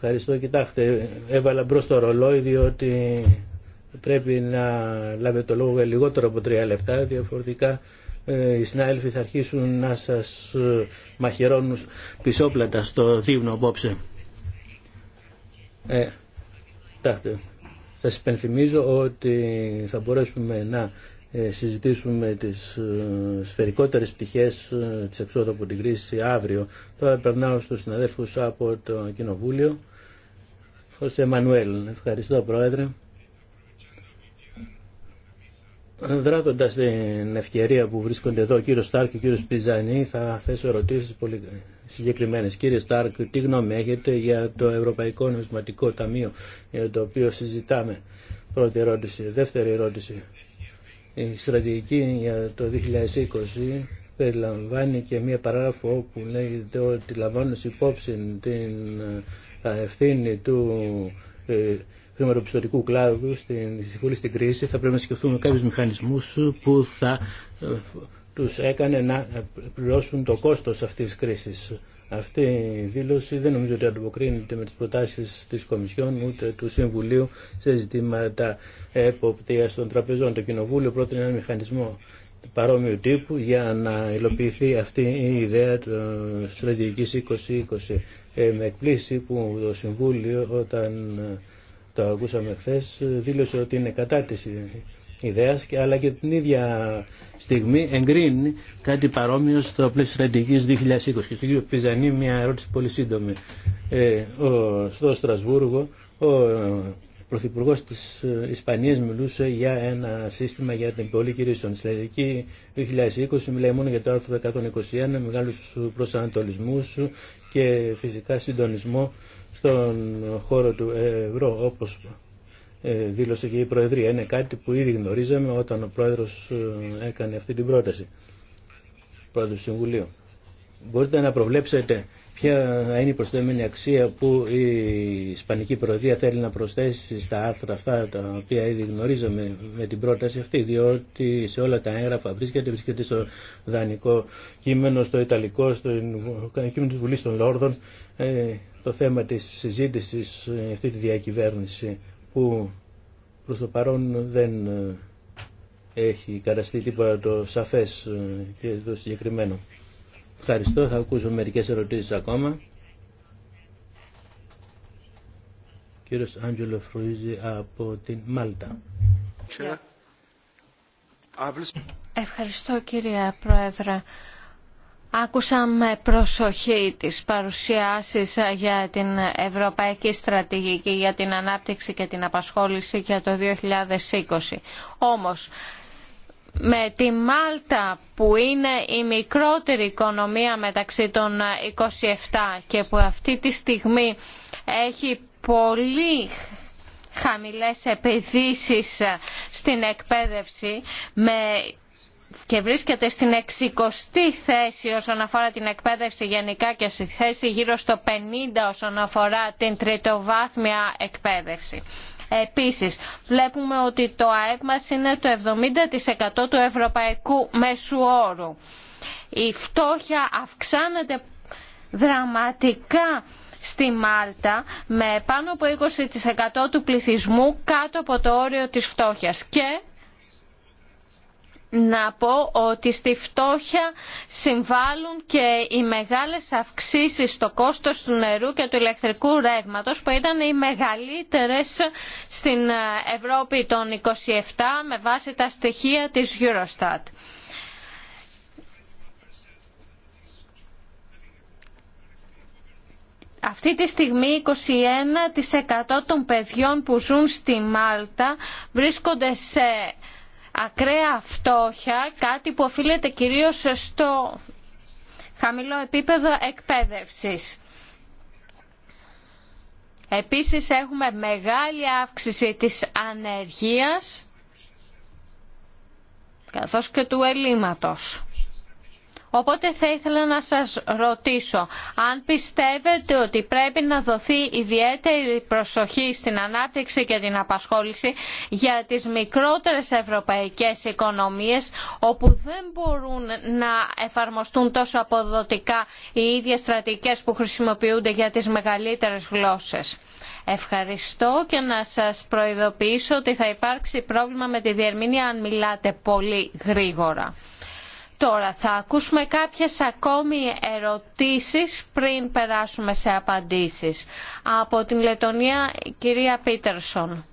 A: Ευχαριστώ. Κοιτάξτε, έβαλα μπροστά το ρολόι διότι πρέπει να λάβετε το λόγο λιγότερο από τρία λεπτά, διαφορετικά ε, οι συνάδελφοι θα αρχίσουν να σας ε, μαχαιρώνουν πισόπλατα στο δείπνο απόψε. Ε, κοιτάξτε, σας υπενθυμίζω ότι θα μπορέσουμε να ε, συζητήσουμε τις σφαιρικότερες πτυχές της εξόδου από την κρίση αύριο. Τώρα περνάω στους συναδέλφους από το Κοινοβούλιο. Χωσέ Μανουέλ. Ευχαριστώ Πρόεδρε. Δράτοντας την ευκαιρία που βρίσκονται εδώ ο κύριος Στάρκ και ο κύριος Πιζανή θα θέσω ερωτήσεις πολύ συγκεκριμένες. Κύριε Στάρκ, τι γνώμη έχετε για το Ευρωπαϊκό Νομισματικό Ταμείο για το οποίο συζητάμε. Πρώτη ερώτηση. Δεύτερη ερώτηση. Η στρατηγική για το 2020 περιλαμβάνει και μία παράγραφο που λέγεται ότι λαμβάνουν υπόψη την ευθύνη του ε, χρηματοπιστωτικού κλάδου στη συμβουλή στην κρίση θα πρέπει να σκεφτούμε κάποιους μηχανισμούς που θα ε, τους έκανε να πληρώσουν το κόστος αυτής της κρίσης. Αυτή η δήλωση δεν νομίζω ότι ανταποκρίνεται με τις προτάσεις της Κομισιόν ούτε του Συμβουλίου σε ζητήματα εποπτείας των τραπεζών. Το Κοινοβούλιο πρότεινε ένα μηχανισμό παρόμοιου τύπου για να υλοποιηθεί αυτή η ιδέα τη στρατηγικής 2020. Ε, με εκπλήσει που το Συμβούλιο όταν ε, το ακούσαμε χθε δήλωσε ότι είναι κατά της ιδέας αλλά και την ίδια στιγμή εγκρίνει κάτι παρόμοιο στο πλαίσιο στρατηγικής 2020. Και στο κύριο Πιζανή μια ερώτηση πολύ σύντομη. Ε, στο Στρασβούργο ο Πρωθυπουργό τη ε, Ισπανία μιλούσε για ένα σύστημα για την πολύ κυρίσεων. Στη το 2020 μιλάει μόνο για το άρθρο 121, μεγάλου προσανατολισμού και φυσικά συντονισμό στον χώρο του ευρώ, όπω ε, δήλωσε και η Προεδρία. Είναι κάτι που ήδη γνωρίζαμε όταν ο Πρόεδρο ε, έκανε αυτή την πρόταση. Πρόεδρο του Συμβουλίου. Μπορείτε να προβλέψετε ποια είναι η προσθέμενη αξία που η Ισπανική Προεδρία θέλει να προσθέσει στα άρθρα αυτά τα οποία ήδη γνωρίζαμε με την πρόταση αυτή, διότι σε όλα τα έγγραφα βρίσκεται, βρίσκεται στο δανεικό κείμενο, στο ιταλικό, στο κείμενο της Βουλής των Λόρδων, ε, το θέμα της συζήτησης, ε, αυτή τη διακυβέρνηση που προς το παρόν δεν ε, έχει καταστεί τίποτα το σαφές και το συγκεκριμένο. Ευχαριστώ. Θα ακούσω μερικές ερωτήσεις ακόμα. Κύριος Άντζελο Φρουίζη από την Μάλτα.
E: Ευχαριστώ κύριε Πρόεδρε. Άκουσα με προσοχή τις παρουσιάσεις ε, για την Ευρωπαϊκή Στρατηγική για την Ανάπτυξη και την Απασχόληση για το 2020. Όμως, με τη Μάλτα που είναι η μικρότερη οικονομία μεταξύ των 27 και που αυτή τη στιγμή έχει πολύ χαμηλές επιδύσεις στην εκπαίδευση με και βρίσκεται στην 60η θέση όσον αφορά την εκπαίδευση γενικά και στη θέση γύρω στο 50 όσον αφορά την τριτοβάθμια εκπαίδευση. Επίσης, βλέπουμε ότι το ΑΕΠ μας είναι το 70% του ευρωπαϊκού μέσου όρου. Η φτώχεια αυξάνεται δραματικά στη Μάλτα με πάνω από 20% του πληθυσμού κάτω από το όριο της φτώχειας και να πω ότι στη φτώχεια συμβάλλουν και οι μεγάλες αυξήσεις στο κόστος του νερού και του ηλεκτρικού ρεύματος που ήταν οι μεγαλύτερες στην Ευρώπη των 27 με βάση τα στοιχεία της Eurostat. Αυτή τη στιγμή 21% των παιδιών που ζουν στη Μάλτα βρίσκονται σε ακραία φτώχεια, κάτι που οφείλεται κυρίως στο χαμηλό επίπεδο εκπαίδευσης. Επίσης έχουμε μεγάλη αύξηση της ανεργίας καθώς και του ελλείμματος. Οπότε θα ήθελα να σας ρωτήσω αν πιστεύετε ότι πρέπει να δοθεί ιδιαίτερη προσοχή στην ανάπτυξη και την απασχόληση για τις μικρότερες ευρωπαϊκές οικονομίες όπου δεν μπορούν να εφαρμοστούν τόσο αποδοτικά οι ίδιες στρατικές που χρησιμοποιούνται για τις μεγαλύτερες γλώσσες. Ευχαριστώ και να σας προειδοποιήσω ότι θα υπάρξει πρόβλημα με τη διερμηνία αν μιλάτε πολύ γρήγορα. Τώρα θα ακούσουμε κάποιες ακόμη ερωτήσεις πριν περάσουμε σε απαντήσεις. Από την Λετωνία, κυρία Πίτερσον.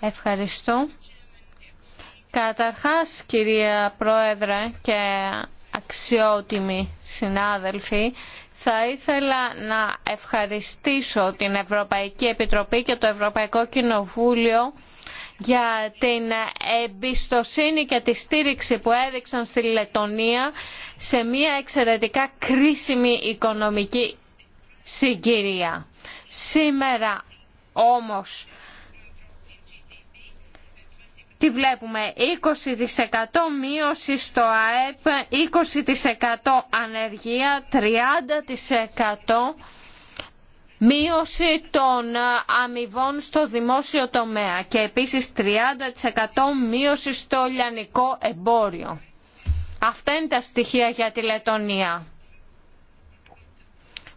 E: Ευχαριστώ. Καταρχάς, κυρία Πρόεδρε και αξιότιμοι συνάδελφοι, θα ήθελα να ευχαριστήσω την Ευρωπαϊκή Επιτροπή και το Ευρωπαϊκό Κοινοβούλιο για την εμπιστοσύνη και τη στήριξη που έδειξαν στη Λετωνία σε μια εξαιρετικά κρίσιμη οικονομική συγκυρία. Σήμερα όμως τι βλέπουμε 20% μείωση στο ΑΕΠ, 20% ανεργία, 30% μείωση των ε, αμοιβών στο δημόσιο τομέα και επίσης 30% μείωση στο λιανικό εμπόριο. Αυτά είναι τα στοιχεία για τη Λετωνία.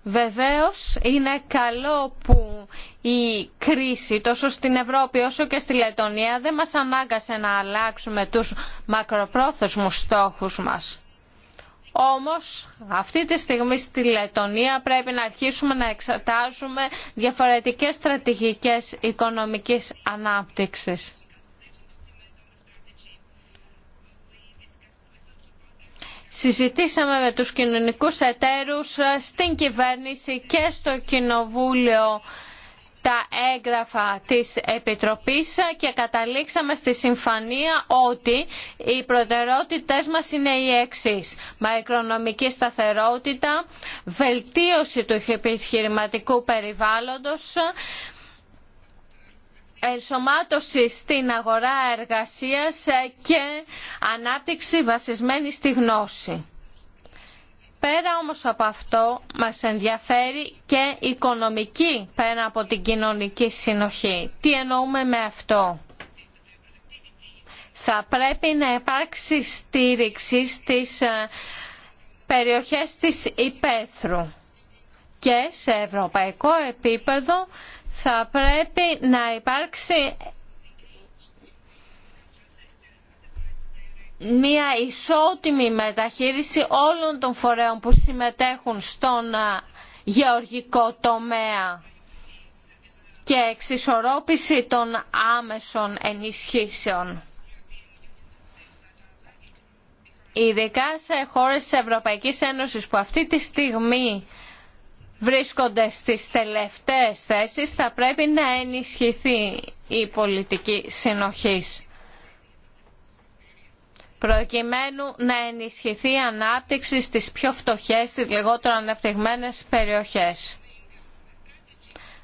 E: Βεβαίως είναι καλό που η κρίση τόσο στην Ευρώπη όσο και στη Λετωνία δεν μας ανάγκασε να αλλάξουμε τους μακροπρόθεσμους στόχους μας. Όμως αυτή τη στιγμή στη Λετωνία πρέπει να αρχίσουμε να εξετάζουμε διαφορετικές στρατηγικές οικονομικής ανάπτυξης. Συζητήσαμε με τους κοινωνικούς εταίρους ε, στην κυβέρνηση και στο Κοινοβούλιο τα έγγραφα της Επιτροπής και καταλήξαμε στη συμφωνία ότι οι προτεραιότητες μας είναι οι εξής. Μαϊκρονομική σταθερότητα, βελτίωση του επιχειρηματικού περιβάλλοντος, ενσωμάτωση στην αγορά εργασίας και ανάπτυξη βασισμένη στη γνώση. Πέρα όμως από αυτό μας ενδιαφέρει και οικονομική πέρα από την κοινωνική συνοχή. Τι εννοούμε με αυτό. Θα πρέπει να υπάρξει στήριξη στις ε, περιοχές της υπαίθρου και σε ευρωπαϊκό επίπεδο θα πρέπει να υπάρξει μια ισότιμη μεταχείριση όλων των φορέων που συμμετέχουν στον γεωργικό τομέα και εξισορρόπηση των άμεσων ενισχύσεων. Ειδικά σε χώρες της Ευρωπαϊκής Ένωσης που αυτή τη στιγμή βρίσκονται στις τελευταίες θέσεις θα πρέπει να ενισχυθεί η πολιτική συνοχής προκειμένου να ενισχυθεί η ανάπτυξη στις πιο φτωχές, στις λιγότερο ανεπτυγμένες περιοχές.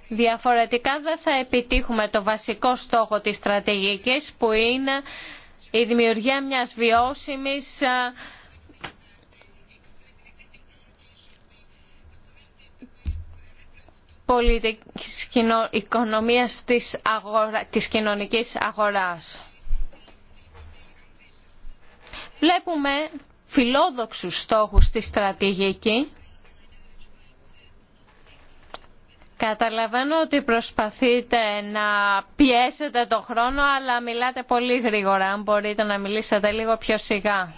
E: Διαφορετικά δεν θα επιτύχουμε το βασικό στόχο της στρατηγικής που είναι η δημιουργία μιας βιώσιμης πολιτικής οικονομίας της, αγορα... της κοινωνικής αγοράς. Βλέπουμε φιλόδοξους στόχους στη στρατηγική. Καταλαβαίνω ότι προσπαθείτε να πιέσετε το χρόνο, αλλά μιλάτε πολύ γρήγορα. Αν μπορείτε να μιλήσετε λίγο πιο σιγά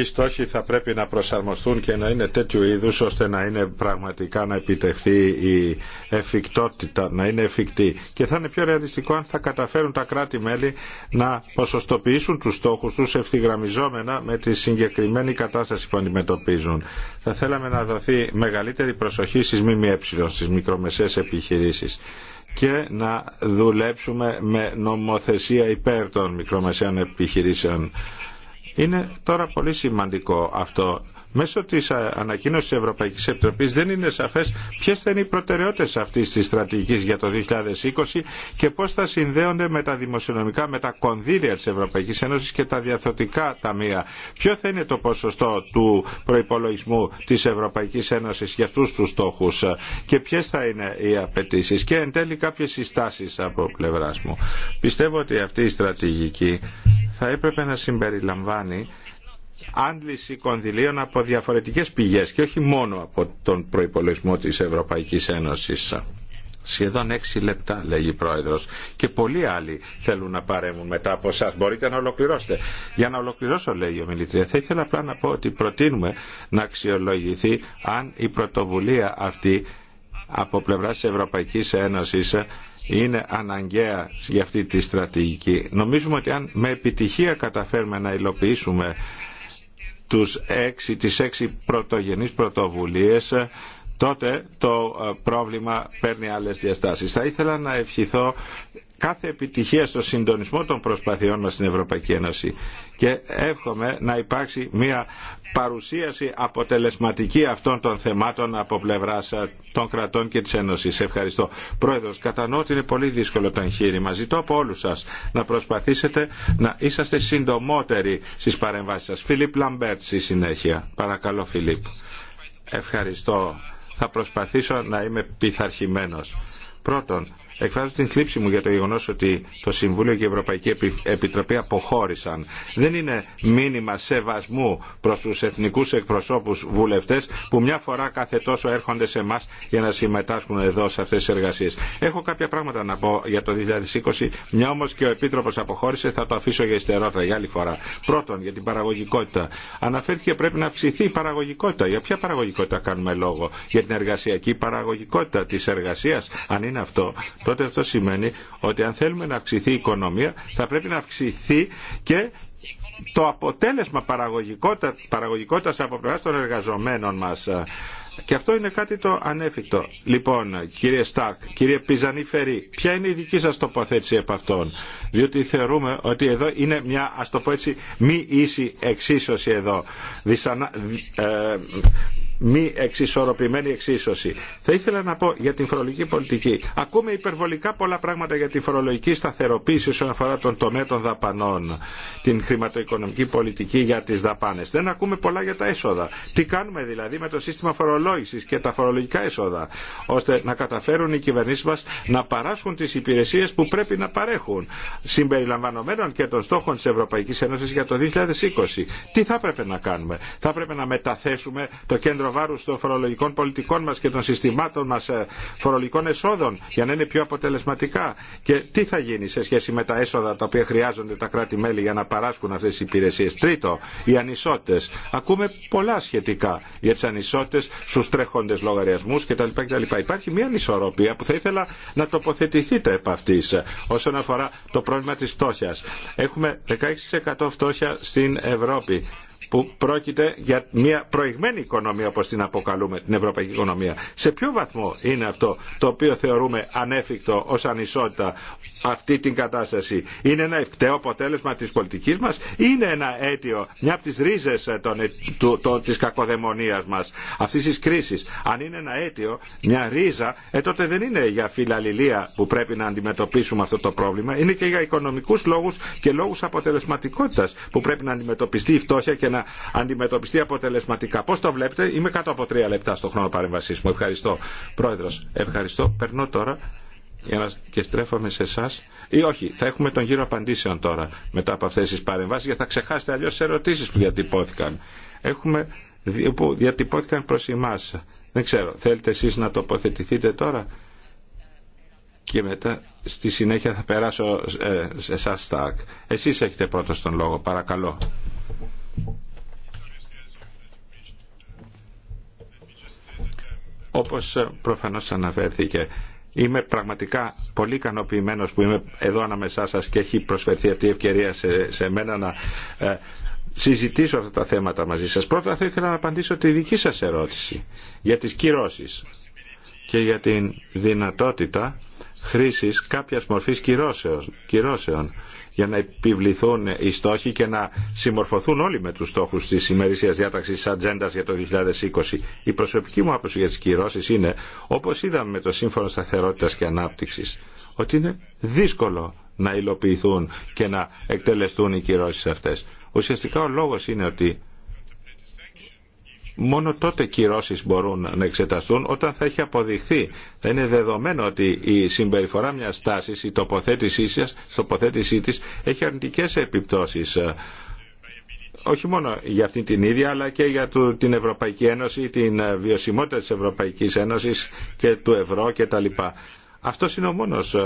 D: οι στόχοι θα πρέπει να προσαρμοστούν και να είναι τέτοιου είδου, ώστε να είναι πραγματικά να επιτευχθεί η εφικτότητα, να είναι εφικτή. Και θα είναι πιο ρεαλιστικό αν θα καταφέρουν τα κράτη-μέλη να ποσοστοποιήσουν του στόχου του ευθυγραμμιζόμενα με τη συγκεκριμένη κατάσταση που αντιμετωπίζουν. Θα θέλαμε να δοθεί μεγαλύτερη προσοχή στις ΜΜΕ, στι μικρομεσαίε επιχειρήσει και να δουλέψουμε με νομοθεσία υπέρ των μικρομεσαίων επιχειρήσεων είναι τώρα πολύ σημαντικό αυτό μέσω τη ανακοίνωση τη Ευρωπαϊκή Επιτροπής δεν είναι σαφέ ποιε θα είναι οι προτεραιότητε αυτή τη στρατηγική για το 2020 και πώ θα συνδέονται με τα δημοσιονομικά, με τα κονδύλια τη Ευρωπαϊκή Ένωση και τα διαθωτικά ταμεία. Ποιο θα είναι το ποσοστό του προπολογισμού τη Ευρωπαϊκή Ένωση για αυτού του στόχου και ποιε θα είναι οι απαιτήσει και εν τέλει κάποιες συστάσει από πλευρά μου. Πιστεύω ότι αυτή η στρατηγική θα έπρεπε να συμπεριλαμβάνει άντληση κονδυλίων από διαφορετικές πηγές και όχι μόνο από τον προϋπολογισμό της Ευρωπαϊκής Ένωσης. Σχεδόν έξι λεπτά, λέγει η Πρόεδρος. Και πολλοί άλλοι θέλουν να παρέμουν μετά από εσά. Μπορείτε να ολοκληρώσετε. Για να ολοκληρώσω, λέει ο Μιλητρία, θα ήθελα απλά να πω ότι προτείνουμε να αξιολογηθεί αν η πρωτοβουλία αυτή από πλευρά της Ευρωπαϊκής Ένωσης είναι αναγκαία για αυτή τη στρατηγική. Νομίζουμε ότι αν με επιτυχία καταφέρουμε να υλοποιήσουμε τους έξι, τις έξι πρωτογενείς πρωτοβουλίες τότε το ε, πρόβλημα παίρνει άλλες διαστάσεις. Θα ήθελα να ευχηθώ κάθε επιτυχία στο συντονισμό των προσπαθειών μας στην Ευρωπαϊκή Ένωση και εύχομαι να υπάρξει μια παρουσίαση αποτελεσματική αυτών των θεμάτων από πλευρά ε, των κρατών και της Ένωσης. Ευχαριστώ. Πρόεδρος, κατανοώ ότι είναι πολύ δύσκολο το εγχείρημα. Ζητώ από όλου σα να προσπαθήσετε να είσαστε συντομότεροι στις παρεμβάσει σας. Φιλίπ Λαμπέρτ στη συνέχεια. Παρακαλώ, Φιλίπ. Ευχαριστώ. Θα προσπαθήσω να είμαι πειθαρχημένο. Πρώτον, εκφράζω την θλίψη μου για το γεγονό ότι το Συμβούλιο και η Ευρωπαϊκή Επιτροπή αποχώρησαν. Δεν είναι μήνυμα σεβασμού προ του εθνικού εκπροσώπου βουλευτέ, που μια φορά κάθε τόσο έρχονται σε εμά για να συμμετάσχουν εδώ σε αυτέ τι εργασίε. Έχω κάποια πράγματα να πω για το 2020, μια όμω και ο επίτροπο αποχώρησε, θα το αφήσω για ιστερότερα για άλλη φορά. Πρώτον, για την παραγωγικότητα. Αναφέρθηκε πρέπει να αυξηθεί η παραγωγικότητα. Για ποια παραγωγικότητα κάνουμε λόγο, για την εργασιακή παραγωγικότητα τη εργασία, αν είναι αυτό τότε αυτό σημαίνει ότι αν θέλουμε να αυξηθεί η οικονομία θα πρέπει να αυξηθεί και το αποτέλεσμα παραγωγικότητα, παραγωγικότητας από πλευράς των εργαζομένων μας. Και αυτό είναι κάτι το ανέφικτο. Λοιπόν, κύριε Στακ, κύριε Πιζανή Φερή, ποια είναι η δική σας τοποθέτηση από αυτόν. Διότι θεωρούμε ότι εδώ είναι μια, ας το πω έτσι, μη ίση εξίσωση εδώ. Δυσανα... Ε, μη εξισορροπημένη εξίσωση. Θα ήθελα να πω για την φορολογική πολιτική. Ακούμε υπερβολικά πολλά πράγματα για τη φορολογική σταθεροποίηση όσον αφορά τον τομέα των δαπανών, την χρηματοοικονομική πολιτική για τι δαπάνε. Δεν ακούμε πολλά για τα έσοδα. Τι κάνουμε δηλαδή με το σύστημα φορολόγηση και τα φορολογικά έσοδα, ώστε να καταφέρουν οι κυβερνήσει μα να παράσχουν τι υπηρεσίε που πρέπει να παρέχουν, συμπεριλαμβανομένων και των στόχων τη Ευρωπαϊκή Ένωση για το 2020. Τι θα πρέπει να κάνουμε, θα πρέπει να μεταθέσουμε το κέντρο μέτρο των φορολογικών πολιτικών μα και των συστημάτων μα ε, φορολογικών εσόδων για να είναι πιο αποτελεσματικά. Και τι θα γίνει σε σχέση με τα έσοδα τα οποία χρειάζονται τα κράτη-μέλη για να παράσχουν αυτέ τι υπηρεσίε. Τρίτο, οι ανισότητε. Ακούμε πολλά σχετικά για τι ανισότητε στου τρέχοντε λογαριασμού κτλ. Υπάρχει μια ανισορροπία που θα ήθελα να τοποθετηθείτε επ' αυτή ε, όσον αφορά το πρόβλημα τη φτώχεια. Έχουμε 16% φτώχεια στην Ευρώπη που πρόκειται για μια προηγμένη οικονομία όπως την αποκαλούμε την ευρωπαϊκή οικονομία. Σε ποιο βαθμό είναι αυτό το οποίο θεωρούμε ανέφικτο ως ανισότητα αυτή την κατάσταση. Είναι ένα ευκταίο αποτέλεσμα της πολιτικής μας ή είναι ένα αίτιο, μια από τις ρίζες ε, των, ε, του, το, της κακοδαιμονίας μας αυτής της κρίσης. Αν είναι ένα αίτιο, μια ρίζα, ε, τότε δεν είναι για φιλαλληλία που πρέπει να αντιμετωπίσουμε αυτό το πρόβλημα. Είναι και για οικονομικούς λόγους και λόγους αποτελεσματικότητας που πρέπει να αντιμετωπιστεί η φτώχεια να αντιμετωπιστεί αποτελεσματικά. Πώ το βλέπετε, είμαι κάτω από τρία λεπτά στο χρόνο παρέμβασή μου. Ευχαριστώ. Πρόεδρο, ευχαριστώ. Περνώ τώρα και στρέφομαι σε εσά. Ή όχι, θα έχουμε τον γύρο απαντήσεων τώρα μετά από αυτέ τι παρεμβάσει, γιατί θα ξεχάσετε αλλιώ τι ερωτήσει που διατυπώθηκαν. Έχουμε που διατυπώθηκαν προς εμάς. Δεν ξέρω, θέλετε εσείς να τοποθετηθείτε τώρα και μετά στη συνέχεια θα περάσω ε, σε εσάς Σταρκ. Εσείς έχετε πρώτος τον λόγο, παρακαλώ. Όπως ε, προφανώς αναφέρθηκε, είμαι πραγματικά πολύ ικανοποιημένο που είμαι εδώ ανάμεσά σας και έχει προσφερθεί αυτή η ευκαιρία σε, σε μένα να ε, συζητήσω αυτά τα θέματα μαζί σας. Πρώτα θα ήθελα να απαντήσω τη δική σας ερώτηση για τις κυρώσεις και για την δυνατότητα χρήσης κάποιας μορφής κυρώσεων για να επιβληθούν οι στόχοι και να συμμορφωθούν όλοι με τους στόχους της ημερησίας διάταξης ατζέντα για το 2020. Η προσωπική μου άποψη για τις κυρώσεις είναι, όπως είδαμε με το Σύμφωνο Σταθερότητας και Ανάπτυξης, ότι είναι δύσκολο να υλοποιηθούν και να εκτελεστούν οι κυρώσεις αυτές. Ουσιαστικά ο λόγος είναι ότι μόνο τότε κυρώσεις μπορούν να εξεταστούν όταν θα έχει αποδειχθεί. Θα είναι δεδομένο ότι η συμπεριφορά μιας τάσης, η τοποθέτησή, σας, τοποθέτησή της έχει αρνητικές επιπτώσεις ε, όχι μόνο για αυτή την ίδια αλλά και για την Ευρωπαϊκή Ένωση, την ε, βιωσιμότητα της Ευρωπαϊκής Ένωσης και του ευρώ κτλ. Αυτός είναι ο μόνος ε,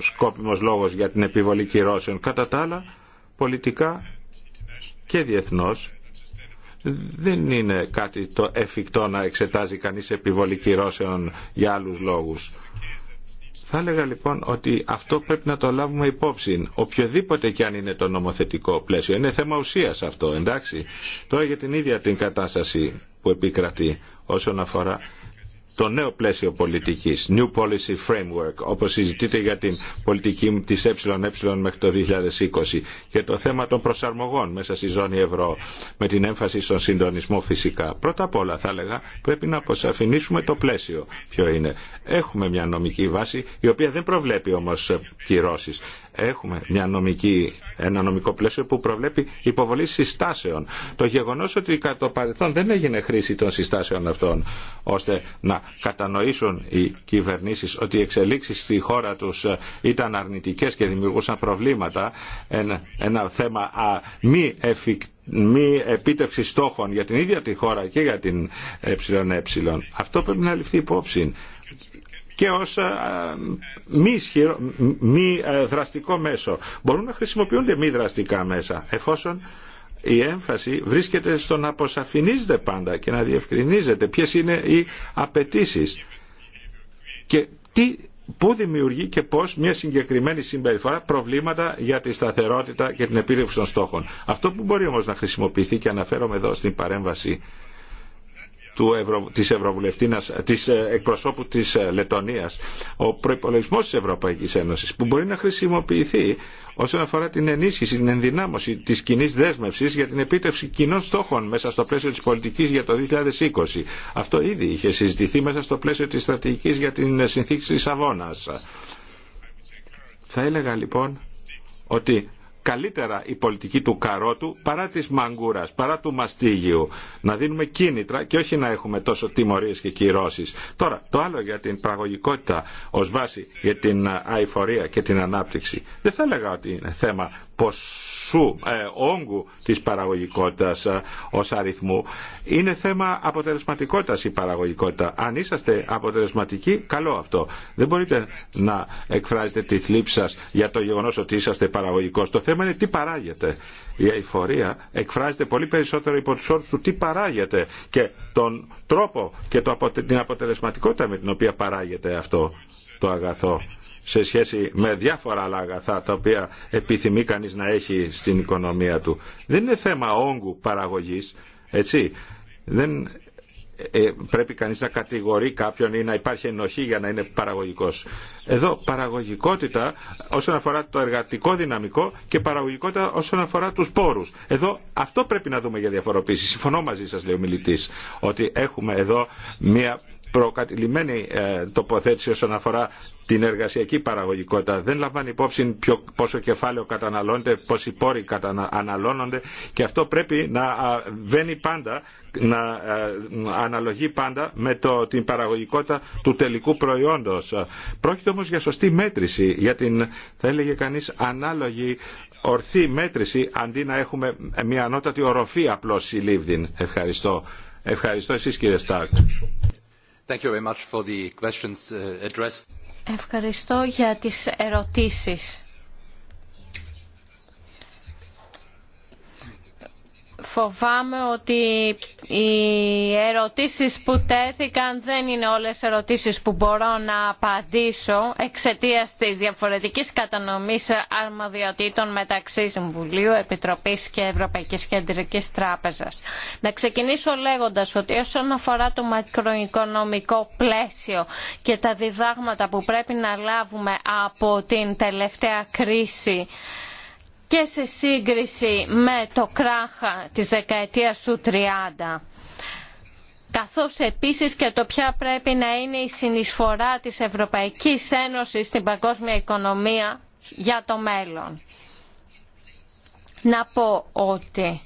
D: σκόπιμος λόγος για την επιβολή κυρώσεων. Κατά τα άλλα, πολιτικά και διεθνώς δεν είναι κάτι το εφικτό να εξετάζει κανείς επιβολή κυρώσεων για άλλους λόγους. Θα έλεγα λοιπόν ότι αυτό πρέπει να το λάβουμε υπόψη, οποιοδήποτε κι αν είναι το νομοθετικό πλαίσιο. Είναι θέμα ουσίας αυτό, εντάξει. Τώρα για την ίδια την κατάσταση που επικρατεί όσον αφορά το νέο πλαίσιο πολιτικής, New Policy Framework, όπως συζητείτε για την πολιτική της ΕΕ μέχρι το 2020 και το θέμα των προσαρμογών μέσα στη ζώνη ευρώ, με την έμφαση στον συντονισμό φυσικά. Πρώτα απ' όλα θα έλεγα πρέπει να αποσαφηνίσουμε το πλαίσιο ποιο είναι. Έχουμε μια νομική βάση η οποία δεν προβλέπει όμως κυρώσεις έχουμε μια νομική, ένα νομικό πλαίσιο που προβλέπει υποβολή συστάσεων. Το γεγονό ότι κατά το παρελθόν δεν έγινε χρήση των συστάσεων αυτών ώστε να κατανοήσουν οι κυβερνήσει ότι οι εξελίξει στη χώρα του ε, ήταν αρνητικέ και δημιουργούσαν προβλήματα, ένα, ένα θέμα μη μη επίτευξη στόχων για την ίδια τη χώρα και για την ΕΕ. Αυτό πρέπει να ληφθεί υπόψη και ως ε, μη, μη ε, δραστικό μέσο. Μπορούν να χρησιμοποιούνται μη δραστικά μέσα εφόσον η έμφαση βρίσκεται στο να αποσαφηνίζεται πάντα και να διευκρινίζεται ποιες είναι οι απαιτήσει. και τι, πού δημιουργεί και πώς μια συγκεκριμένη συμπεριφορά προβλήματα για τη σταθερότητα και την επίρρευση των στόχων. Αυτό που μπορεί όμως να χρησιμοποιηθεί και αναφέρομαι εδώ στην παρέμβαση του Ευρω... της, Ευρωβουλευτίνας, της ε, εκπροσώπου της ε, Λετωνίας ο προϋπολογισμός της Ευρωπαϊκής Ένωσης που μπορεί να χρησιμοποιηθεί όσον αφορά την ενίσχυση, την ενδυνάμωση της κοινή δέσμευση για την επίτευξη κοινών στόχων μέσα στο πλαίσιο της πολιτικής για το 2020. Αυτό ήδη είχε συζητηθεί μέσα στο πλαίσιο της στρατηγικής για την συνθήκη της Αβώνας. Θα έλεγα λοιπόν ότι καλύτερα η πολιτική του καρότου παρά της μαγκούρας, παρά του μαστίγιου. Να δίνουμε κίνητρα και όχι να έχουμε τόσο τιμωρίες και κυρώσεις. Τώρα, το άλλο για την πραγωγικότητα ως βάση για την αηφορία και την ανάπτυξη. Δεν θα έλεγα ότι είναι θέμα ποσού, ε, όγκου της παραγωγικότητας ε, ως αριθμού. Είναι θέμα αποτελεσματικότητας η παραγωγικότητα. Αν είσαστε αποτελεσματικοί, καλό αυτό. Δεν μπορείτε να εκφράζετε τη θλίψη σας για το γεγονός ότι είσαστε παραγωγικός. Το θέμα είναι τι παράγεται. Η αηφορία εκφράζεται πολύ περισσότερο υπό τους όρους του τι παράγεται και τον τρόπο και την αποτελεσματικότητα με την οποία παράγεται αυτό το αγαθό σε σχέση με διάφορα άλλα αγαθά τα οποία επιθυμεί κανείς να έχει στην οικονομία του. Δεν είναι θέμα όγκου παραγωγής, έτσι. Δεν ε, πρέπει κανείς να κατηγορεί κάποιον ή να υπάρχει ενοχή για να είναι παραγωγικός. Εδώ παραγωγικότητα όσον αφορά το εργατικό δυναμικό και παραγωγικότητα όσον αφορά τους πόρους. Εδώ αυτό πρέπει να δούμε για διαφοροποίηση. Συμφωνώ μαζί σας λέει ο μιλητής ότι έχουμε εδώ μια προκατηλημένη ε, τοποθέτηση όσον αφορά την εργασιακή παραγωγικότητα. Δεν λαμβάνει υπόψη πόσο κεφάλαιο καταναλώνεται, πόσοι πόροι καταναλώνονται και αυτό πρέπει να βαίνει πάντα να ε, αναλογεί πάντα με το, την παραγωγικότητα του τελικού προϊόντος. Πρόκειται όμως για σωστή μέτρηση, για την θα έλεγε κανείς ανάλογη ορθή μέτρηση αντί να έχουμε μια ανώτατη οροφή απλώς συλλήβδην. Ευχαριστώ. Ευχαριστώ εσείς κύριε Στάρκ. Thank you very much for the questions
C: addressed.
E: Ευχαριστώ για τις ερωτήσεις. Φοβάμαι ότι οι ερωτήσεις που τέθηκαν δεν είναι όλες ερωτήσεις που μπορώ να απαντήσω εξαιτίας της διαφορετικής κατανομής αρμοδιοτήτων μεταξύ Συμβουλίου, Επιτροπής και Ευρωπαϊκής Κεντρικής Τράπεζας. Να ξεκινήσω λέγοντας ότι όσον αφορά το μακροοικονομικό πλαίσιο και τα διδάγματα που πρέπει να λάβουμε από την τελευταία κρίση και σε σύγκριση με το κράχα της δεκαετίας του 30 καθώς επίσης και το ποια πρέπει να είναι η συνεισφορά της Ευρωπαϊκής Ένωσης στην παγκόσμια οικονομία για το μέλλον. Να πω ότι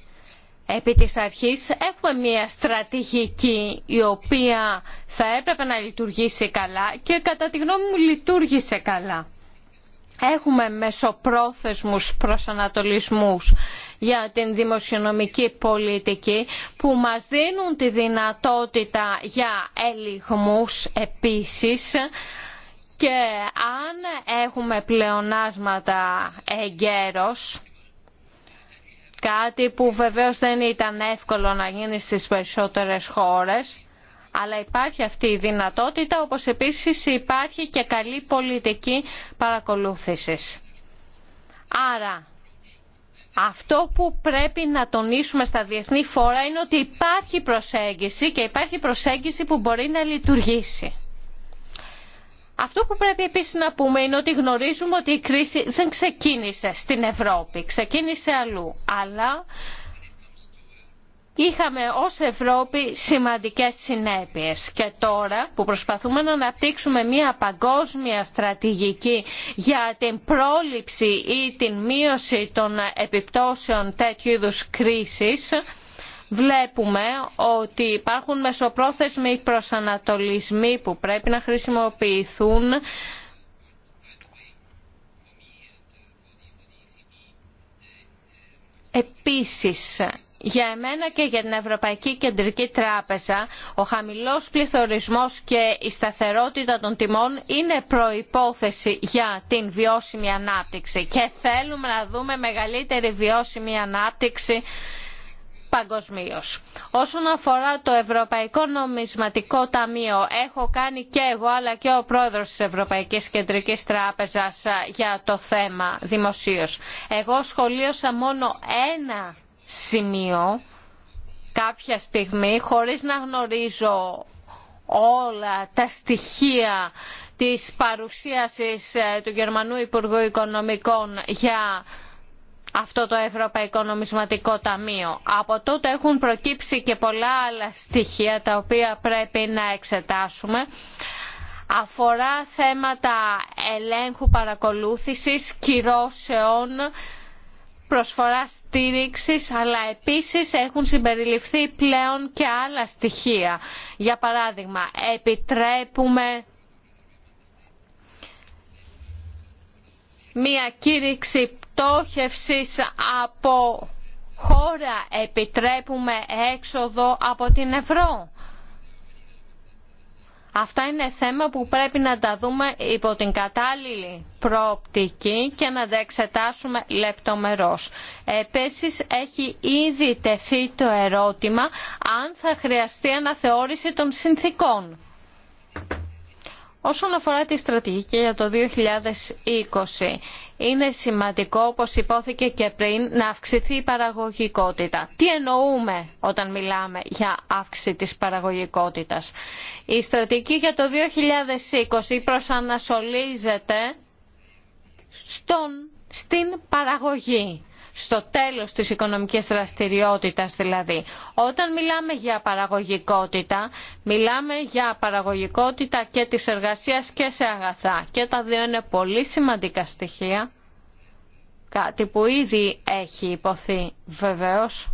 E: επί της αρχής έχουμε μια στρατηγική η οποία θα έπρεπε να λειτουργήσει καλά και κατά τη γνώμη μου λειτουργήσε καλά έχουμε μεσοπρόθεσμους προσανατολισμούς για την δημοσιονομική πολιτική που μας δίνουν τη δυνατότητα για ελιγμούς επίσης και αν έχουμε πλεονάσματα εγκαίρως κάτι που βεβαίως δεν ήταν εύκολο να γίνει στις περισσότερες χώρες αλλά υπάρχει αυτή η δυνατότητα όπως επίσης υπάρχει και καλή πολιτική παρακολούθησης. Άρα αυτό που πρέπει να τονίσουμε στα διεθνή φόρα είναι ότι υπάρχει προσέγγιση και υπάρχει προσέγγιση που μπορεί να λειτουργήσει. Αυτό που πρέπει επίσης να πούμε είναι ότι γνωρίζουμε ότι η κρίση δεν ξεκίνησε στην Ευρώπη, ξεκίνησε αλλού. Αλλά είχαμε ως Ευρώπη σημαντικές συνέπειες και τώρα που προσπαθούμε να αναπτύξουμε μια παγκόσμια στρατηγική για την πρόληψη ή την μείωση των επιπτώσεων τέτοιου είδους κρίσης βλέπουμε ότι υπάρχουν μεσοπρόθεσμοι προσανατολισμοί που πρέπει να χρησιμοποιηθούν Επίσης, για εμένα και για την Ευρωπαϊκή Κεντρική Τράπεζα ο χαμηλός πληθωρισμός και η σταθερότητα των τιμών είναι προϋπόθεση για την βιώσιμη ανάπτυξη και θέλουμε να δούμε μεγαλύτερη βιώσιμη ανάπτυξη παγκοσμίως. Όσον αφορά το Ευρωπαϊκό Νομισματικό Ταμείο, έχω κάνει και εγώ αλλά και ο πρόεδρος της Ευρωπαϊκής Κεντρικής Τράπεζας ε, για το θέμα δημοσίως. Εγώ σχολίωσα μόνο ένα σημείο κάποια στιγμή χωρίς να γνωρίζω όλα τα στοιχεία της παρουσίασης ε, του Γερμανού Υπουργού Οικονομικών για αυτό το Ευρωπαϊκό Νομισματικό Ταμείο. Από τότε έχουν προκύψει και πολλά άλλα στοιχεία τα οποία πρέπει να εξετάσουμε. Αφορά θέματα ελέγχου παρακολούθησης, κυρώσεων, προσφορά στήριξη, αλλά επίση έχουν συμπεριληφθεί πλέον και άλλα στοιχεία. Για παράδειγμα, επιτρέπουμε μία κήρυξη πτώχευσης από χώρα επιτρέπουμε έξοδο από την ευρώ Αυτά είναι θέμα που πρέπει να τα δούμε υπό την κατάλληλη προοπτική και να τα εξετάσουμε λεπτομερώς. Επίσης έχει ήδη τεθεί το ερώτημα αν θα χρειαστεί αναθεώρηση των συνθήκων. Όσον αφορά τη στρατηγική για το 2020, είναι σημαντικό, όπως υπόθηκε και πριν, να αυξηθεί η παραγωγικότητα. Τι εννοούμε όταν μιλάμε για αύξηση της παραγωγικότητας. Η στρατηγική για το 2020 προσανασολίζεται στον, στην παραγωγή στο τέλος της οικονομικής δραστηριότητας δηλαδή. Όταν μιλάμε για παραγωγικότητα, μιλάμε για παραγωγικότητα και της εργασίας και σε αγαθά. Και τα δύο είναι πολύ σημαντικά στοιχεία, κάτι που ήδη έχει υποθεί βεβαίως.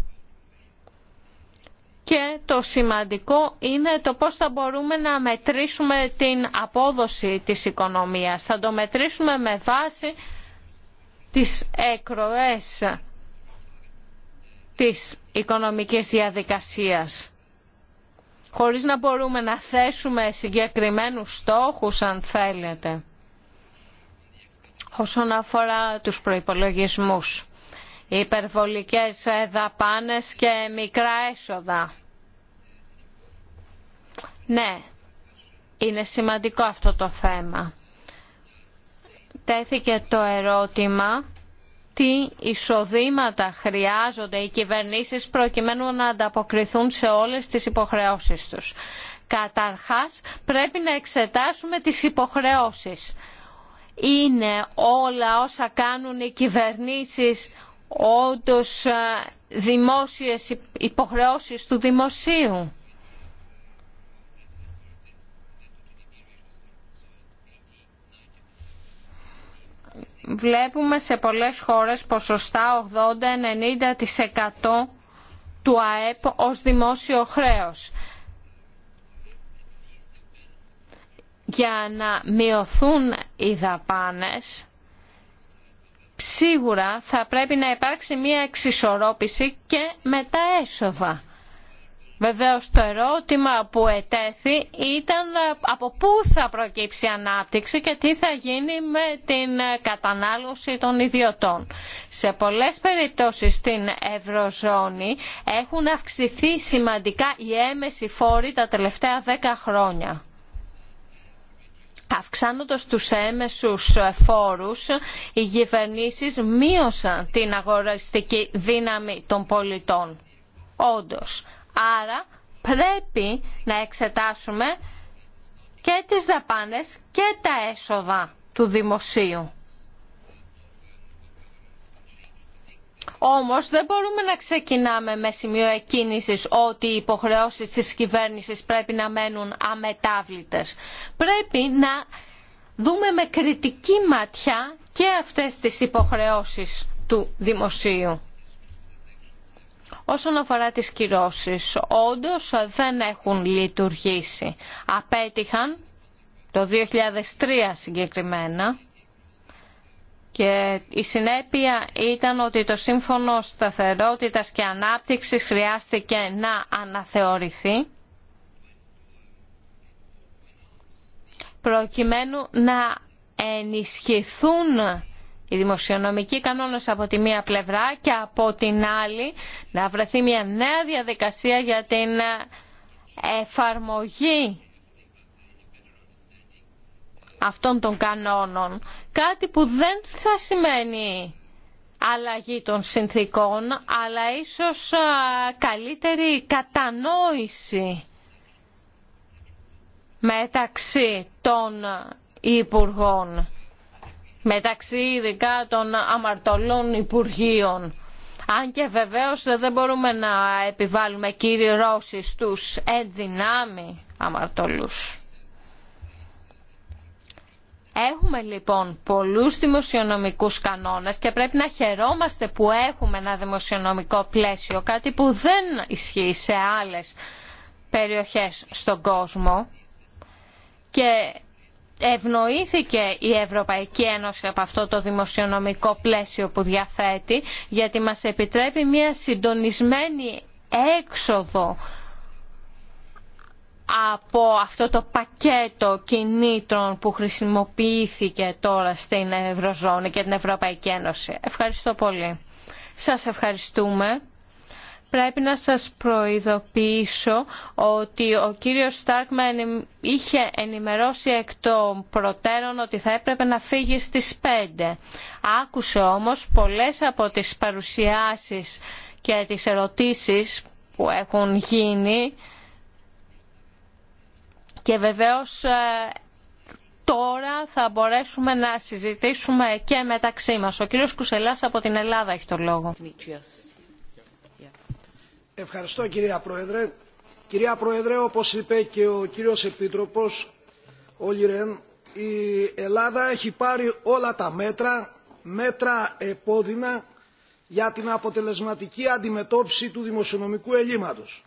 E: Και το σημαντικό είναι το πώς θα μπορούμε να μετρήσουμε την απόδοση της οικονομίας. Θα το μετρήσουμε με βάση τις εκροές της οικονομικής διαδικασίας. Χωρίς να μπορούμε να θέσουμε συγκεκριμένους στόχους, αν θέλετε, όσον αφορά τους προϋπολογισμούς. Υπερβολικές δαπάνες και μικρά έσοδα. Ναι, είναι σημαντικό αυτό το θέμα τέθηκε το ερώτημα τι εισοδήματα χρειάζονται οι κυβερνήσεις προκειμένου να ανταποκριθούν σε όλες τις υποχρεώσεις τους. Καταρχάς πρέπει να εξετάσουμε τις υποχρεώσεις. Είναι όλα όσα κάνουν οι κυβερνήσεις όντως ε, δημόσιες υποχρεώσεις του δημοσίου. βλέπουμε σε πολλές χώρες ποσοστά 80-90% του ΑΕΠ ως δημόσιο χρέος. Για να μειωθούν οι δαπάνες, σίγουρα θα πρέπει να υπάρξει μία εξισορρόπηση και με τα έσοδα. Βεβαίως το ερώτημα που ετέθη ήταν ε, από πού θα προκύψει η ανάπτυξη και τι θα γίνει με την ε, κατανάλωση των ιδιωτών. Σε πολλές περιπτώσεις στην Ευρωζώνη έχουν αυξηθεί σημαντικά οι έμεση φόροι τα τελευταία δέκα χρόνια αυξάνοντας τους έμεσους ε, φόρους οι κυβερνήσει μείωσαν την αγοραστική δύναμη των πολιτών. Όντως, Άρα πρέπει να εξετάσουμε και τις δαπάνες και τα έσοδα του δημοσίου. Όμως δεν μπορούμε να ξεκινάμε με σημείο εκκίνησης ότι οι υποχρεώσεις της κυβέρνησης πρέπει να μένουν αμετάβλητες. Πρέπει να δούμε με κριτική ματιά και αυτές τις υποχρεώσεις του δημοσίου. Όσον αφορά τις κυρώσεις, όντως δεν έχουν λειτουργήσει. Απέτυχαν το 2003 συγκεκριμένα και η συνέπεια ήταν ότι το Σύμφωνο Σταθερότητας και Ανάπτυξης χρειάστηκε να αναθεωρηθεί προκειμένου να ενισχυθούν η δημοσιονομική κανόνες από τη μία πλευρά και από την άλλη να βρεθεί μια νέα διαδικασία για την εφαρμογή αυτών των κανόνων. Κάτι που δεν θα σημαίνει αλλαγή των συνθήκων, αλλά ίσως καλύτερη κατανόηση μεταξύ των υπουργών μεταξύ ειδικά των αμαρτωλών υπουργείων. Αν και βεβαίως δεν μπορούμε να επιβάλλουμε κυρώσει στους ενδυνάμει αμαρτωλούς. Έχουμε λοιπόν πολλούς δημοσιονομικούς κανόνες και πρέπει να χαιρόμαστε που έχουμε ένα δημοσιονομικό πλαίσιο, κάτι που δεν ισχύει σε άλλες περιοχές στον κόσμο και ευνοήθηκε η Ευρωπαϊκή Ένωση από αυτό το δημοσιονομικό πλαίσιο που διαθέτει γιατί μας επιτρέπει μια συντονισμένη έξοδο από αυτό το πακέτο κινήτρων που χρησιμοποιήθηκε τώρα στην Ευρωζώνη και την Ευρωπαϊκή Ένωση. Ευχαριστώ πολύ. Σας ευχαριστούμε πρέπει να σας προειδοποιήσω ότι ο κύριος Στάρκμαν είχε ενημερώσει εκ των προτέρων ότι θα έπρεπε να φύγει στις 5. Άκουσε όμως πολλές από τις παρουσιάσεις και τις ερωτήσεις που έχουν γίνει και βεβαίως ε, τώρα θα μπορέσουμε να συζητήσουμε και μεταξύ μας. Ο κύριος Κουσελάς από την Ελλάδα έχει το λόγο.
B: Ευχαριστώ κυρία Πρόεδρε. Κυρία Πρόεδρε, όπως είπε και ο κύριος Επίτροπος όλυρέν η Ελλάδα έχει πάρει όλα τα μέτρα, μέτρα επώδυνα για την αποτελεσματική αντιμετώπιση του δημοσιονομικού ελλείμματος.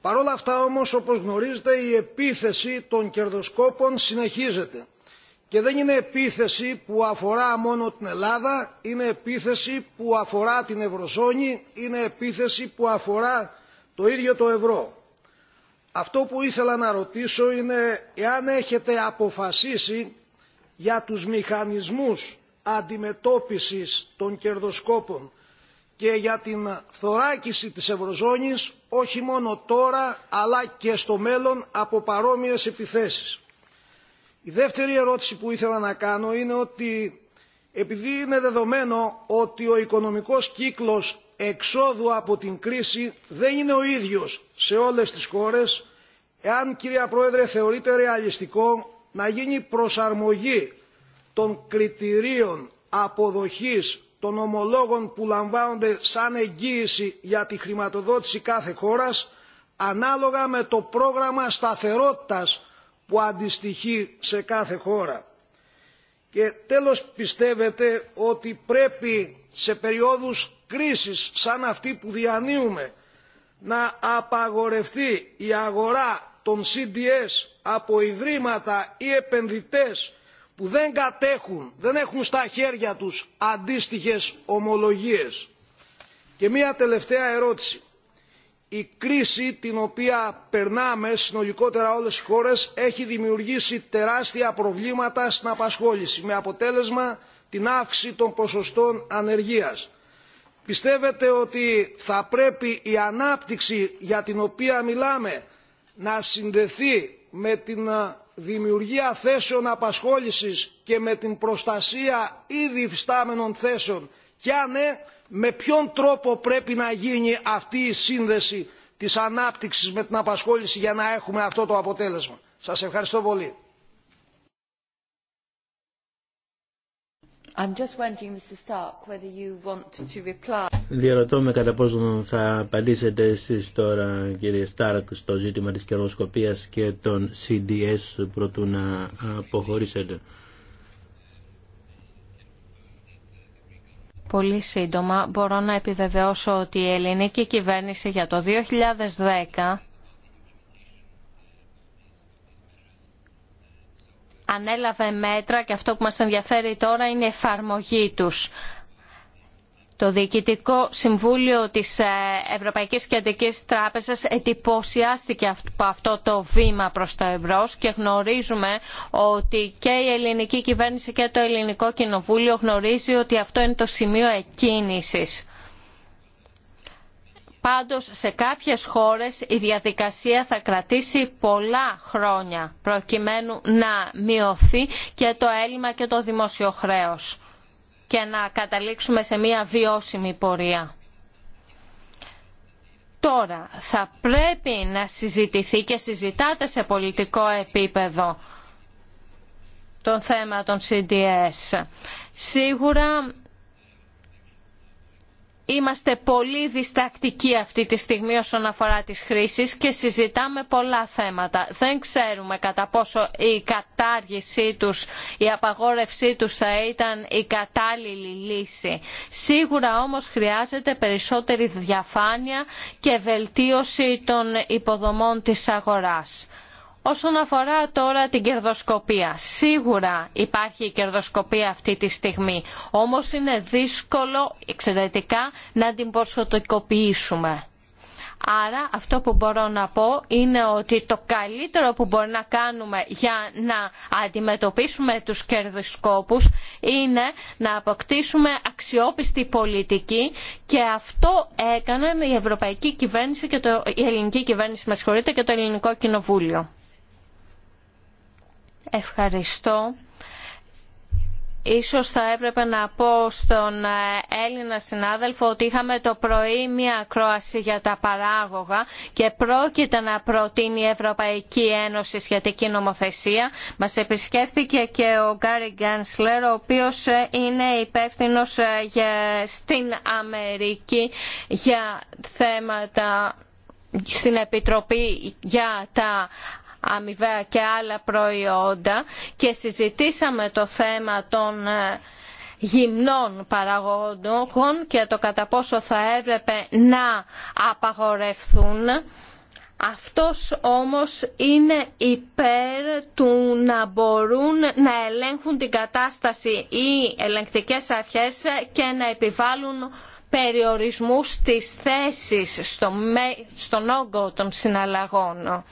B: Παρ' όλα αυτά όμως, όπως γνωρίζετε, η επίθεση των κερδοσκόπων συνεχίζεται. Και δεν είναι επίθεση που αφορά μόνο την Ελλάδα, είναι επίθεση που αφορά την Ευρωζώνη, είναι επίθεση που αφορά το ίδιο το ευρώ. Αυτό που ήθελα να ρωτήσω είναι εάν έχετε αποφασίσει για τους μηχανισμούς αντιμετώπισης των κερδοσκόπων και για την θωράκιση της Ευρωζώνης όχι μόνο τώρα αλλά και στο μέλλον από παρόμοιες επιθέσεις. Η δεύτερη ερώτηση που ήθελα να κάνω είναι ότι επειδή είναι δεδομένο ότι ο οικονομικός κύκλος εξόδου από την κρίση δεν είναι ο ίδιος σε όλες τις χώρες, εάν κυρία Πρόεδρε θεωρείται ρεαλιστικό να γίνει προσαρμογή των κριτηρίων αποδοχής των ομολόγων που λαμβάνονται σαν εγγύηση για τη χρηματοδότηση κάθε χώρας ανάλογα με το πρόγραμμα σταθερότητας που αντιστοιχεί σε κάθε χώρα. Και τέλος πιστεύετε ότι πρέπει σε περιόδους κρίσης σαν αυτή που διανύουμε να απαγορευτεί η αγορά των CDS από ιδρύματα ή επενδυτές που δεν κατέχουν, δεν έχουν στα χέρια τους αντίστοιχες ομολογίες. Και μία τελευταία ερώτηση η κρίση την οποία περνάμε συνολικότερα όλες οι χώρες έχει δημιουργήσει τεράστια προβλήματα στην απασχόληση με αποτέλεσμα την αύξηση των ποσοστών ανεργίας. Πιστεύετε ότι θα πρέπει η ανάπτυξη για την οποία μιλάμε να συνδεθεί με την ε, δημιουργία θέσεων απασχόλησης και με την προστασία ήδη υφιστάμενων θέσεων και αν ναι, με ποιον τρόπο πρέπει να γίνει αυτή η σύνδεση της ανάπτυξης με την απασχόληση για να έχουμε αυτό το αποτέλεσμα. Σας ευχαριστώ πολύ.
C: I'm
A: Διαρωτώ με κατά πόσο θα απαντήσετε εσείς τώρα, κύριε Στάρκ, στο ζήτημα της κερδοσκοπίας και των CDS προτού να αποχωρήσετε.
E: Πολύ σύντομα μπορώ να επιβεβαιώσω ότι η ελληνική κυβέρνηση για το 2010 ανέλαβε μέτρα και αυτό που μας ενδιαφέρει τώρα είναι η εφαρμογή τους. Το Διοικητικό Συμβούλιο της ε, Ευρωπαϊκής Κεντρικής Τράπεζας εντυπωσιάστηκε από αυτό το βήμα προς τα εμπρός και γνωρίζουμε ότι και η ελληνική κυβέρνηση και το ελληνικό κοινοβούλιο γνωρίζει ότι αυτό είναι το σημείο εκκίνησης. Πάντως σε κάποιες χώρες η διαδικασία θα κρατήσει πολλά χρόνια προκειμένου να μειωθεί και το έλλειμμα και το δημόσιο χρέος και να καταλήξουμε σε μια βιώσιμη πορεία. Τώρα, θα πρέπει να συζητηθεί και συζητάτε σε πολιτικό επίπεδο το θέμα των CDS. Σίγουρα Είμαστε πολύ διστακτικοί αυτή τη στιγμή όσον αφορά τις χρήσεις και συζητάμε πολλά θέματα. Δεν ξέρουμε κατά πόσο η κατάργησή τους, η απαγόρευσή τους θα ήταν η κατάλληλη λύση. Σίγουρα όμως χρειάζεται περισσότερη διαφάνεια και βελτίωση των υποδομών της αγοράς. Όσον αφορά τώρα την κερδοσκοπία, σίγουρα υπάρχει η κερδοσκοπία αυτή τη στιγμή, όμως είναι δύσκολο εξαιρετικά να την ποσοτικοποιήσουμε. Άρα αυτό που μπορώ να πω είναι ότι το καλύτερο που μπορεί να κάνουμε για να αντιμετωπίσουμε τους κερδοσκόπους είναι να αποκτήσουμε αξιόπιστη πολιτική και αυτό έκαναν η Ευρωπαϊκή Κυβέρνηση και η Ελληνική Κυβέρνηση και το Ελληνικό Κοινοβούλιο. Ευχαριστώ. Ίσως θα έπρεπε να πω στον ε, Έλληνα συνάδελφο ότι είχαμε το πρωί μία ακρόαση για τα παράγωγα και πρόκειται να προτείνει η Ευρωπαϊκή Ένωση σχετική νομοθεσία. Μας επισκέφθηκε και ο Γκάρι Γκάνσλερ, ο οποίος ε, είναι υπεύθυνος ε, στην Αμερική για θέματα στην Επιτροπή για τα αμοιβαία και άλλα προϊόντα και συζητήσαμε το θέμα των ε, γυμνών παραγόντων και το κατά πόσο θα έπρεπε να απαγορευθούν. Αυτός όμως είναι υπέρ του να μπορούν να ελέγχουν την κατάσταση οι ελεγκτικές αρχές και να επιβάλλουν περιορισμούς στις θέσεις στον όγκο των συναλλαγών.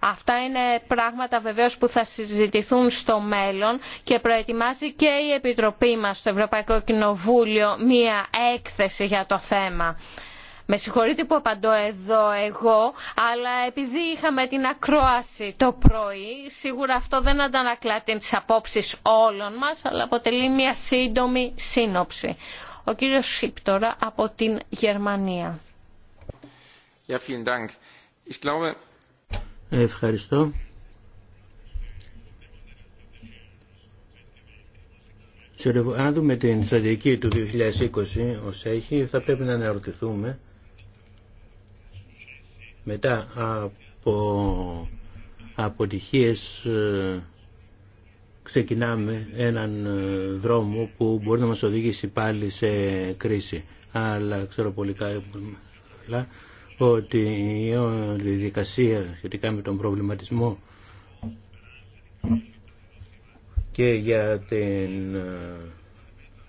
E: Αυτά είναι πράγματα βεβαίως που θα συζητηθούν στο μέλλον και προετοιμάζει και η Επιτροπή μας στο Ευρωπαϊκό Κοινοβούλιο μία έκθεση για το θέμα. Με συγχωρείτε που απαντώ εδώ εγώ, αλλά επειδή είχαμε την ακρόαση το πρωί, σίγουρα αυτό δεν αντανακλά τις απόψεις όλων μας, αλλά αποτελεί μια σύντομη σύνοψη. Ο κύριος Σίπ από την Γερμανία.
D: Ja,
A: Ευχαριστώ. Αν δούμε την στρατηγική του 2020 ως έχει, θα πρέπει να αναρωτηθούμε μετά από αποτυχίες ε, ξεκινάμε έναν ε, δρόμο που μπορεί να μας οδηγήσει πάλι σε κρίση. Αλλά ξέρω πολύ καλά ότι η όλη διαδικασία σχετικά με τον προβληματισμό και για την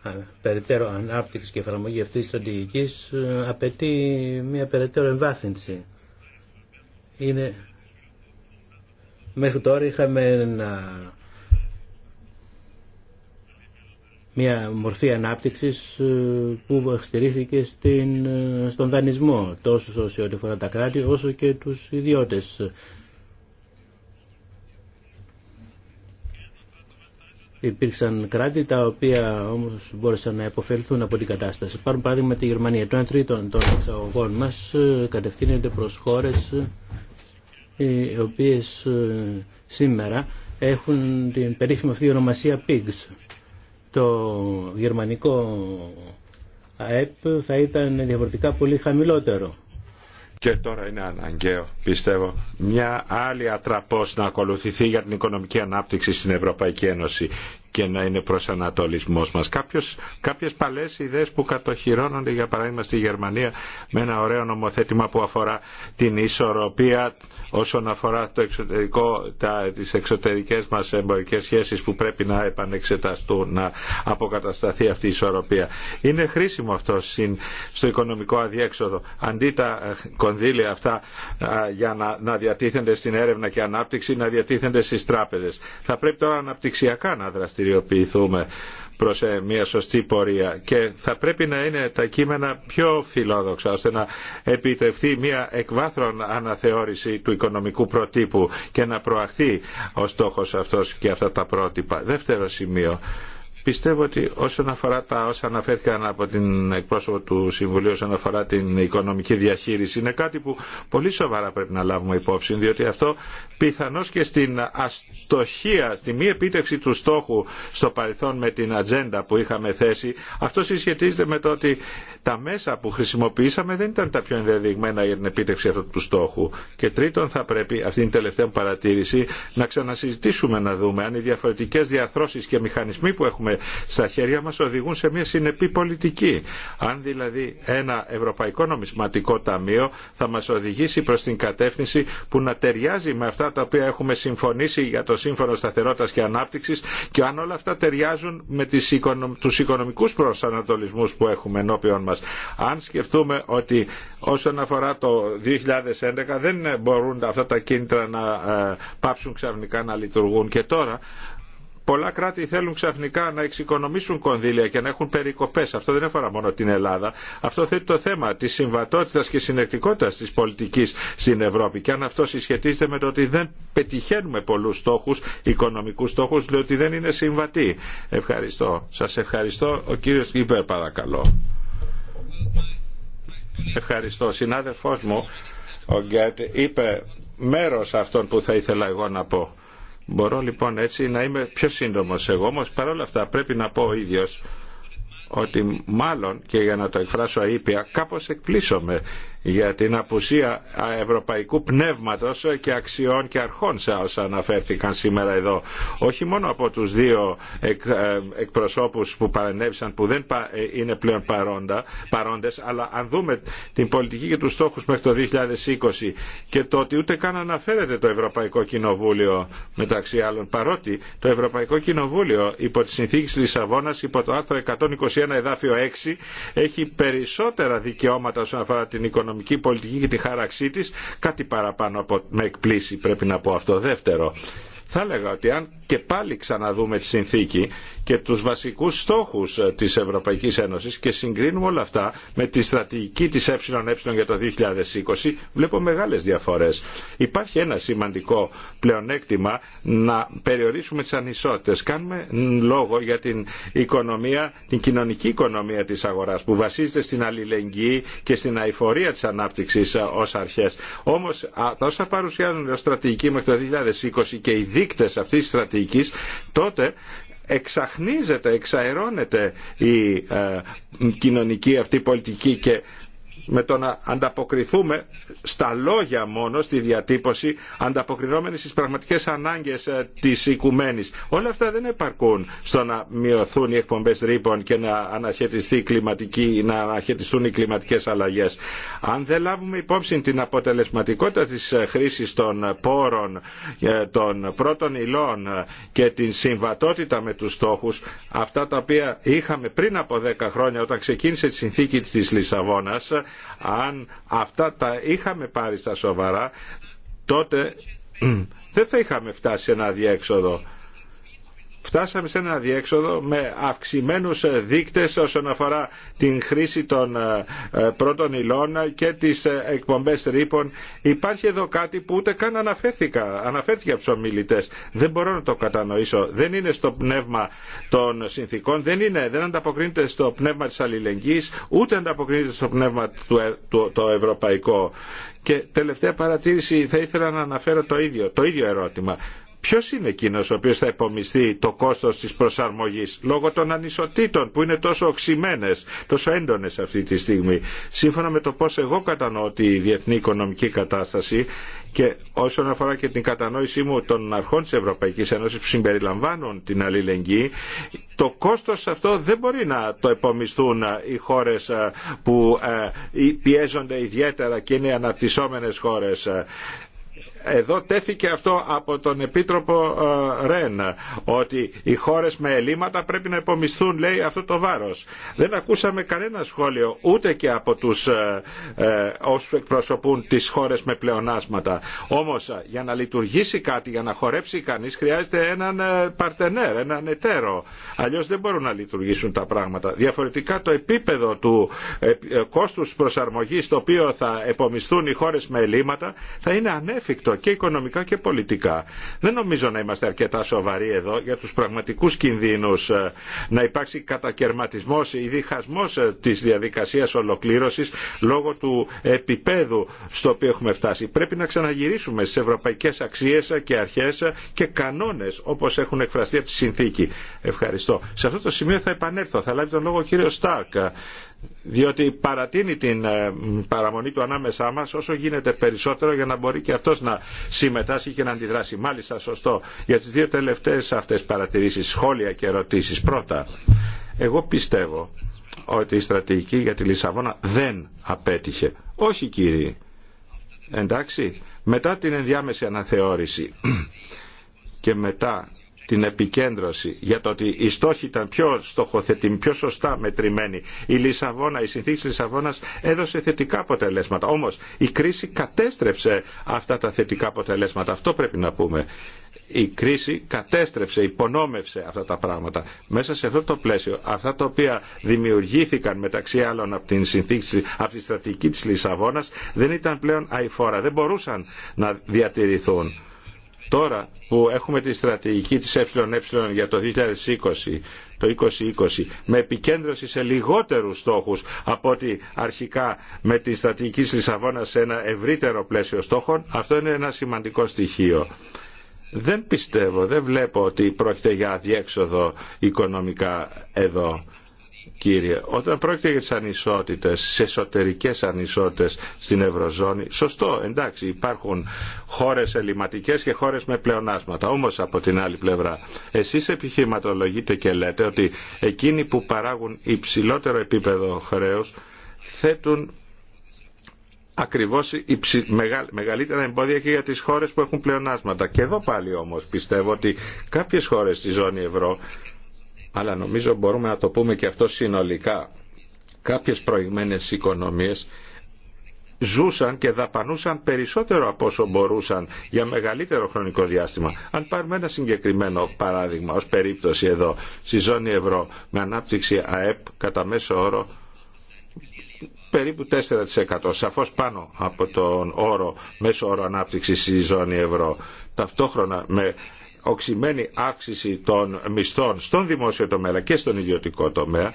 A: ε, περαιτέρω ανάπτυξη και εφαρμογή αυτής της στρατηγικής ε, απαιτεί μια περαιτέρω εμβάθυνση. Είναι... Μέχρι τώρα είχαμε ένα μια μορφή ανάπτυξης ε, που στηρίχθηκε στην, ε, στον δανεισμό τόσο σε ό,τι φορά τα κράτη όσο και τους ιδιώτες. Υπήρξαν κράτη τα οποία όμως μπόρεσαν να υποφελθούν από την κατάσταση. Πάρουν παράδειγμα τη Γερμανία. Το 1 τρίτο των εξαγωγών μας ε, κατευθύνεται προς χώρες οι οποίες σήμερα έχουν την περίφημη αυτή ονομασία PIGS το γερμανικό ΑΕΠ θα ήταν διαφορετικά πολύ χαμηλότερο.
D: Και τώρα είναι αναγκαίο, πιστεύω, μια άλλη ατραπός να ακολουθηθεί για την οικονομική ανάπτυξη στην Ευρωπαϊκή Ένωση και να είναι προσανατολισμός μας. Κάποιος, κάποιες παλές ιδέες που κατοχυρώνονται για παράδειγμα στη Γερμανία με ένα ωραίο νομοθέτημα που αφορά την ισορροπία όσον αφορά το εξωτερικό, τα, τις εξωτερικές μας εμπορικές σχέσεις που πρέπει να επανεξεταστούν, να αποκατασταθεί αυτή η ισορροπία. Είναι χρήσιμο αυτό στο οικονομικό αδιέξοδο. Αντί τα κονδύλια αυτά για να, να διατίθενται στην έρευνα και ανάπτυξη, να διατίθενται στις τράπεζες. Θα πρέπει τώρα αναπτυξιακά να δραστηριοποιηθούν δραστηριοποιηθούμε προς ε, μια σωστή πορεία και θα πρέπει να είναι τα κείμενα πιο φιλόδοξα ώστε να επιτευχθεί μια εκβάθρον αναθεώρηση του οικονομικού προτύπου και να προαχθεί ο στόχος αυτός και αυτά τα πρότυπα. Δεύτερο σημείο Πιστεύω ότι όσον αφορά τα όσα αναφέρθηκαν από την εκπρόσωπο του Συμβουλίου όσον αφορά την οικονομική διαχείριση είναι κάτι που πολύ σοβαρά πρέπει να λάβουμε υπόψη διότι αυτό πιθανώς και στην αστοχία, στη μη επίτευξη του στόχου στο παρελθόν με την ατζέντα που είχαμε θέσει αυτό συσχετίζεται με το ότι τα μέσα που χρησιμοποιήσαμε δεν ήταν τα πιο ενδεδειγμένα για την επίτευξη αυτού του στόχου. Και τρίτον θα πρέπει, αυτή είναι η τελευταία παρατήρηση, να ξανασυζητήσουμε να δούμε αν οι διαφορετικές διαρθρώσεις και μηχανισμοί που έχουμε στα χέρια μας οδηγούν σε μια συνεπή πολιτική. Αν δηλαδή ένα Ευρωπαϊκό Νομισματικό Ταμείο θα μας οδηγήσει προς την κατεύθυνση που να ταιριάζει με αυτά τα οποία έχουμε συμφωνήσει για το Σύμφωνο Σταθερότητας και Ανάπτυξης και αν όλα αυτά ταιριάζουν με τις οικονομικού τους οικονομικούς προσανατολισμούς που έχουμε ενώπιον μας. Αν σκεφτούμε ότι όσον αφορά το 2011 δεν μπορούν αυτά τα κίνητρα να ε, πάψουν ξαφνικά να λειτουργούν και τώρα Πολλά κράτη θέλουν ξαφνικά να εξοικονομήσουν κονδύλια και να έχουν περικοπέ. Αυτό δεν αφορά μόνο την Ελλάδα. Αυτό θέτει το θέμα τη συμβατότητα και συνεκτικότητα τη πολιτική στην Ευρώπη. Και αν αυτό συσχετίζεται με το ότι δεν πετυχαίνουμε πολλού στόχου, οικονομικού στόχου, διότι δηλαδή δεν είναι συμβατή. Ευχαριστώ. Σα ευχαριστώ. Ο κύριο Κίπερ, παρακαλώ. Ευχαριστώ. Συνάδελφό μου, ο Γκέρτ, είπε μέρο αυτών που θα ήθελα εγώ να πω Μπορώ λοιπόν έτσι να είμαι πιο σύντομος εγώ, όμως παρόλα αυτά πρέπει να πω ο ίδιος ότι μάλλον και για να το εκφράσω αήπια κάπως με για την απουσία ευρωπαϊκού πνεύματος και αξιών και αρχών σε όσα αναφέρθηκαν σήμερα εδώ. Όχι μόνο από τους δύο ε, εκπροσώπους που παρενέβησαν που δεν ε, είναι πλέον παρόντα, παρόντες, αλλά αν δούμε την πολιτική και τους στόχους μέχρι το 2020 και το ότι ούτε καν αναφέρεται το Ευρωπαϊκό Κοινοβούλιο μεταξύ άλλων, παρότι το Ευρωπαϊκό Κοινοβούλιο υπό τη συνθήκη Λισαβόνας, υπό το άρθρο 121 εδάφιο 6, έχει περισσότερα δικαιώματα όσον αφορά την οικονομική οικονομική πολιτική και τη χάραξή της κάτι παραπάνω από με εκπλήσει πρέπει να πω αυτό. Δεύτερο, θα έλεγα ότι αν και πάλι ξαναδούμε τη συνθήκη και τους βασικούς στόχους ε, της Ευρωπαϊκής Ένωσης και συγκρίνουμε όλα αυτά με τη στρατηγική της ΕΕ για το 2020, βλέπω μεγάλες διαφορές. Υπάρχει ένα σημαντικό πλεονέκτημα να περιορίσουμε τις ανισότητες. Κάνουμε λόγο για την οικονομία, την κοινωνική οικονομία της αγοράς που βασίζεται στην αλληλεγγύη και στην αηφορία της ανάπτυξης ε, ως αρχές. Όμως, όσα παρουσιάζονται ως στρατηγική μέχρι το 2020 και οι δείκτες αυτής της στρατηγικής, τότε εξαχνίζεται, εξαερώνεται η ε, κοινωνική αυτή πολιτική και με το να ανταποκριθούμε στα λόγια μόνο, στη διατύπωση, ανταποκρινόμενοι στις πραγματικές ανάγκες ε, της οικουμένης. Όλα αυτά δεν επαρκούν στο να μειωθούν οι εκπομπές ρήπων και να, αναχαιτιστεί κλιματική, να οι κλιματικές αλλαγές. Αν δεν λάβουμε υπόψη την αποτελεσματικότητα της ε, χρήσης των πόρων, ε, των πρώτων υλών και την συμβατότητα με τους στόχους, αυτά τα οποία είχαμε πριν από 10 χρόνια όταν ξεκίνησε τη συνθήκη της Λισαβόνας, αν αυτά τα είχαμε πάρει στα σοβαρά, τότε δεν θα είχαμε φτάσει σε ένα διέξοδο φτάσαμε σε ένα διέξοδο με αυξημένους δείκτες όσον αφορά την χρήση των ε, ε, πρώτων υλών και τις ε, εκπομπές ρήπων. Υπάρχει εδώ κάτι που ούτε καν αναφέρθηκα, αναφέρθηκε από τους ομιλητές. Δεν μπορώ να το κατανοήσω. Δεν είναι στο πνεύμα των συνθήκων, δεν, είναι, δεν ανταποκρίνεται στο πνεύμα της αλληλεγγύης, ούτε ανταποκρίνεται στο πνεύμα του, του, το ευρωπαϊκό. Και τελευταία παρατήρηση θα ήθελα να αναφέρω το ίδιο, το ίδιο ερώτημα. Ποιο είναι εκείνο ο οποίο θα υπομειστεί το κόστο τη προσαρμογή λόγω των ανισοτήτων που είναι τόσο οξυμένε, τόσο έντονε αυτή τη στιγμή. Σύμφωνα με το πώ εγώ κατανοώ τη διεθνή οικονομική κατάσταση και όσον αφορά και την κατανόησή μου των αρχών τη Ευρωπαϊκή Ένωση που συμπεριλαμβάνουν την αλληλεγγύη, το κόστο αυτό δεν μπορεί να το επομισθούν ε, οι χώρε ε, που ε, πιέζονται ιδιαίτερα και είναι αναπτυσσόμενε χώρε. Εδώ τέθηκε αυτό από τον Επίτροπο ε, Ρεν, ότι οι χώρες με ελλείμματα πρέπει να υπομισθούν, λέει, αυτό το βάρος. Δεν ακούσαμε κανένα σχόλιο ούτε και από τους ε, ε όσους εκπροσωπούν τις χώρες με πλεονάσματα. Όμως ε, για να λειτουργήσει κάτι, για να χορέψει κανείς χρειάζεται έναν παρτενέρ, έναν εταίρο. Αλλιώς δεν μπορούν να λειτουργήσουν τα πράγματα. Διαφορετικά το επίπεδο του ε, κόστους προσαρμογής το οποίο θα επομισθούν οι χώρες με ελλείμματα θα είναι ανέφικτο και οικονομικά και πολιτικά. Δεν νομίζω να είμαστε αρκετά σοβαροί εδώ για τους πραγματικούς κινδύνους ε, να υπάρξει κατακαιρματισμός ή διχασμός ε, της διαδικασίας ολοκλήρωσης λόγω του επίπεδου στο οποίο έχουμε φτάσει. Πρέπει να ξαναγυρίσουμε στις ευρωπαϊκές αξίες και αρχές και κανόνες όπως έχουν εκφραστεί από τη συνθήκη. Ευχαριστώ. Σε αυτό το σημείο θα επανέλθω. Θα λάβει τον λόγο ο κύριος Στάρκα διότι παρατείνει την ε, παραμονή του ανάμεσά μας όσο γίνεται περισσότερο για να μπορεί και αυτός να συμμετάσχει και να αντιδράσει. Μάλιστα σωστό για τις δύο τελευταίες αυτές παρατηρήσεις, σχόλια και ερωτήσεις. Πρώτα, εγώ πιστεύω ότι η στρατηγική για τη Λισαβόνα δεν απέτυχε. Όχι κύριοι. Εντάξει, μετά την ενδιάμεση αναθεώρηση και μετά την επικέντρωση για το ότι η στόχη ήταν πιο στοχοθετημένοι, πιο σωστά μετρημένη. Η Λισαβόνα, η συνθήκη τη Λισαβόνα έδωσε θετικά αποτελέσματα. Όμω η κρίση κατέστρεψε αυτά τα θετικά αποτελέσματα. Αυτό πρέπει να πούμε. Η κρίση κατέστρεψε, υπονόμευσε αυτά τα πράγματα. Μέσα σε αυτό το πλαίσιο, αυτά τα οποία δημιουργήθηκαν μεταξύ άλλων από, συνθήκη, από τη στρατηγική της Λισαβόνας δεν ήταν πλέον αηφόρα, δεν μπορούσαν να διατηρηθούν. Τώρα που έχουμε τη στρατηγική της ΕΕ για το 2020, το 2020 με επικέντρωση σε λιγότερους στόχους από ότι αρχικά με τη στρατηγική της Λισαβόνα σε ένα ευρύτερο πλαίσιο στόχων, αυτό είναι ένα σημαντικό στοιχείο. Δεν πιστεύω, δεν βλέπω ότι πρόκειται για αδιέξοδο οικονομικά εδώ κύριε, όταν πρόκειται για τις ανισότητες, τις εσωτερικές ανισότητες στην Ευρωζώνη, σωστό, εντάξει, υπάρχουν χώρες ελληματικές και χώρες με πλεονάσματα. Όμως από την άλλη πλευρά, εσείς επιχειρηματολογείτε και λέτε ότι εκείνοι που παράγουν υψηλότερο επίπεδο χρέους θέτουν ακριβώς υψη, μεγαλύτερα εμπόδια και για τις χώρες που έχουν πλεονάσματα. Και εδώ πάλι όμως πιστεύω ότι κάποιες χώρες στη ζώνη ευρώ αλλά νομίζω μπορούμε να το πούμε και αυτό συνολικά. Κάποιες προηγμένες οικονομίες ζούσαν και δαπανούσαν περισσότερο από όσο μπορούσαν για μεγαλύτερο χρονικό διάστημα. Αν πάρουμε ένα συγκεκριμένο παράδειγμα ως περίπτωση εδώ, στη ζώνη ευρώ με ανάπτυξη ΑΕΠ κατά μέσο όρο περίπου 4%, σαφώς πάνω από τον όρο, μέσο όρο ανάπτυξη στη ζώνη ευρώ. Ταυτόχρονα με οξυμένη αύξηση των μισθών στον δημόσιο τομέα και στον ιδιωτικό τομέα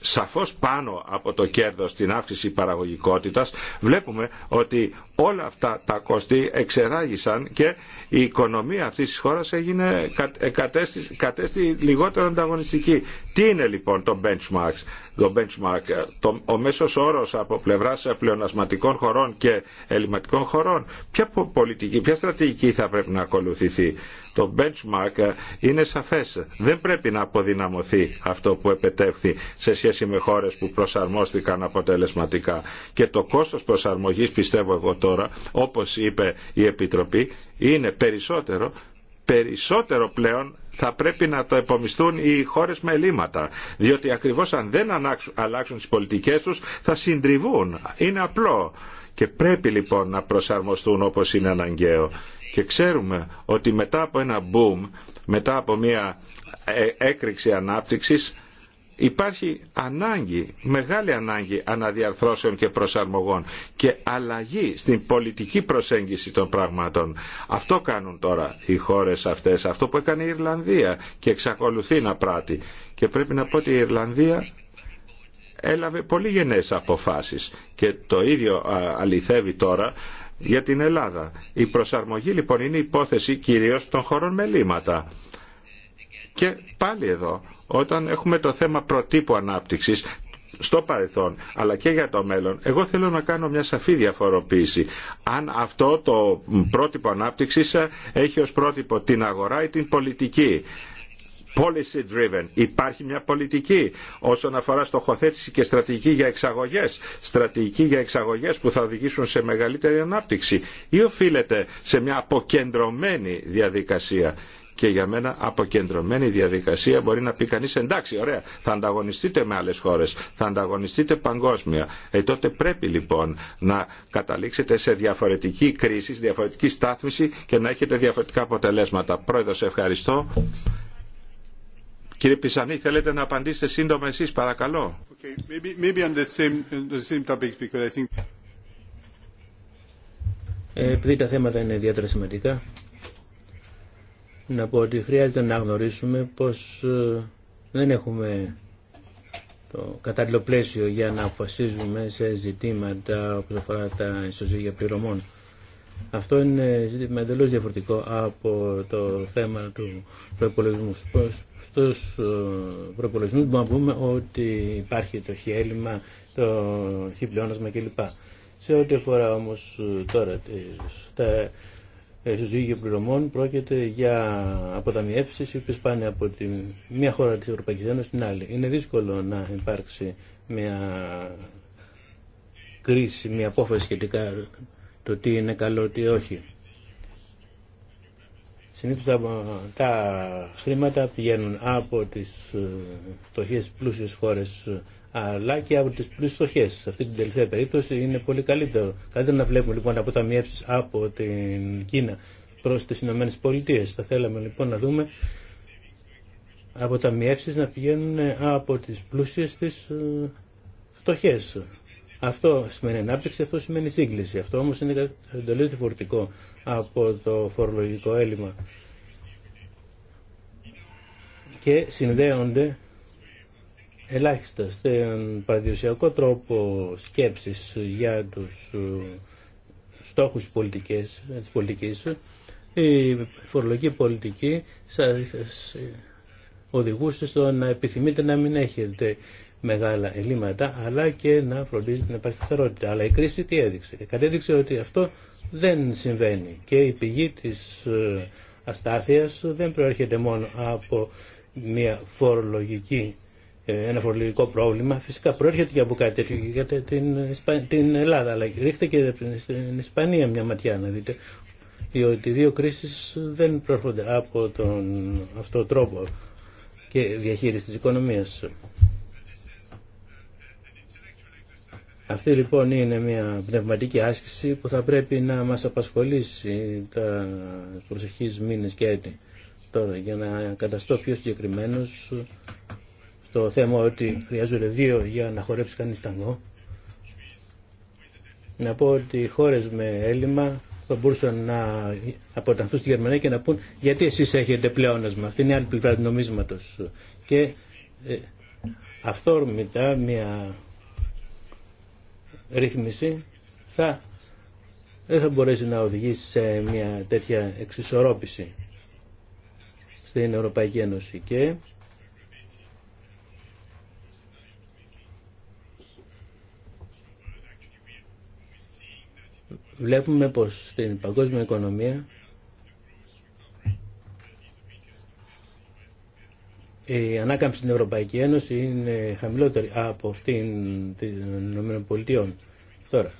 D: σαφώς πάνω από το κέρδος στην αύξηση παραγωγικότητας βλέπουμε ότι όλα αυτά τα κόστη εξεράγησαν και η οικονομία αυτής της χώρας έγινε, ε, κατέστη, κατέστη λιγότερο ανταγωνιστική. Τι είναι λοιπόν το benchmark, το benchmark ε, το, ο μέσος όρος από πλευράς πλεονασματικών χωρών και ελληματικών χωρών. Ποια πολιτική, ποια στρατηγική θα πρέπει να ακολουθηθεί το benchmark είναι σαφές. Δεν πρέπει να αποδυναμωθεί αυτό που επετεύχθη σε σχέση με χώρες που προσαρμόστηκαν αποτελεσματικά. Και το κόστος προσαρμογής πιστεύω εγώ τώρα, όπως είπε η Επιτροπή, είναι περισσότερο, περισσότερο πλέον θα πρέπει να το επομισθούν οι χώρες με ελλείμματα. Διότι ακριβώς αν δεν αλλάξουν τις πολιτικές τους θα συντριβούν. Είναι απλό. Και πρέπει λοιπόν να προσαρμοστούν όπως είναι αναγκαίο. Και ξέρουμε ότι μετά από ένα boom, μετά από μια ε, έκρηξη ανάπτυξης, υπάρχει ανάγκη, μεγάλη ανάγκη αναδιαρθρώσεων και προσαρμογών και αλλαγή στην πολιτική προσέγγιση των πραγμάτων. Αυτό κάνουν τώρα οι χώρες αυτές, αυτό που έκανε η Ιρλανδία και εξακολουθεί να πράττει. Και πρέπει να πω ότι η Ιρλανδία έλαβε πολύ γενναίες αποφάσεις και το ίδιο αληθεύει τώρα για την Ελλάδα. Η προσαρμογή λοιπόν είναι υπόθεση κυρίως των χωρών μελήματα. Και πάλι εδώ όταν έχουμε το θέμα προτύπου ανάπτυξης στο παρελθόν αλλά και για το μέλλον, εγώ θέλω να κάνω μια σαφή διαφοροποίηση. Αν αυτό το πρότυπο ανάπτυξης ε, έχει ως πρότυπο την αγορά ή την πολιτική policy driven. Υπάρχει μια πολιτική όσον αφορά στοχοθέτηση και στρατηγική για εξαγωγέ. Στρατηγική για εξαγωγέ που θα οδηγήσουν σε μεγαλύτερη ανάπτυξη. Ή οφείλεται σε μια αποκεντρωμένη διαδικασία και για μένα αποκεντρωμένη διαδικασία μπορεί να πει κανείς εντάξει ωραία θα ανταγωνιστείτε με άλλες χώρες, θα ανταγωνιστείτε παγκόσμια. Ε, τότε πρέπει λοιπόν να καταλήξετε σε διαφορετική κρίση, διαφορετική στάθμιση και να έχετε διαφορετικά αποτελέσματα. Πρόεδρος ευχαριστώ. Κύριε Πισανή, θέλετε να απαντήσετε σύντομα εσείς, παρακαλώ. Okay, maybe, maybe on the same, the same
A: ε, Επειδή τα θέματα είναι ιδιαίτερα σημαντικά, να πω ότι χρειάζεται να γνωρίσουμε πως ε, δεν έχουμε το κατάλληλο πλαίσιο για να αποφασίζουμε σε ζητήματα όπως αφορά τα ισοζύγια πληρωμών. Αυτό είναι ζήτημα εντελώ διαφορετικό από το θέμα του προπολογισμού. Στου ε, προπολογισμού μπορούμε να πούμε ότι υπάρχει το χιέλημα, το χιπλαιόνασμα κλπ. Σε ό,τι αφορά όμω ε, τώρα τα ισοζύγιο ε, πληρωμών πρόκειται για αποταμιεύσεις οι οποίες πάνε από τη μία χώρα της Ευρωπαϊκής Ένωσης στην άλλη. Είναι δύσκολο να υπάρξει μια κρίση, μια απόφαση σχετικά το τι είναι καλό, τι όχι. Συνήθως τα, τα χρήματα πηγαίνουν από τις ε, φτωχές πλούσιες χώρες ε, αλλά και από τις πλούς φτωχές. Σε αυτή την τελευταία περίπτωση είναι πολύ καλύτερο. Καλύτερα να βλέπουμε λοιπόν αποταμιεύσει από την Κίνα προς τις Ηνωμένες Πολιτείες. Θα θέλαμε λοιπόν να δούμε αποταμιεύσει να πηγαίνουν από τις πλούσιες τι ε, φτωχές. Αυτό σημαίνει ανάπτυξη, αυτό σημαίνει σύγκληση. Αυτό όμως είναι εντελώ διαφορετικό από το φορολογικό έλλειμμα. Και συνδέονται ελάχιστα στον παραδοσιακό τρόπο σκέψης για τους ε, στόχους της πολιτικής, της η φορολογική πολιτική σας οδηγούσε στο να επιθυμείτε να μην έχετε μεγάλα ελλείμματα αλλά και να φροντίζετε να υπάρχει Αλλά η κρίση τι έδειξε. Κατέδειξε ότι αυτό δεν συμβαίνει και η πηγή της ε, αστάθειας δεν προέρχεται μόνο από μια φορολογική ε, ένα φορολογικό πρόβλημα. Φυσικά προέρχεται και από κάτι τέτοιο για την, Ελλάδα, αλλά ρίχτε και στην Ισπανία μια ματιά να δείτε. Διότι οι δύο κρίσεις δεν προέρχονται από τον αυτό τρόπο και διαχείριση της οικονομίας. Αυτή λοιπόν είναι μια πνευματική άσκηση που θα πρέπει να μας απασχολήσει τα προσεχείς μήνες και έτη. Τώρα για να καταστώ πιο συγκεκριμένος το θέμα ότι χρειάζονται δύο για να χορέψει κανείς ταγκό. Να πω ότι οι χώρες με έλλειμμα θα μπορούσαν να αποτανθούν στη Γερμανία και να πούν γιατί εσείς έχετε πλεόνασμα. Αυτή είναι η άλλη πλευρά του νομίσματος. Και ε, αυθόρμητα μια ρύθμιση θα, δεν θα μπορέσει να οδηγήσει σε μια τέτοια εξισορρόπηση στην Ευρωπαϊκή Ένωση και βλέπουμε πως στην παγκόσμια οικονομία η ανάκαμψη στην Ευρωπαϊκή Ένωση είναι χαμηλότερη από αυτήν των ΗΠΑ. Τώρα,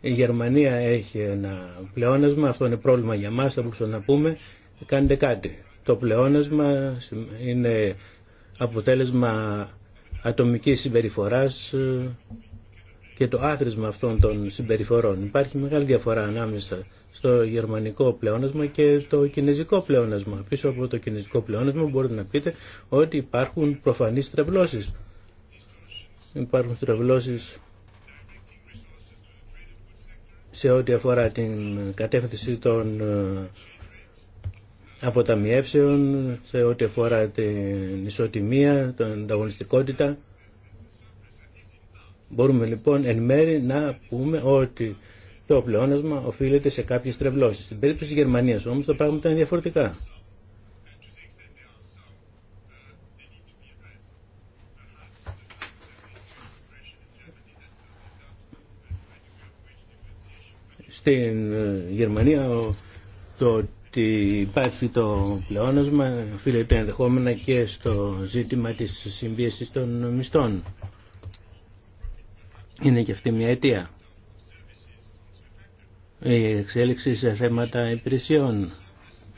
A: η Γερμανία έχει ένα πλεόνασμα, αυτό είναι πρόβλημα για μας, θα μπορούσαμε να πούμε, κάντε κάτι. Το πλεόνασμα είναι αποτέλεσμα ατομικής συμπεριφοράς και το άθροισμα αυτών των συμπεριφορών. Υπάρχει μεγάλη διαφορά ανάμεσα στο γερμανικό πλεόνασμα και το κινέζικο πλεόνασμα. Πίσω από το κινέζικο πλεόνασμα μπορείτε να πείτε ότι υπάρχουν προφανείς στρεβλώσεις. Υπάρχουν στρεβλώσεις σε ό,τι αφορά την κατεύθυνση των ε, αποταμιεύσεων, σε ό,τι αφορά την ισοτιμία, την ανταγωνιστικότητα. Μπορούμε λοιπόν εν μέρη να πούμε ότι το πλεόνασμα οφείλεται σε κάποιες τρευλώσεις. Στην περίπτωση της Γερμανίας όμως τα πράγματα είναι διαφορετικά. Στην ε, Γερμανία το ότι υπάρχει το πλεόνασμα οφείλεται ενδεχόμενα και στο ζήτημα της συμβίωσης των μισθών είναι και αυτή μια αιτία. Η εξέλιξη σε θέματα υπηρεσιών.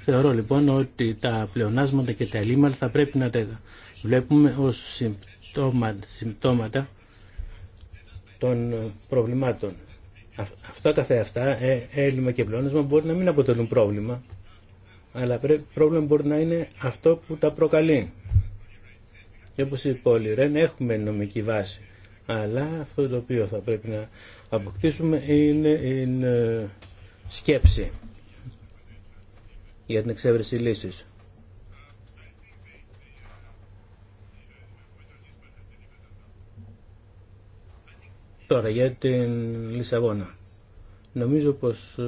A: Θεωρώ λοιπόν ότι τα πλεονάσματα και τα ελλείμματα θα πρέπει να τα βλέπουμε ως συμπτώματα των προβλημάτων. Αυτά τα αυτά, ε, έλλειμμα και πλεόνασμα μπορεί να μην αποτελούν πρόβλημα, αλλά πρόβλημα μπορεί να είναι αυτό που τα προκαλεί. Και όπως είπε ο Λιρέν, έχουμε νομική βάση αλλά αυτό το οποίο θα πρέπει να αποκτήσουμε είναι η ε, σκέψη για την εξέβρεση λύσης. Τώρα για την Λισαβόνα. Νομίζω πως η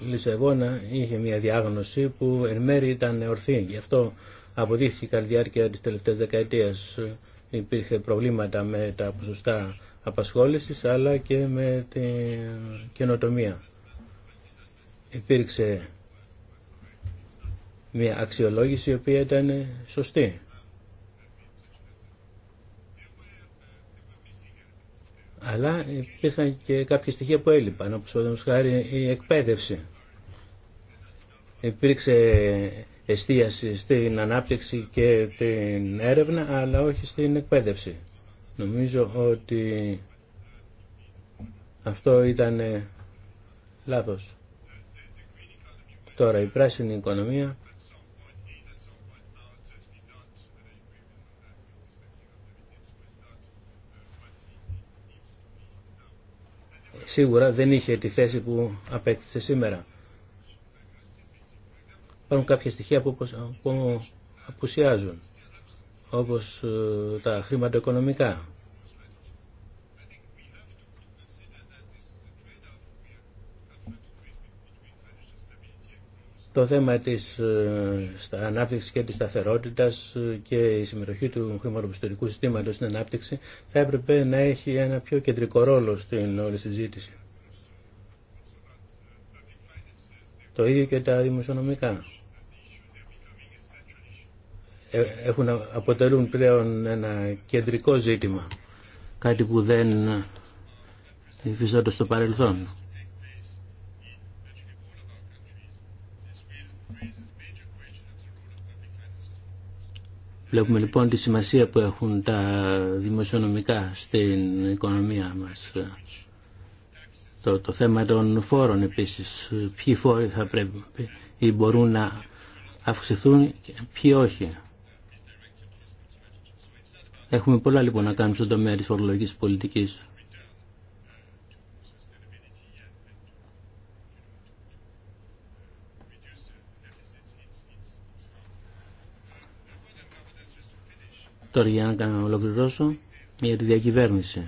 A: ε, Λισαβόνα είχε μια διάγνωση που εν μέρει ήταν ορθή. Γι' αυτό τη διάρκεια τη τελευταία δεκαετία Υπήρχε προβλήματα με τα ποσοστά απασχόλησης αλλά και με την καινοτομία. Υπήρξε μια αξιολόγηση η οποία ήταν σωστή. Αλλά υπήρχαν και κάποια στοιχεία που έλειπαν, όπως χάρη η εκπαίδευση. Υπήρξε εστίαση στην ανάπτυξη και την έρευνα, αλλά όχι στην εκπαίδευση. Νομίζω ότι αυτό ήταν λάθος. Τώρα η πράσινη οικονομία σίγουρα δεν είχε τη θέση που απέκτησε σήμερα υπάρχουν κάποια στοιχεία που απουσιάζουν, όπως ε, τα χρηματοοικονομικά. Το θέμα της ε, ανάπτυξη ανάπτυξης και της σταθερότητας ε, και η συμμετοχή του χρηματοπιστωτικού συστήματος στην ανάπτυξη θα έπρεπε να έχει ένα πιο κεντρικό ρόλο στην όλη συζήτηση. Το ίδιο και τα δημοσιονομικά. Ε, έχουν, αποτελούν πλέον ένα κεντρικό ζήτημα. Κάτι που δεν υφιζόταν στο παρελθόν. Βλέπουμε λοιπόν τη σημασία που έχουν τα δημοσιονομικά στην οικονομία μας. Το, το θέμα των φόρων επίσης. Ποιοι φόροι θα πρέπει ή μπορούν να αυξηθούν και ποιοι όχι. Έχουμε πολλά λοιπόν να κάνουμε στον τομέα της φορολογικής πολιτικής. Τώρα για να ολοκληρώσω για τη διακυβέρνηση.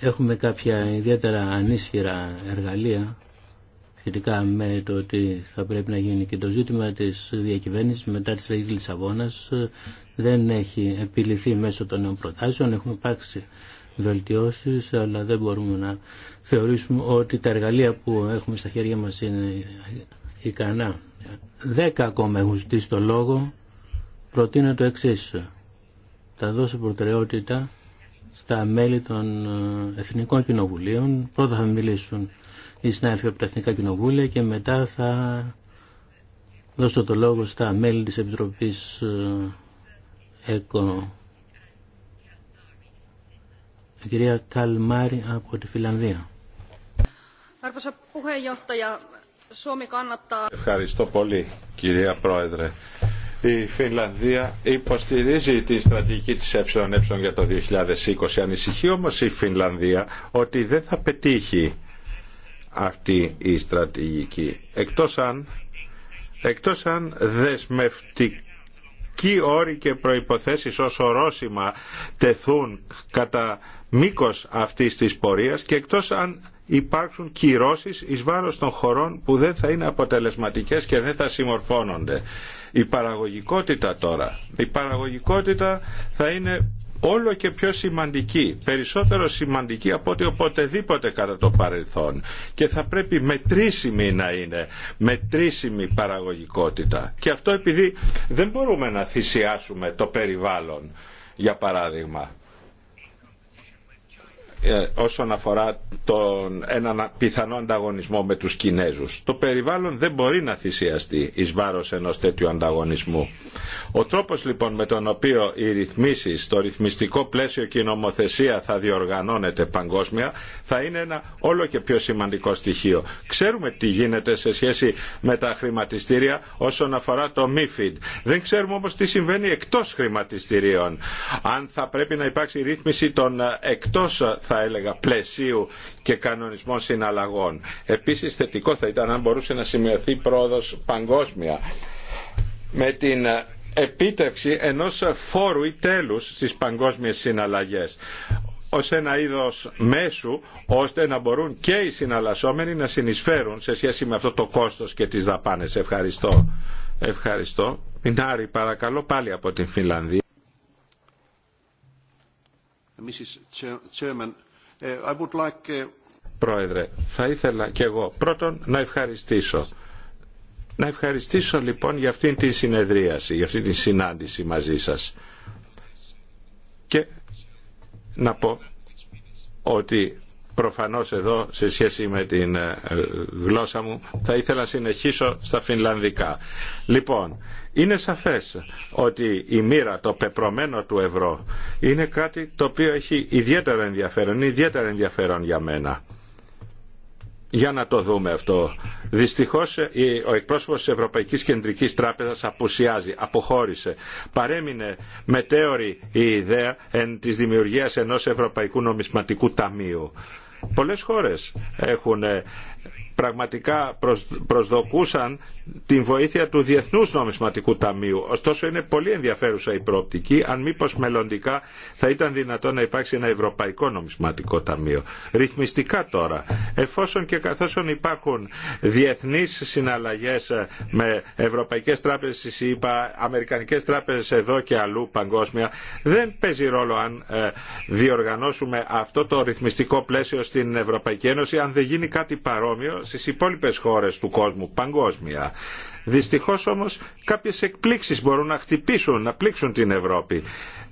A: Έχουμε κάποια ιδιαίτερα ανίσχυρα εργαλεία σχετικά με το ότι θα πρέπει να γίνει και το ζήτημα της διακυβέρνησης μετά τη στρατηγική Λισαβόνας δεν έχει επιληθεί μέσω των νέων προτάσεων. Έχουν υπάρξει βελτιώσεις, αλλά δεν μπορούμε να θεωρήσουμε ότι τα εργαλεία που έχουμε στα χέρια μας είναι ικανά. Δέκα ακόμα έχουν ζητήσει το λόγο. Προτείνω το εξή. Θα δώσω προτεραιότητα στα μέλη των ε, Εθνικών Κοινοβουλίων. Πρώτα θα μιλήσουν να έρθει από τα Εθνικά Κοινοβούλια και μετά θα δώσω το λόγο στα μέλη της Επιτροπής ε, ΕΚΟ. Η κυρία Καλμάρη από τη Φιλανδία.
D: Ευχαριστώ πολύ κυρία Πρόεδρε. Η Φινλανδία υποστηρίζει τη στρατηγική της ΕΕ για το 2020. Ανησυχεί όμως η Φινλανδία ότι δεν θα πετύχει αυτή η στρατηγική. Εκτός αν, εκτός αν δεσμευτικοί όροι και προϋποθέσεις ως ορόσημα τεθούν κατά μήκος αυτής της πορείας και εκτός αν υπάρξουν κυρώσεις εις βάρος των χωρών που δεν θα είναι αποτελεσματικές και δεν θα συμμορφώνονται. Η παραγωγικότητα τώρα. Η παραγωγικότητα θα είναι όλο και πιο σημαντική, περισσότερο σημαντική από ό,τι οποτεδήποτε κατά το παρελθόν και θα πρέπει μετρήσιμη να είναι, μετρήσιμη παραγωγικότητα. Και αυτό επειδή δεν μπορούμε να θυσιάσουμε το περιβάλλον, για παράδειγμα. Ε, όσον αφορά τον, έναν πιθανό ανταγωνισμό με τους Κινέζους. Το περιβάλλον δεν μπορεί να θυσιαστεί εις βάρος ενός τέτοιου ανταγωνισμού. Ο τρόπος λοιπόν με τον οποίο οι ρυθμίσεις, το ρυθμιστικό πλαίσιο και η νομοθεσία θα διοργανώνεται παγκόσμια θα είναι ένα όλο και πιο σημαντικό στοιχείο. Ξέρουμε τι γίνεται σε σχέση με τα χρηματιστήρια όσον αφορά το MIFID. Δεν ξέρουμε όμως τι συμβαίνει εκτός χρηματιστηρίων. Αν θα πρέπει να υπάρξει ρύθμιση των ε, εκτός θα έλεγα πλαισίου και κανονισμών συναλλαγών. Επίσης θετικό θα ήταν αν μπορούσε να σημειωθεί πρόοδος παγκόσμια με την επίτευξη ενός φόρου ή τέλους στις παγκόσμιες συναλλαγές ως ένα είδος μέσου ώστε να μπορούν και οι συναλλασσόμενοι να συνεισφέρουν σε σχέση με αυτό το κόστος και τις δαπάνες. Ευχαριστώ. Ευχαριστώ. Μινάρη παρακαλώ πάλι από την Φιλανδία.
B: Uh, uh,
D: Πρόεδρε, θα ήθελα και εγώ πρώτον να ευχαριστήσω. Να ευχαριστήσω λοιπόν για αυτήν την συνεδρίαση, για αυτήν την συνάντηση μαζί σας. Και να πω ότι προφανώς εδώ σε σχέση με την ε, γλώσσα μου θα ήθελα να συνεχίσω στα φινλανδικά. Λοιπόν, είναι σαφές ότι η μοίρα, το πεπρωμένο του ευρώ είναι κάτι το οποίο έχει ιδιαίτερο ενδιαφέρον, είναι ιδιαίτερα ενδιαφέρον για μένα. Για να το δούμε αυτό. Δυστυχώς ο εκπρόσωπος της Ευρωπαϊκής Κεντρικής Τράπεζας απουσιάζει, αποχώρησε. Παρέμεινε μετέωρη η ιδέα της δημιουργίας ενός Ευρωπαϊκού Νομισματικού Ταμείου. Πολλές χώρες έχουν ε, πραγματικά προσδοκούσαν την βοήθεια του Διεθνούς Νομισματικού Ταμείου. Ωστόσο είναι πολύ ενδιαφέρουσα η προοπτική αν μήπως μελλοντικά θα ήταν δυνατό να υπάρξει ένα Ευρωπαϊκό Νομισματικό Ταμείο. Ρυθμιστικά τώρα, εφόσον και καθώς υπάρχουν διεθνείς συναλλαγές ε, με ευρωπαϊκές τράπεζες, είπα, αμερικανικές τράπεζες εδώ και αλλού παγκόσμια, δεν παίζει ρόλο αν ε, διοργανώσουμε αυτό το ρυθμιστικό πλαίσιο στην Ευρωπαϊκή Ένωση, αν δεν γίνει κάτι παρόμοιο στις υπόλοιπες χώρες του κόσμου παγκόσμια. Δυστυχώς όμως κάποιες εκπλήξεις μπορούν να χτυπήσουν, να πλήξουν την Ευρώπη.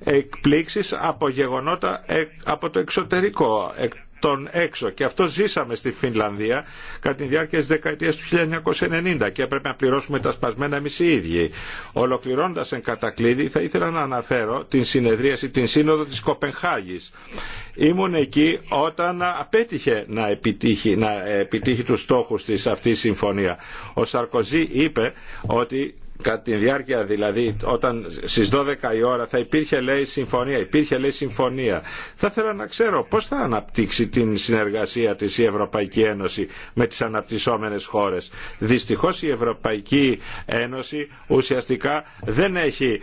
D: Εκπλήξεις από γεγονότα ε, από το εξωτερικό, τον έξω. Και αυτό ζήσαμε στη Φινλανδία κατά τη διάρκεια τη δεκαετία του 1990 και έπρεπε να πληρώσουμε τα σπασμένα εμείς οι ίδιοι. Ολοκληρώνοντα εν κατακλείδη, θα ήθελα να αναφέρω την συνεδρίαση, την σύνοδο της Κοπενχάγη. Ήμουν εκεί όταν απέτυχε να επιτύχει, να επιτύχει τους στόχους της αυτή η συμφωνία. Ο Σαρκοζή είπε ότι κατά τη διάρκεια δηλαδή όταν στις 12 η ώρα θα υπήρχε λέει συμφωνία, υπήρχε λέει συμφωνία. Θα ήθελα να ξέρω πώς θα αναπτύξει την συνεργασία της η Ευρωπαϊκή Ένωση με τις αναπτυσσόμενες χώρες. Δυστυχώς η Ευρωπαϊκή Ένωση ουσιαστικά δεν έχει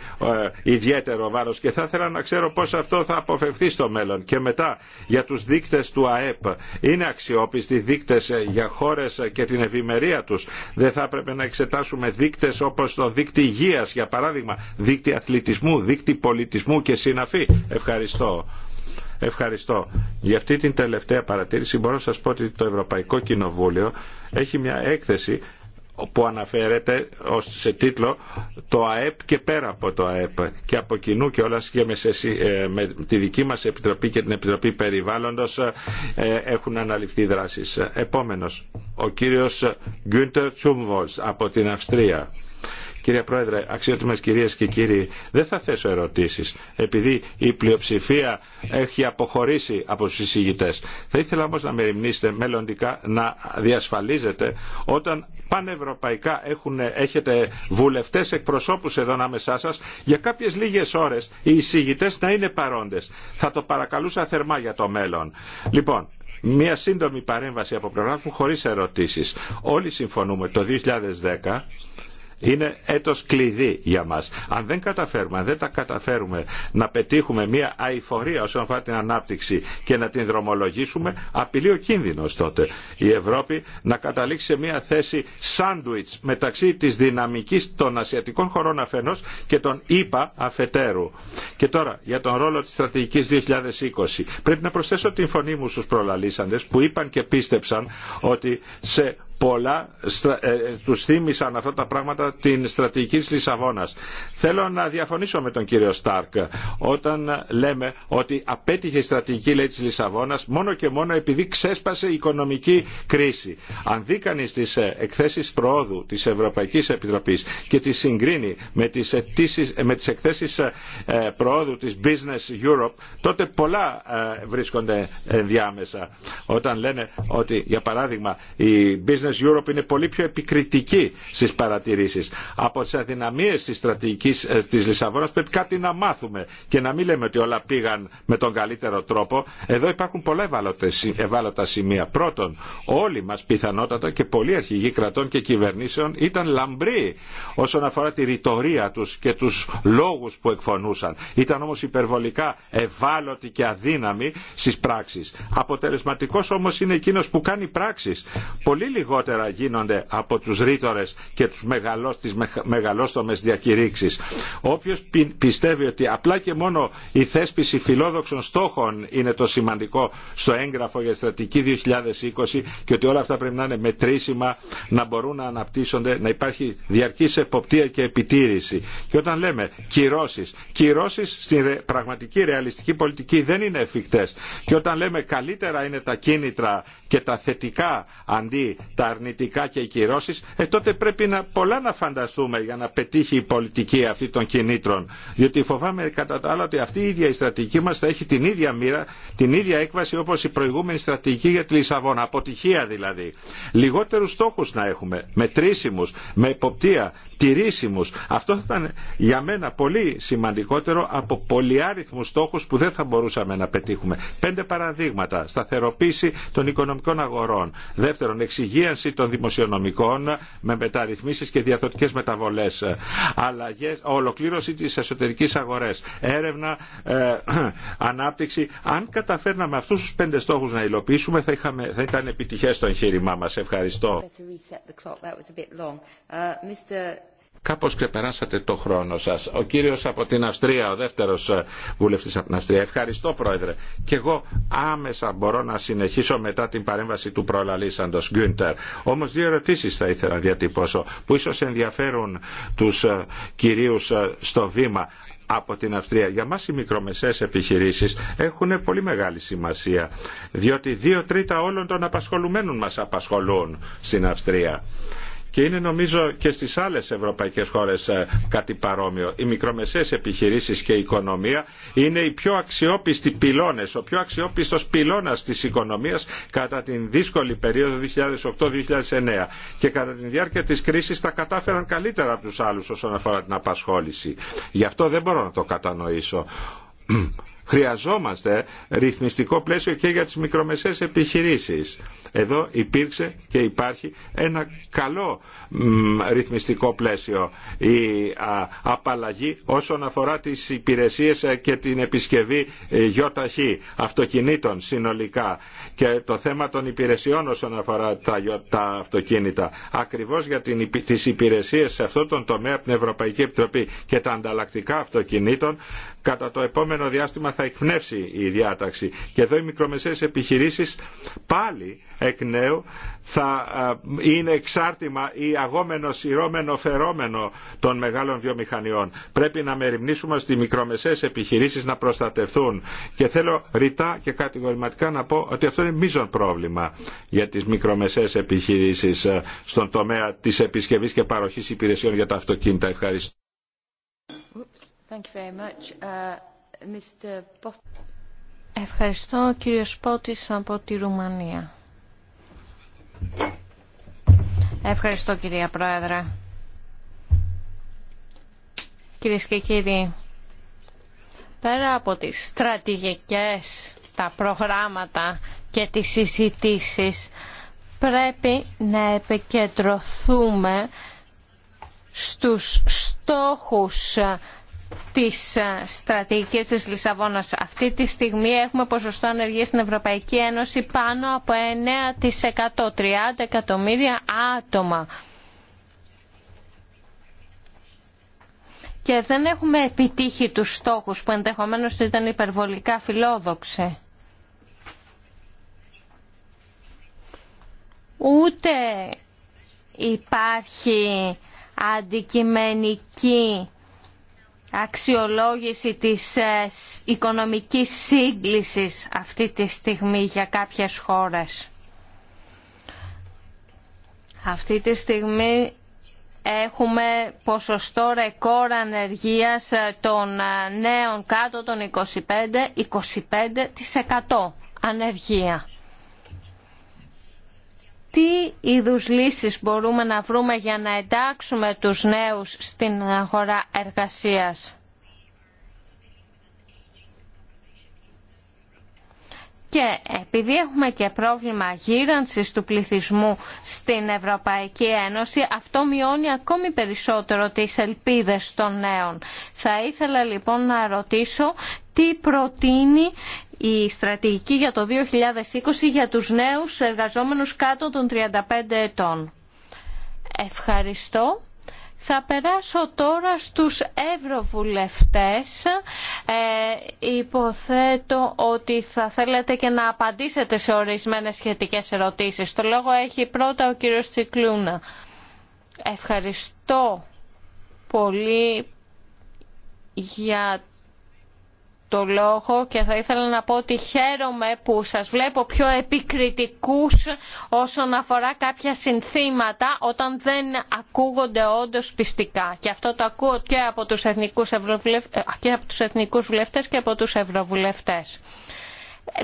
D: ε, ιδιαίτερο βάρος και θα ήθελα να ξέρω πώς αυτό θα αποφευθεί στο μέλλον. Και μετά για τους δείκτες του ΑΕΠ είναι αξιόπιστοι δείκτες ε, για χώρες ε, και την ευημερία τους. Δεν θα έπρεπε να εξετάσουμε δείκτες όπως το δίκτυ δίκτυο για παράδειγμα, δίκτυ αθλητισμού, δίκτυ πολιτισμού και συναφή. Ευχαριστώ. Ευχαριστώ. Για αυτή την τελευταία παρατήρηση μπορώ να σας πω ότι το Ευρωπαϊκό Κοινοβούλιο έχει μια έκθεση που αναφέρεται ως σε τίτλο «Το ΑΕΠ και πέρα από το ΑΕΠ» και από κοινού και όλα και ε, με, τη δική μας Επιτροπή και την Επιτροπή Περιβάλλοντος ε, έχουν αναλυφθεί δράσεις. Επόμενος, ο κύριος Τσούμβολς από την Αυστρία. Κύριε Πρόεδρε, αξιότιμες κυρίες και κύριοι, δεν θα θέσω ερωτήσεις, επειδή η πλειοψηφία έχει αποχωρήσει από τους εισηγητές. Θα ήθελα όμως να μεριμνήσετε μελλοντικά να διασφαλίζετε όταν πανευρωπαϊκά έχουν, έχετε βουλευτές εκπροσώπους εδώ ανάμεσά σας, για κάποιες λίγες ώρες οι εισηγητές να είναι παρόντες. Θα το παρακαλούσα θερμά για το μέλλον. Λοιπόν, μια σύντομη παρέμβαση από πλευρά μου χωρίς ερωτήσεις. Όλοι συμφωνούμε το 2010 είναι έτος κλειδί για μας. Αν δεν καταφέρουμε, αν δεν τα καταφέρουμε να πετύχουμε μια αηφορία όσον αφορά την ανάπτυξη και να την δρομολογήσουμε, απειλεί ο κίνδυνος τότε. Η Ευρώπη να καταλήξει σε μια θέση σάντουιτς μεταξύ της δυναμικής των ασιατικών χωρών αφενός και των ΙΠΑ αφετέρου. Και τώρα για τον ρόλο της στρατηγικής 2020. Πρέπει να προσθέσω την φωνή μου στους προλαλήσαντες που είπαν και πίστεψαν ότι σε πολλά ε, τους θύμισαν αυτά τα πράγματα την στρατηγική της Λισαβόνας. Θέλω να διαφωνήσω με τον κύριο Στάρκ όταν λέμε ότι απέτυχε η στρατηγική λέει της Λισαβόνας μόνο και μόνο επειδή ξέσπασε η οικονομική κρίση. Αν δει κανείς τις ε, εκθέσεις προόδου της Ευρωπαϊκής Επιτροπής και τις συγκρίνει με τις, αιτήσεις, εκθέσεις ε, προόδου της Business Europe τότε πολλά βρίσκονται ενδιάμεσα όταν λένε ότι για παράδειγμα η Business Business Europe είναι πολύ πιο επικριτική στις παρατηρήσεις. Από τις αδυναμίες της στρατηγικής ε, της Λισαβόνας πρέπει κάτι να μάθουμε και να μην λέμε ότι όλα πήγαν με τον καλύτερο τρόπο. Εδώ υπάρχουν πολλά ευάλωτα σημεία. Πρώτον, όλοι μας πιθανότατα και πολλοί αρχηγοί κρατών και κυβερνήσεων ήταν λαμπροί όσον αφορά τη ρητορία τους και τους λόγους που εκφωνούσαν. Ήταν όμως υπερβολικά ευάλωτοι και αδύναμοι στις πράξεις. Αποτελεσματικός όμως είναι εκείνος που κάνει πράξεις. Πολύ λιγότερο λιγότερα γίνονται από τους ρήτορες και τους μεγαλώς, τις μεγαλόστομες διακηρύξεις. Όποιος πιστεύει ότι απλά και μόνο η θέσπιση φιλόδοξων στόχων είναι το σημαντικό στο έγγραφο για στρατική 2020 και ότι όλα αυτά πρέπει να είναι μετρήσιμα, να μπορούν να αναπτύσσονται, να υπάρχει διαρκής εποπτεία και επιτήρηση. Και όταν λέμε κυρώσεις, κυρώσεις στην πραγματική ρεαλιστική πολιτική δεν είναι εφικτές. Και όταν λέμε καλύτερα είναι τα κίνητρα και τα θετικά αντί τα αρνητικά και οι κυρώσεις, ε, τότε πρέπει να, πολλά να φανταστούμε για να πετύχει η πολιτική αυτή των κινήτρων. Διότι φοβάμαι κατά τα άλλα ότι αυτή η ίδια η στρατηγική μας θα έχει την ίδια μοίρα, την ίδια έκβαση όπως η προηγούμενη στρατηγική για τη Λισαβόνα. Αποτυχία δηλαδή. Λιγότερους στόχους να έχουμε, μετρήσιμους, με εποπτεία, τηρήσιμους. Αυτό θα ήταν για μένα πολύ σημαντικότερο από πολυάριθμους στόχους που δεν θα μπορούσαμε να πετύχουμε. Πέντε παραδείγματα. Σταθεροποίηση των οικονομικών αγορών. Δεύτερον, εξυγεία εξυγίανση των δημοσιονομικών με μεταρρυθμίσεις και διαθωτικές μεταβολές, αλλαγές, ολοκλήρωση της εσωτερικής αγορές, έρευνα, ε, ανάπτυξη. Αν καταφέρναμε αυτούς τους πέντε στόχους να υλοποιήσουμε θα, είχαμε, θα ήταν επιτυχές το εγχείρημά μας. Ευχαριστώ. Κάπως ξεπεράσατε το χρόνο σας. Ο κύριος από την Αυστρία, ο δεύτερος ε, βουλευτής από την Αυστρία. Ευχαριστώ πρόεδρε. Και εγώ άμεσα μπορώ να συνεχίσω μετά την παρέμβαση του προλαλήσαντος Γκούντερ. Όμως δύο ερωτήσεις θα ήθελα να διατυπώσω που ίσως ενδιαφέρουν τους ε, κυρίους ε, στο βήμα από την Αυστρία. Για μας οι μικρομεσαίες επιχειρήσεις έχουν πολύ μεγάλη σημασία, διότι δύο τρίτα όλων των απασχολουμένων μας απασχολούν στην Αυστρία. Και είναι νομίζω και στις άλλες ευρωπαϊκές χώρες ε, κάτι παρόμοιο. Οι μικρομεσαίες επιχειρήσεις και η οικονομία είναι οι πιο αξιόπιστοι πυλώνες, ο πιο αξιόπιστος πυλώνας της οικονομίας κατά την δύσκολη περίοδο 2008-2009. Και κατά την διάρκεια της κρίσης τα κατάφεραν καλύτερα από τους άλλους όσον αφορά την απασχόληση. Γι' αυτό δεν μπορώ να το κατανοήσω Χρειαζόμαστε ρυθμιστικό πλαίσιο και για τις μικρομεσαίες επιχειρήσεις. Εδώ υπήρξε και υπάρχει ένα καλό ρυθμιστικό πλαίσιο. Η α, απαλλαγή όσον αφορά τις υπηρεσίες ε, και την επισκευή ε, ΙΧ αυτοκινήτων συνολικά και το θέμα των υπηρεσιών όσον αφορά τα, τα αυτοκίνητα. Ακριβώς για την, τις υπηρεσίες σε αυτόν τον τομέα από την Ευρωπαϊκή Επιτροπή και τα ανταλλακτικά αυτοκινήτων κατά το επόμενο διάστημα θα εκπνεύσει η διάταξη. Και εδώ οι μικρομεσαίες επιχειρήσεις πάλι εκ νέου θα είναι εξάρτημα ή αγόμενο, σειρώμενο, φερόμενο των μεγάλων βιομηχανιών. Πρέπει να μεριμνήσουμε στις μικρομεσαίες επιχειρήσεις να προστατευτούν. Και θέλω ρητά και κατηγορηματικά να πω ότι αυτό είναι μείζον πρόβλημα για τις μικρομεσαίες επιχειρήσεις στον τομέα της επισκευής και παροχής υπηρεσιών για τα αυτοκίνητα. Ευχαριστώ.
C: Uh, Ευχαριστώ κύριε Σπότης από τη
E: Ρουμανία. Ευχαριστώ κυρία Πρόεδρε. Κυρίε και κύριοι, πέρα από τις στρατηγικές, τα προγράμματα και τις συζητήσεις, πρέπει να επικεντρωθούμε στους στόχους της ε, στρατηγικής της Λισαβόνας. Αυτή τη στιγμή έχουμε ποσοστό ανεργίας στην Ευρωπαϊκή Ένωση πάνω από 9%, 30 εκατομμύρια άτομα. Και δεν έχουμε επιτύχει τους στόχους που ενδεχομένως ήταν υπερβολικά φιλόδοξοι. Ούτε υπάρχει αντικειμενική αξιολόγηση της ε, οικονομικής σύγκλησης αυτή τη στιγμή για κάποιες χώρες. Αυτή τη στιγμή έχουμε ποσοστό ρεκόρ ανεργίας ε, των ε, νέων κάτω των 25, 25% ανεργία τι είδους λύσεις μπορούμε να βρούμε για να εντάξουμε τους νέους στην αγορά εργασίας. Και επειδή έχουμε και πρόβλημα γύρανσης του πληθυσμού στην Ευρωπαϊκή Ένωση, αυτό μειώνει ακόμη περισσότερο τις ελπίδες των νέων. Θα ήθελα λοιπόν να ρωτήσω τι προτείνει η στρατηγική για το 2020 για τους νέους εργαζόμενους κάτω των 35 ετών. Ευχαριστώ. Θα περάσω τώρα στους ευρωβουλευτές. Ε, υποθέτω ότι θα θέλετε και να απαντήσετε σε ορισμένες σχετικές ερωτήσεις. Το λόγο έχει πρώτα ο κύριος Τσικλούνα. Ευχαριστώ πολύ για το λόγο και θα ήθελα να πω ότι χαίρομαι που σας βλέπω πιο επικριτικούς όσον αφορά κάποια συνθήματα όταν δεν ακούγονται όντως πιστικά. Και αυτό το ακούω και από τους εθνικούς, ευρωβουλευ... Ε, και από τους εθνικούς βουλευτές και από τους ευρωβουλευτές.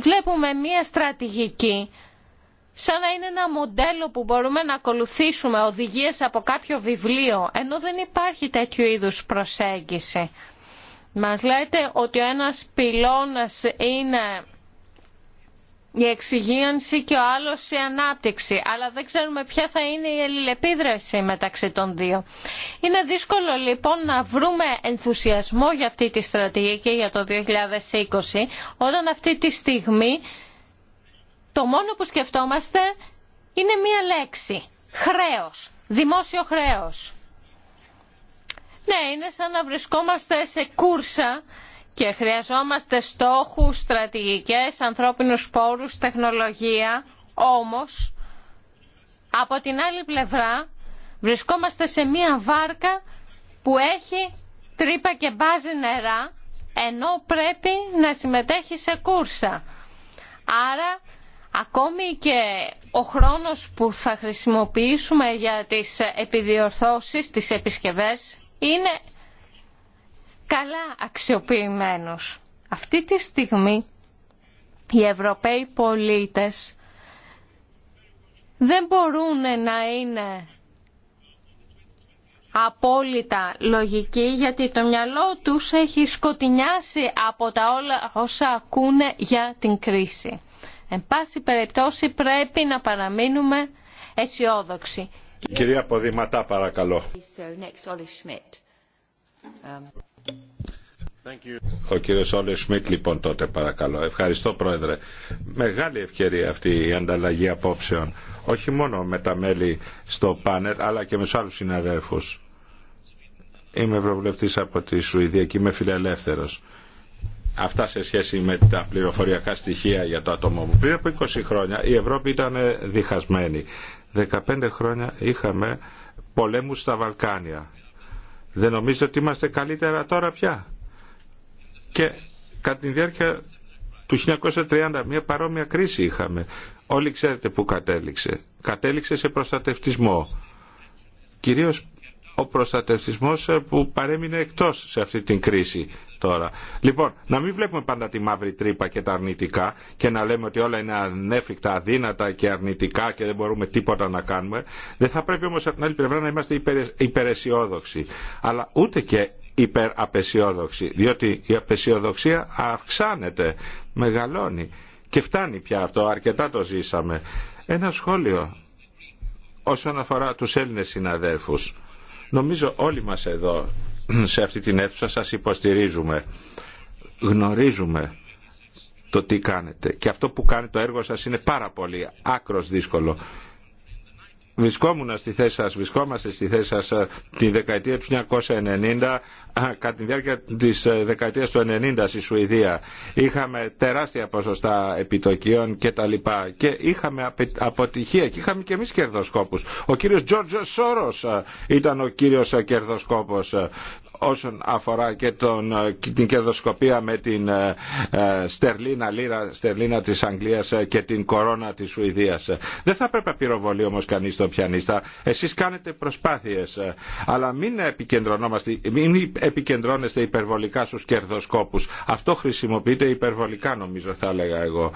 E: Βλέπουμε μία στρατηγική σαν να είναι ένα μοντέλο που μπορούμε να ακολουθήσουμε οδηγίες από κάποιο βιβλίο, ενώ δεν υπάρχει τέτοιου είδους προσέγγιση. Μας λέτε ότι ο ένας πυλώνας είναι η εξυγίανση και ο άλλος η ανάπτυξη. Αλλά δεν ξέρουμε ποια θα είναι η ελληλεπίδραση μεταξύ των δύο. Είναι δύσκολο λοιπόν να βρούμε ενθουσιασμό για αυτή τη στρατηγική για το 2020 όταν αυτή τη στιγμή το μόνο που σκεφτόμαστε είναι μία λέξη. Χρέος. Δημόσιο χρέος. Ναι, είναι σαν να βρισκόμαστε σε κούρσα και χρειαζόμαστε στόχους, στρατηγικές, ανθρώπινους πόρους, τεχνολογία. Όμως, από την άλλη πλευρά, βρισκόμαστε σε μία βάρκα που έχει τρύπα και μπάζει νερά, ενώ πρέπει να συμμετέχει σε κούρσα. Άρα, ακόμη και ο χρόνος που θα χρησιμοποιήσουμε για τις επιδιορθώσεις, τις επισκευές, είναι καλά αξιοποιημένος. Αυτή τη στιγμή οι Ευρωπαίοι πολίτες δεν μπορούν να είναι απόλυτα λογική γιατί το μυαλό τους έχει σκοτεινιάσει από τα όλα όσα ακούνε για την κρίση. Εν πάση περιπτώσει πρέπει να παραμείνουμε αισιόδοξοι
D: κυρία Ποδηματά, παρακαλώ. Um, Ο κύριος Όλε Σμιτ λοιπόν τότε παρακαλώ. Ευχαριστώ Πρόεδρε. Μεγάλη ευκαιρία αυτή η ανταλλαγή απόψεων. Όχι μόνο με τα μέλη στο πάνελ αλλά και με τους άλλους συναδέλφους. Είμαι ευρωβουλευτής από τη Σουηδία και είμαι φιλελεύθερος. Αυτά σε σχέση με τα πληροφοριακά στοιχεία για το άτομο μου. Πριν από 20 χρόνια η Ευρώπη ήταν διχασμένη. 15 χρόνια είχαμε πολέμους στα Βαλκάνια. Δεν νομίζετε ότι είμαστε καλύτερα τώρα πια. Και κατά τη διάρκεια του 1930 μια παρόμοια κρίση είχαμε. Όλοι ξέρετε που κατέληξε. Κατέληξε σε προστατευτισμό. Κυρίως ο προστατευτισμός που παρέμεινε εκτός σε αυτή την κρίση τώρα. Λοιπόν, να μην βλέπουμε πάντα τη μαύρη τρύπα και τα αρνητικά και να λέμε ότι όλα είναι ανέφικτα, αδύνατα και αρνητικά και δεν μπορούμε τίποτα να κάνουμε. Δεν θα πρέπει όμως από την άλλη πλευρά να είμαστε υπεραισιόδοξοι. Αλλά ούτε και υπεραπεσιόδοξοι διότι η απεσιοδοξία αυξάνεται, μεγαλώνει και φτάνει πια αυτό, αρκετά το ζήσαμε. Ένα σχόλιο όσον αφορά τους Έλληνες συναδέλφους. Νομίζω όλοι μας εδώ σε αυτή την αίθουσα σας υποστηρίζουμε. Γνωρίζουμε το τι κάνετε. Και αυτό που κάνει το έργο σας είναι πάρα πολύ άκρος δύσκολο. Βρισκόμουν στη θέση σας, βρισκόμαστε στη θέση σας ε, τη δεκαετία του 1990, ε, κατά τη διάρκεια της ε, δεκαετίας του 1990 στη Σουηδία. Είχαμε τεράστια ποσοστά επιτοκίων και τα λοιπά και είχαμε αποτυχία και είχαμε και εμείς κερδοσκόπους. Ο κύριος Τζόρτζο Σόρος ήταν ο κύριος κερδοσκόπος όσον αφορά και τον, ε, την κερδοσκοπία με την ε, ε, στερλίνα λίρα, στερλίνα της Αγγλίας και την κορώνα της Σουηδίας. Δεν θα πρέπει να πυροβολεί όμως κανείς τον πιανίστα. Εσείς κάνετε προσπάθειες, αλλά μην, επικεντρωνόμαστε, μην επικεντρώνεστε υπερβολικά στους κερδοσκόπους. Αυτό χρησιμοποιείται υπερβολικά νομίζω θα έλεγα εγώ.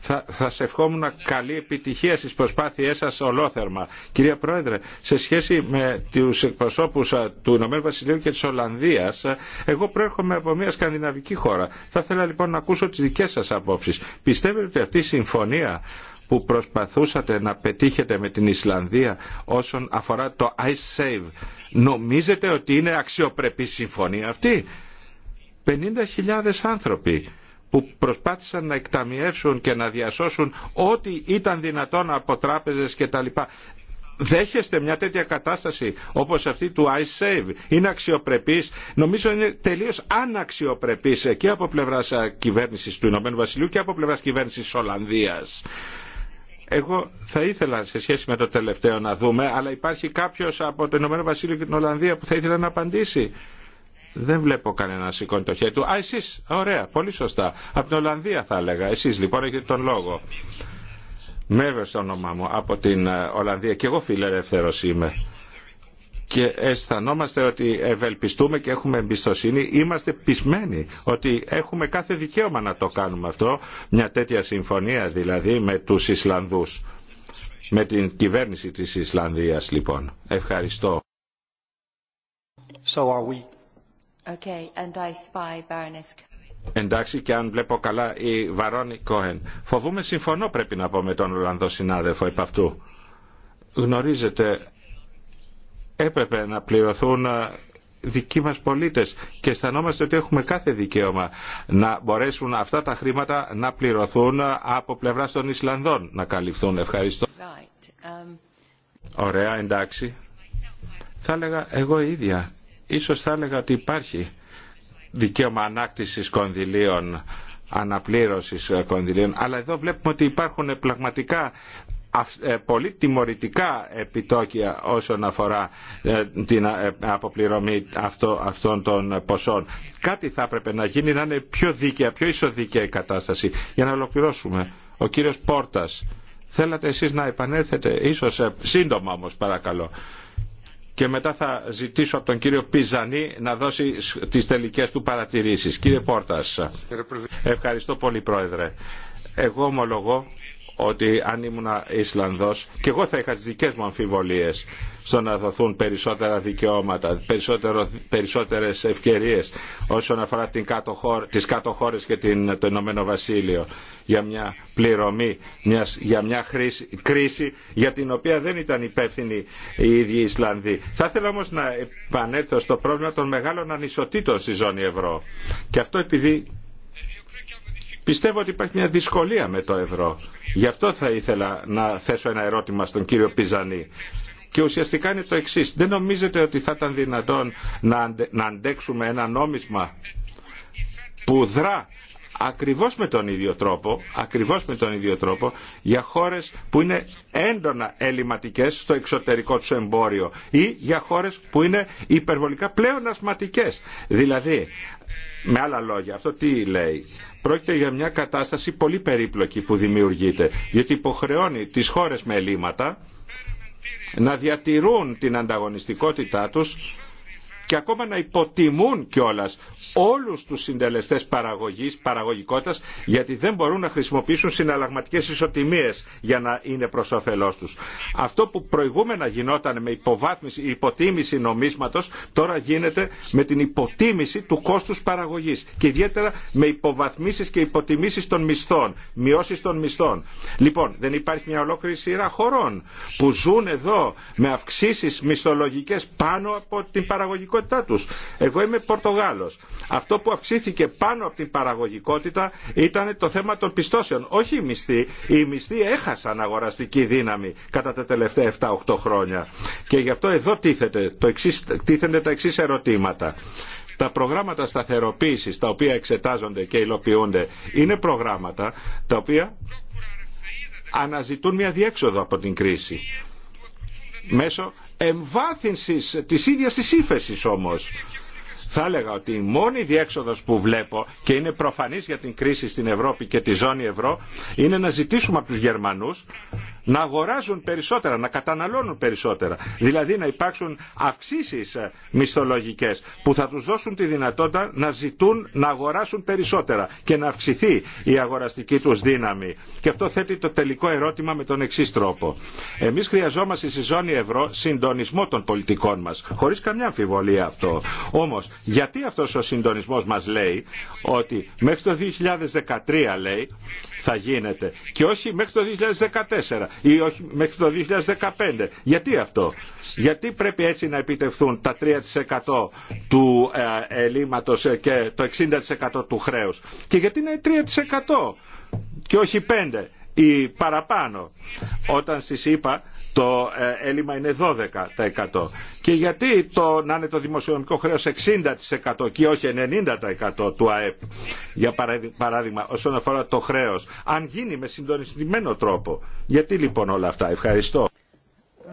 D: Θα, σε ευχόμουν καλή επιτυχία στις προσπάθειές σας ολόθερμα. Κυρία Πρόεδρε, σε σχέση με τους εκπροσώπους του Ηνωμένου Βασιλείου και της Ολλανδίας, εγώ προέρχομαι από μια σκανδιναβική χώρα. Θα ήθελα λοιπόν να ακούσω τις δικές σας απόψεις. Πιστεύετε ότι αυτή η συμφωνία που προσπαθούσατε να πετύχετε με την Ισλανδία όσον αφορά το Ice Save, νομίζετε ότι είναι αξιοπρεπή συμφωνία αυτή. 50.000 άνθρωποι που προσπάθησαν να εκταμιεύσουν και να διασώσουν ό,τι ήταν δυνατόν από τράπεζες κτλ. Δέχεστε μια τέτοια κατάσταση όπως αυτή του iSave. Είναι αξιοπρεπής. Νομίζω είναι τελείως αναξιοπρεπής και από πλευράς κυβέρνησης του Ηνωμένου Βασιλείου και από πλευράς κυβέρνησης Ολλανδίας. Εγώ θα ήθελα σε σχέση με το τελευταίο να δούμε, αλλά υπάρχει κάποιος από το Ηνωμένο Βασίλειο και την Ολλανδία που θα ήθελα να απαντήσει. Δεν βλέπω κανένα να σηκώνει το χέρι του. Α, εσεί, ωραία, πολύ σωστά. Από την Ολλανδία θα έλεγα. Εσεί, λοιπόν έχετε τον λόγο. Μέβε το όνομά μου από την ε, Ολλανδία και εγώ φιλελεύθερο είμαι. Και αισθανόμαστε ότι ευελπιστούμε και έχουμε εμπιστοσύνη. Είμαστε πισμένοι ότι έχουμε κάθε δικαίωμα να το κάνουμε αυτό. Μια τέτοια συμφωνία δηλαδή με τους Ισλανδούς. Με την κυβέρνηση της Ισλανδίας λοιπόν. Ευχαριστώ. So are we. Εντάξει και αν βλέπω καλά η Βαρόνι Κόεν. Φοβούμαι συμφωνώ πρέπει να πω με τον Ολλανδό συνάδελφο επ' αυτού. Γνωρίζετε έπρεπε να πληρωθούν ε, δικοί μας πολίτες και αισθανόμαστε ότι έχουμε κάθε δικαίωμα να μπορέσουν αυτά τα χρήματα να πληρωθούν ε, από πλευρά των Ισλανδών να καλυφθούν. Ευχαριστώ.
C: Um,
D: Ωραία, εντάξει. Θα έλεγα εγώ ίδια ίσως θα έλεγα ότι υπάρχει δικαίωμα ανάκτησης κονδυλίων, αναπλήρωσης κονδυλίων, αλλά εδώ βλέπουμε ότι υπάρχουν πραγματικά ε, πολύ τιμωρητικά επιτόκια όσον αφορά ε, την ε, αποπληρωμή αυτών των ποσών. Κάτι θα έπρεπε να γίνει να είναι πιο δίκαια, πιο ισοδίκαια η κατάσταση. Για να ολοκληρώσουμε, ο κύριος Πόρτας, θέλατε εσείς να επανέλθετε, ίσως σύντομα όμως παρακαλώ και μετά θα ζητήσω από τον κύριο Πιζανή να δώσει τις τελικές του παρατηρήσεις. Κύριε Πόρτας, ευχαριστώ πολύ Πρόεδρε. Εγώ ομολογώ ότι αν ήμουν Ισλανδός και εγώ θα είχα τις δικές μου αμφιβολίες στο να δοθούν περισσότερα δικαιώματα, περισσότερε περισσότερες ευκαιρίες όσον αφορά την κάτω χώρε τις κάτω χώρες και την, το Ηνωμένο Βασίλειο για μια πληρωμή, για μια χρήση, κρίση για την οποία δεν ήταν υπεύθυνοι οι ίδιοι Ισλανδοί. Θα ήθελα όμως να επανέλθω στο πρόβλημα των μεγάλων ανισοτήτων στη ζώνη ευρώ. Και αυτό επειδή Πιστεύω ότι υπάρχει μια δυσκολία με το ευρώ. Γι' αυτό θα ήθελα να θέσω ένα ερώτημα στον κύριο Πιζανή. Και ουσιαστικά είναι το εξή. Δεν νομίζετε ότι θα ήταν δυνατόν να αντέξουμε ένα νόμισμα που δρά ακριβώς με τον ίδιο τρόπο, ακριβώς με τον ίδιο τρόπο για χώρες που είναι έντονα ελληματικές στο εξωτερικό του εμπόριο ή για χώρες που είναι υπερβολικά πλέον ασματικές. Δηλαδή, με άλλα λόγια, αυτό τι λέει. Πρόκειται για μια κατάσταση πολύ περίπλοκη που δημιουργείται, γιατί υποχρεώνει τις χώρες με ελλείμματα να διατηρούν την ανταγωνιστικότητά τους και ακόμα να υποτιμούν κιόλα όλου του συντελεστέ παραγωγής, παραγωγικότητας γιατί δεν μπορούν να χρησιμοποιήσουν συναλλαγματικέ ισοτιμίες για να είναι προ όφελό του. Αυτό που προηγούμενα γινόταν με υποβάθμιση, υποτίμηση νομίσματο, τώρα γίνεται με την υποτίμηση του κόστου παραγωγή, και ιδιαίτερα με υποβαθμίσει και υποτιμήσει των μισθών, μειώσει των μισθών. Λοιπόν, δεν υπάρχει μια ολόκληρη σειρά χωρών που ζουν εδώ με αυξήσει μισθολογικέ πάνω από την παραγωγικότητα παραγωγικότητά Εγώ είμαι Πορτογάλος. Αυτό που αυξήθηκε πάνω από την παραγωγικότητα ήταν το θέμα των πιστώσεων. Όχι οι μισθοί. Οι μισθοί έχασαν αγοραστική δύναμη κατά τα τελευταία 7-8 χρόνια. Και γι' αυτό εδώ τίθεται, το εξής, τίθενται τα εξή ερωτήματα. Τα προγράμματα σταθεροποίησης τα οποία εξετάζονται και υλοποιούνται είναι προγράμματα τα οποία αναζητούν μια διέξοδο από την κρίση μέσω εμβάθυνσης της ίδιας της ύφεσης όμως. Θα έλεγα ότι η μόνη διέξοδος που βλέπω και είναι προφανής για την κρίση στην Ευρώπη και τη ζώνη ευρώ είναι να ζητήσουμε από τους Γερμανούς να αγοράζουν περισσότερα, να καταναλώνουν περισσότερα. Δηλαδή να υπάρξουν αυξήσει ε, μισθολογικέ που θα του δώσουν τη δυνατότητα να ζητούν να αγοράσουν περισσότερα και να αυξηθεί η αγοραστική του δύναμη. Και αυτό θέτει το τελικό ερώτημα με τον εξή τρόπο. Εμεί χρειαζόμαστε στη ζώνη ευρώ συντονισμό των πολιτικών μα. Χωρί καμιά αμφιβολία αυτό. Όμω, γιατί αυτό ο συντονισμό μα λέει ότι μέχρι το 2013 λέει θα γίνεται και όχι μέχρι το 2014 ή όχι μέχρι το 2015. Γιατί αυτό. Γιατί πρέπει έτσι να επιτευχθούν τα 3% του ε, ελλείμματος ε, και το 60% του χρέους. Και γιατί είναι 3% και όχι 5% ή παραπάνω. Όταν στις είπα το ε, έλλειμμα είναι 12%. Και γιατί το, να είναι το δημοσιονομικό χρέος 60% και όχι 90% του ΑΕΠ. Για παράδειγμα όσον αφορά το χρέος. Αν γίνει με συντονισμένο τρόπο. Γιατί λοιπόν όλα αυτά. Ευχαριστώ.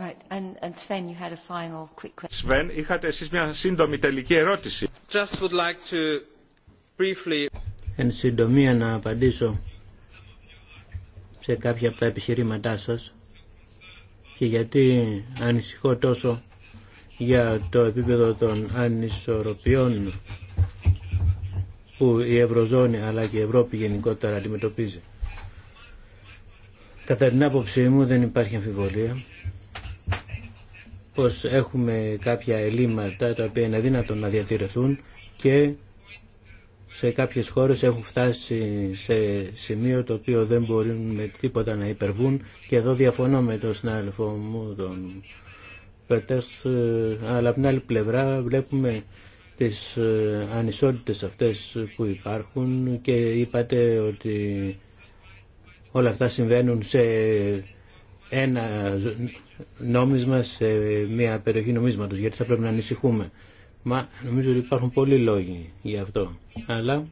C: Right. And, Sven, you had a final quick question.
D: Sven, είχατε εσείς μια σύντομη τελική ερώτηση. Just would like to briefly...
A: Εν να απαντήσω σε κάποια από τα επιχειρήματά σας και γιατί ανησυχώ τόσο για το επίπεδο των ανισορροπιών που η Ευρωζώνη αλλά και η Ευρώπη γενικότερα αντιμετωπίζει. Κατά την άποψή μου δεν υπάρχει αμφιβολία πως έχουμε κάποια ελλείμματα τα οποία είναι δύνατον να διατηρηθούν και σε κάποιες χώρες έχουν φτάσει σε σημείο το οποίο δεν μπορούν με τίποτα να υπερβούν και εδώ διαφωνώ με τον συνάδελφο μου τον Πέτερς ε, αλλά από την άλλη πλευρά βλέπουμε τις ε, ανισότητες αυτές που υπάρχουν και είπατε ότι όλα αυτά συμβαίνουν σε ένα νόμισμα σε μια περιοχή νομίσματος γιατί θα πρέπει να ανησυχούμε. Μα νομίζω ότι υπάρχουν πολλοί λόγοι για αυτό. Αλλά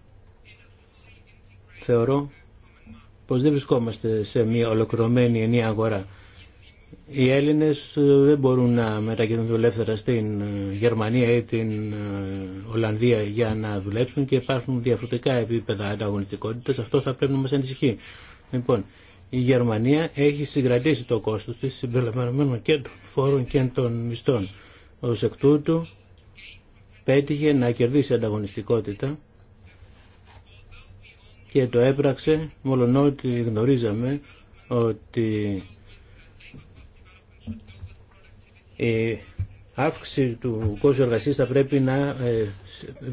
A: θεωρώ πως δεν βρισκόμαστε σε μια ολοκληρωμένη ενία αγορά. Οι Έλληνες δεν μπορούν να μετακινούν ελεύθερα στην ε, Γερμανία ή την ε, Ολλανδία για να δουλέψουν και υπάρχουν διαφορετικά επίπεδα ανταγωνιστικότητας. Αυτό θα πρέπει να μας ανησυχεί. Λοιπόν, η Γερμανία έχει συγκρατήσει το κόστος της συμπεριλαμβανομένων και των φόρων και των μισθών. Ως εκ τούτου πέτυχε να κερδίσει ανταγωνιστικότητα και το έπραξε ότι γνωρίζαμε ότι η αύξηση του κόσμου εργασίας θα πρέπει να ε,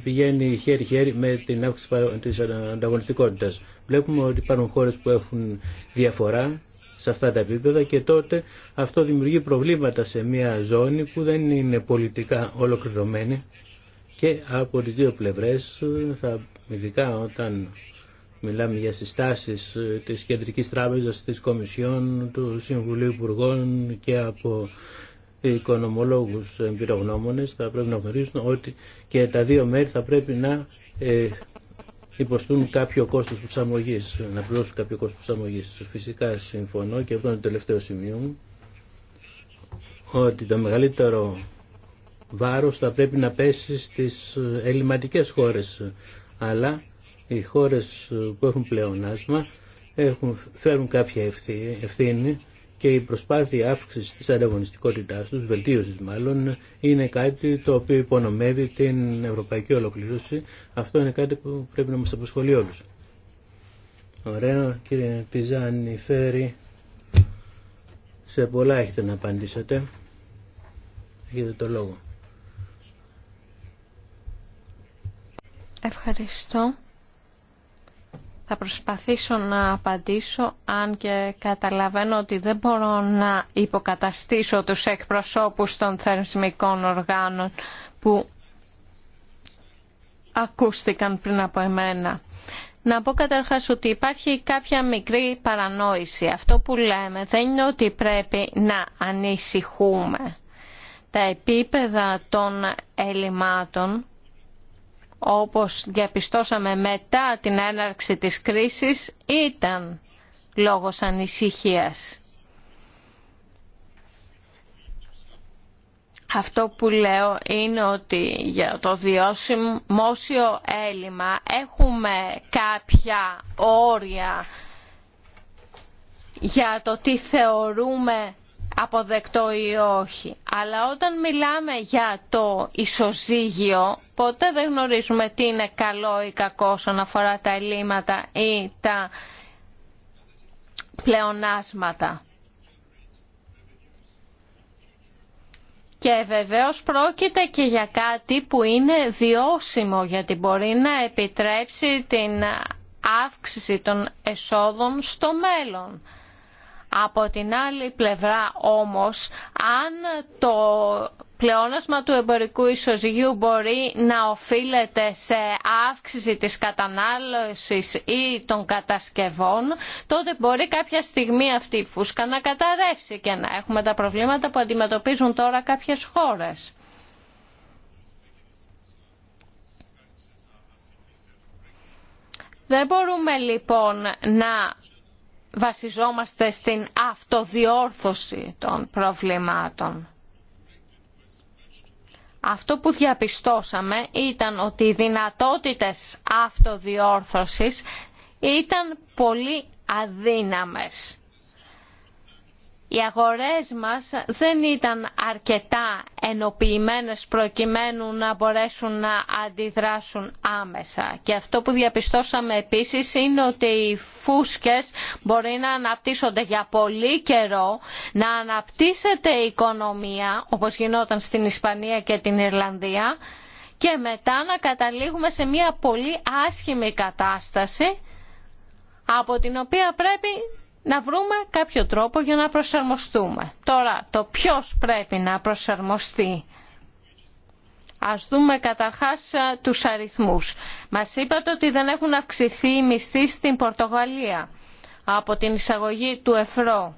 A: πηγαίνει χέρι-χέρι με την αύξηση της ανταγωνιστικότητας. Βλέπουμε ότι υπάρχουν χώρες που έχουν διαφορά σε αυτά τα επίπεδα και τότε αυτό δημιουργεί προβλήματα σε μια ζώνη που δεν είναι πολιτικά ολοκληρωμένη και από τις δύο πλευρές θα ειδικά όταν μιλάμε για συστάσεις της Κεντρικής Τράπεζας, της Κομισιόν, του Συμβουλίου Υπουργών και από οικονομολόγους εμπειρογνώμονες θα πρέπει να γνωρίζουν ότι και τα δύο μέρη θα πρέπει να ε, υποστούν κάποιο κόστος προσαρμογής, να πληρώσουν κάποιο κόστος προσαρμογής. Φυσικά συμφωνώ και αυτό είναι το τελευταίο σημείο μου ότι το μεγαλύτερο βάρος θα πρέπει να πέσει στις ελληματικές χώρες. Αλλά οι χώρες που έχουν πλεονάσμα έχουν, φέρουν κάποια ευθύνη και η προσπάθεια αύξηση της ανταγωνιστικότητάς τους, βελτίωσης μάλλον, είναι κάτι το οποίο υπονομεύει την ευρωπαϊκή ολοκλήρωση. Αυτό είναι κάτι που πρέπει να μας αποσχολεί όλους. Ωραία, κύριε Πιζάνη, Φέρη Σε πολλά έχετε να απαντήσετε. Έχετε το λόγο.
E: Ευχαριστώ. Θα προσπαθήσω να απαντήσω, αν και καταλαβαίνω ότι δεν μπορώ να υποκαταστήσω τους εκπροσώπους των θερμικών οργάνων που ακούστηκαν πριν από εμένα. Να πω καταρχάς ότι υπάρχει κάποια μικρή παρανόηση. Αυτό που λέμε δεν είναι ότι πρέπει να ανησυχούμε. Τα επίπεδα των ελλημάτων όπως διαπιστώσαμε μετά την έναρξη της κρίσης ήταν λόγος ανησυχίας. Αυτό που λέω είναι ότι για το δημόσιο έλλειμμα έχουμε κάποια όρια για το τι θεωρούμε αποδεκτό ή όχι. Αλλά όταν μιλάμε για το ισοζύγιο, ποτέ δεν γνωρίζουμε τι είναι καλό ή κακό όσον αφορά τα ελλείμματα ή τα πλεονάσματα. Και βεβαίως πρόκειται και για κάτι που είναι βιώσιμο, γιατί μπορεί να επιτρέψει την αύξηση των εσόδων στο μέλλον. Από την άλλη πλευρά όμως, αν το πλεόνασμα του εμπορικού ισοζυγίου μπορεί να οφείλεται σε αύξηση της κατανάλωσης ή των κατασκευών, τότε μπορεί κάποια στιγμή αυτή η φούσκα να καταρρεύσει και να έχουμε τα προβλήματα που αντιμετωπίζουν τώρα κάποιες χώρες. Δεν μπορούμε λοιπόν να βασιζόμαστε στην αυτοδιόρθωση των προβλημάτων. Αυτό που διαπιστώσαμε ήταν ότι οι δυνατότητες αυτοδιόρθωσης ήταν πολύ αδύναμες οι αγορές μας δεν ήταν αρκετά ενοποιημένες προκειμένου να μπορέσουν να αντιδράσουν άμεσα. Και αυτό που διαπιστώσαμε επίσης είναι ότι οι φούσκες μπορεί να αναπτύσσονται για πολύ καιρό, να αναπτύσσεται η οικονομία όπως γινόταν στην Ισπανία και την Ιρλανδία και μετά να καταλήγουμε σε μια πολύ άσχημη κατάσταση από την οποία πρέπει να βρούμε κάποιο τρόπο για να προσαρμοστούμε. Τώρα, το ποιος πρέπει να προσαρμοστεί. Ας δούμε καταρχάς τους αριθμούς. Μας είπατε ότι δεν έχουν αυξηθεί οι μισθοί στην Πορτογαλία από την εισαγωγή του ευρώ.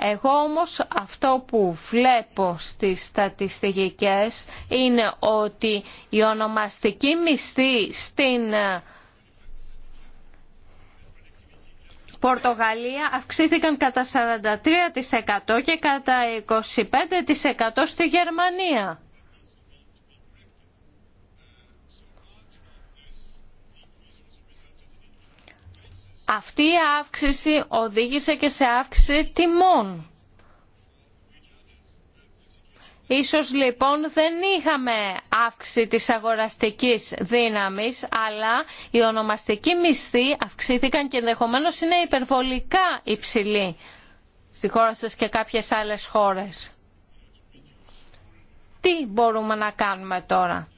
E: Εγώ όμως αυτό που βλέπω στις στατιστικές είναι ότι η ονομαστική μισθή στην Πορτογαλία αυξήθηκαν κατά 43% και κατά 25% στη Γερμανία. Αυτή η αύξηση οδήγησε και σε αύξηση τιμών. Ίσως λοιπόν δεν είχαμε αύξηση της αγοραστικής δύναμης, αλλά οι ονομαστικοί μισθοί αυξήθηκαν και ενδεχομένως είναι υπερβολικά υψηλοί στη χώρα σας και κάποιες άλλες χώρες. Τι μπορούμε να κάνουμε τώρα.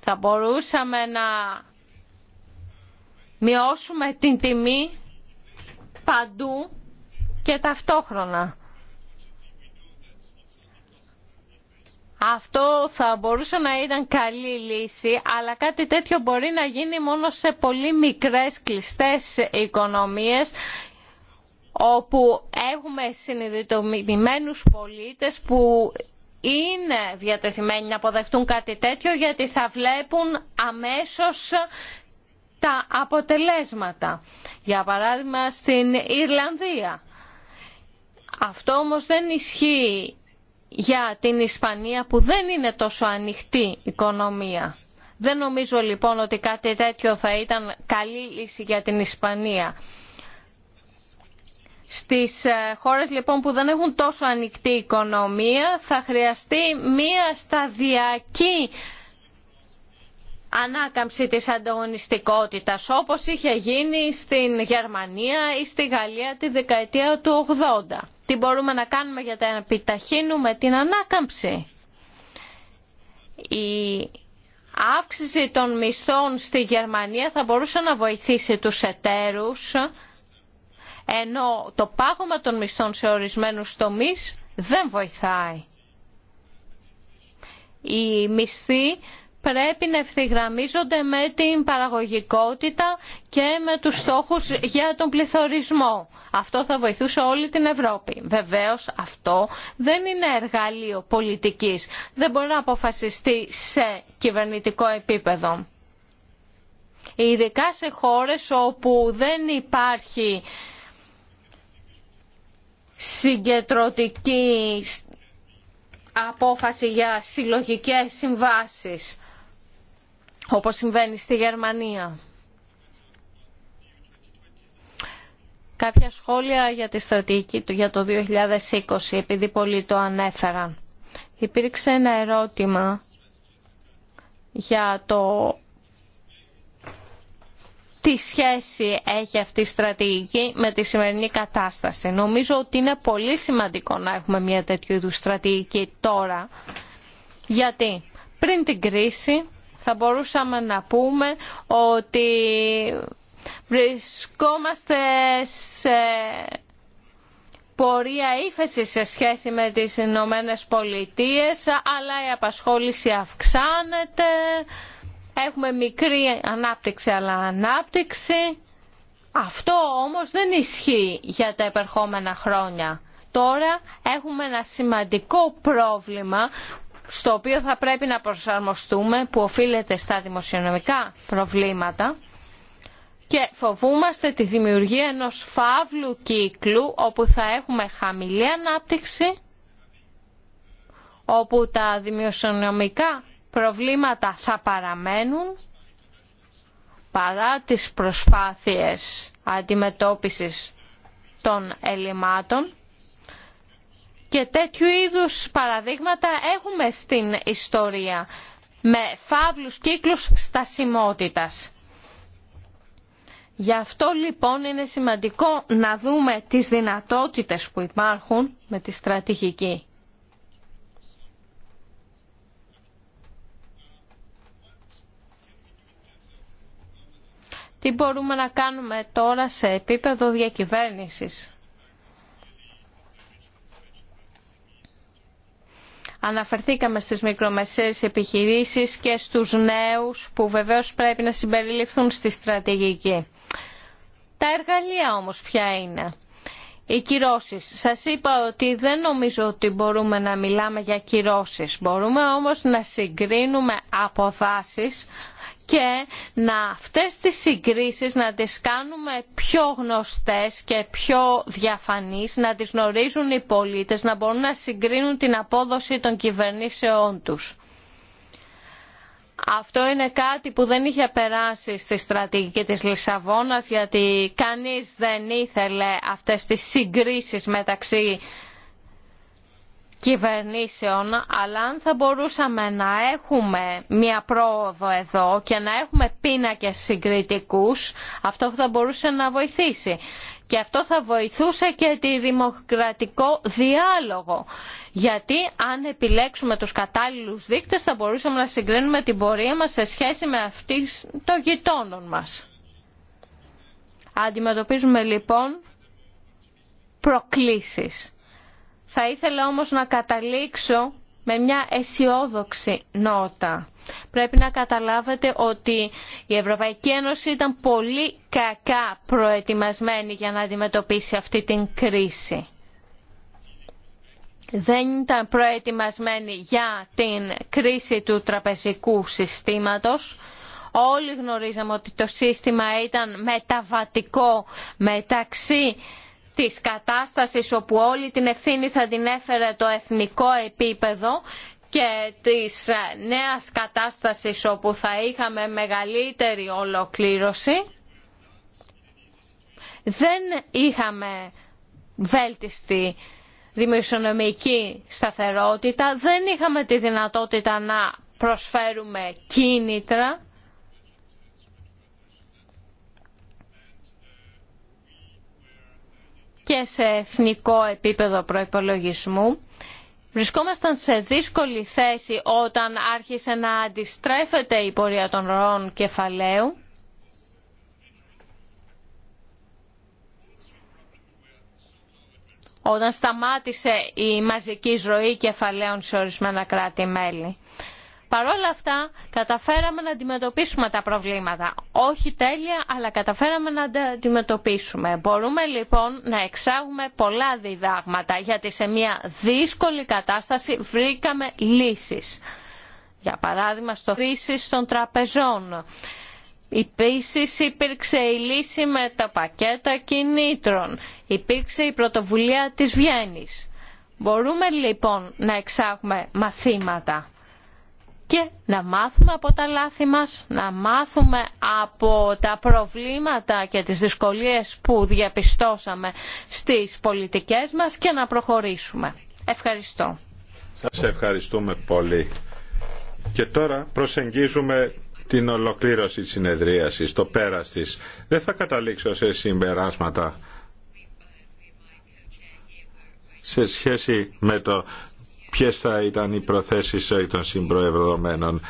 E: Θα μπορούσαμε να μειώσουμε την τιμή παντού και ταυτόχρονα. Αυτό θα μπορούσε να ήταν καλή λύση, αλλά κάτι τέτοιο μπορεί να γίνει μόνο σε πολύ μικρές κλειστές οικονομίες όπου έχουμε συνειδητοποιημένους πολίτες που είναι διατεθειμένοι να αποδεχτούν κάτι τέτοιο γιατί θα βλέπουν αμέσως τα αποτελέσματα. Για παράδειγμα στην Ιρλανδία. Αυτό όμως δεν ισχύει για την Ισπανία που δεν είναι τόσο ανοιχτή οικονομία. Δεν νομίζω λοιπόν ότι κάτι τέτοιο θα ήταν καλή λύση για την Ισπανία. Στις ε, χώρες λοιπόν που δεν έχουν τόσο ανοιχτή οικονομία θα χρειαστεί μία σταδιακή ανάκαμψη της ανταγωνιστικότητας όπως είχε γίνει στην Γερμανία ή στη Γαλλία τη δεκαετία του 80. Τι μπορούμε να κάνουμε για να επιταχύνουμε την ανάκαμψη. Η αύξηση των μισθών στη Γερμανία θα μπορούσε να βοηθήσει τους εταίρους ενώ το πάγωμα των μισθών σε ορισμένους τομείς δεν βοηθάει. Οι μισθοί πρέπει να ευθυγραμμίζονται με την παραγωγικότητα και με τους στόχους για τον πληθωρισμό. Αυτό θα βοηθούσε όλη την Ευρώπη. Βεβαίως αυτό δεν είναι εργαλείο πολιτικής. Δεν μπορεί να αποφασιστεί σε κυβερνητικό επίπεδο. Ειδικά σε χώρες όπου δεν υπάρχει συγκεντρωτική απόφαση για συλλογικές συμβάσεις όπως συμβαίνει στη Γερμανία. Κάποια σχόλια για τη στρατηγική του για το 2020, επειδή πολλοί το ανέφεραν. Υπήρξε ένα ερώτημα για το τι σχέση έχει αυτή η στρατηγική με τη σημερινή κατάσταση. Νομίζω ότι είναι πολύ σημαντικό να έχουμε μια τέτοιου είδου στρατηγική τώρα. Γιατί πριν την κρίση θα μπορούσαμε να πούμε ότι βρισκόμαστε σε πορεία ύφεση σε σχέση με τις Ηνωμένε Πολιτείε, αλλά η απασχόληση αυξάνεται, έχουμε μικρή ανάπτυξη αλλά ανάπτυξη. Αυτό όμως δεν ισχύει για τα επερχόμενα χρόνια. Τώρα έχουμε ένα σημαντικό πρόβλημα στο οποίο θα πρέπει να προσαρμοστούμε που οφείλεται στα δημοσιονομικά προβλήματα και φοβούμαστε τη δημιουργία ενός φαύλου κύκλου όπου θα έχουμε χαμηλή ανάπτυξη, όπου τα δημοσιονομικά προβλήματα θα παραμένουν παρά τις προσπάθειες αντιμετώπισης των ελλημάτων και τέτοιου είδους παραδείγματα έχουμε στην ιστορία με φαύλους κύκλους στασιμότητας. Γι' αυτό λοιπόν είναι σημαντικό να δούμε τις δυνατότητες που υπάρχουν με τη στρατηγική. Τι μπορούμε να κάνουμε τώρα σε επίπεδο διακυβέρνησης. Αναφερθήκαμε στις μικρομεσαίες επιχειρήσεις και στους νέους που βεβαίως πρέπει να συμπεριληφθούν στη στρατηγική. Τα εργαλεία όμως ποια είναι. Οι κυρώσεις. Σας είπα ότι δεν νομίζω ότι μπορούμε να μιλάμε για κυρώσεις. Μπορούμε όμως να συγκρίνουμε αποθάσεις και να αυτές τις συγκρίσεις να τις κάνουμε πιο γνωστές και πιο διαφανείς, να τις γνωρίζουν οι πολίτες, να μπορούν να συγκρίνουν την απόδοση των κυβερνήσεών τους. Αυτό είναι κάτι που δεν είχε περάσει στη στρατηγική της Λισαβόνας γιατί κανείς δεν ήθελε αυτές τις συγκρίσεις μεταξύ κυβερνήσεων, αλλά αν θα μπορούσαμε να έχουμε μια πρόοδο εδώ και να έχουμε πίνακες συγκριτικούς, αυτό θα μπορούσε να βοηθήσει. Και αυτό θα βοηθούσε και τη δημοκρατικό διάλογο. Γιατί αν επιλέξουμε τους κατάλληλους δείκτες θα μπορούσαμε να συγκρίνουμε την πορεία μας σε σχέση με αυτή των γειτόνων μας. Αντιμετωπίζουμε λοιπόν προκλήσεις. Θα ήθελα όμως να καταλήξω με μια αισιόδοξη νότα. Πρέπει να καταλάβετε ότι η Ευρωπαϊκή Ένωση ήταν πολύ κακά προετοιμασμένη για να αντιμετωπίσει αυτή την κρίση. Δεν ήταν προετοιμασμένη για την κρίση του τραπεζικού συστήματος. Όλοι γνωρίζαμε ότι το σύστημα ήταν μεταβατικό μεταξύ της κατάστασης όπου όλη την ευθύνη θα την έφερε το εθνικό επίπεδο και της ε, νέας κατάστασης όπου θα είχαμε μεγαλύτερη ολοκλήρωση δεν είχαμε βέλτιστη δημοσιονομική σταθερότητα, δεν είχαμε τη δυνατότητα να προσφέρουμε κίνητρα και σε εθνικό επίπεδο προϋπολογισμού. Βρισκόμασταν σε δύσκολη θέση όταν άρχισε να αντιστρέφεται η πορεία των ροών κεφαλαίου. όταν σταμάτησε η μαζική ζωή κεφαλαίων σε ορισμένα κράτη-μέλη παρόλα αυτά καταφέραμε να αντιμετωπίσουμε τα προβλήματα. Όχι τέλεια, αλλά καταφέραμε να τα αντιμετωπίσουμε. Μπορούμε λοιπόν να εξάγουμε πολλά διδάγματα, γιατί σε μια δύσκολη κατάσταση βρήκαμε λύσεις. Για παράδειγμα, στο χρήση των τραπεζών. Επίση υπήρξε η λύση με τα πακέτα κινήτρων. Υπήρξε η πρωτοβουλία της Βιέννης. Μπορούμε λοιπόν να εξάγουμε μαθήματα και να μάθουμε από τα λάθη μας, να μάθουμε από τα προβλήματα και τις δυσκολίες που διαπιστώσαμε στις πολιτικές μας και να προχωρήσουμε. Ευχαριστώ.
D: Σας ευχαριστούμε πολύ. Και τώρα προσεγγίζουμε την ολοκλήρωση της συνεδρίασης, το πέρας της. Δεν θα καταλήξω σε συμπεράσματα σε σχέση με το ποιες θα ήταν οι προθέσεις ε, των συμπροευρωμένων.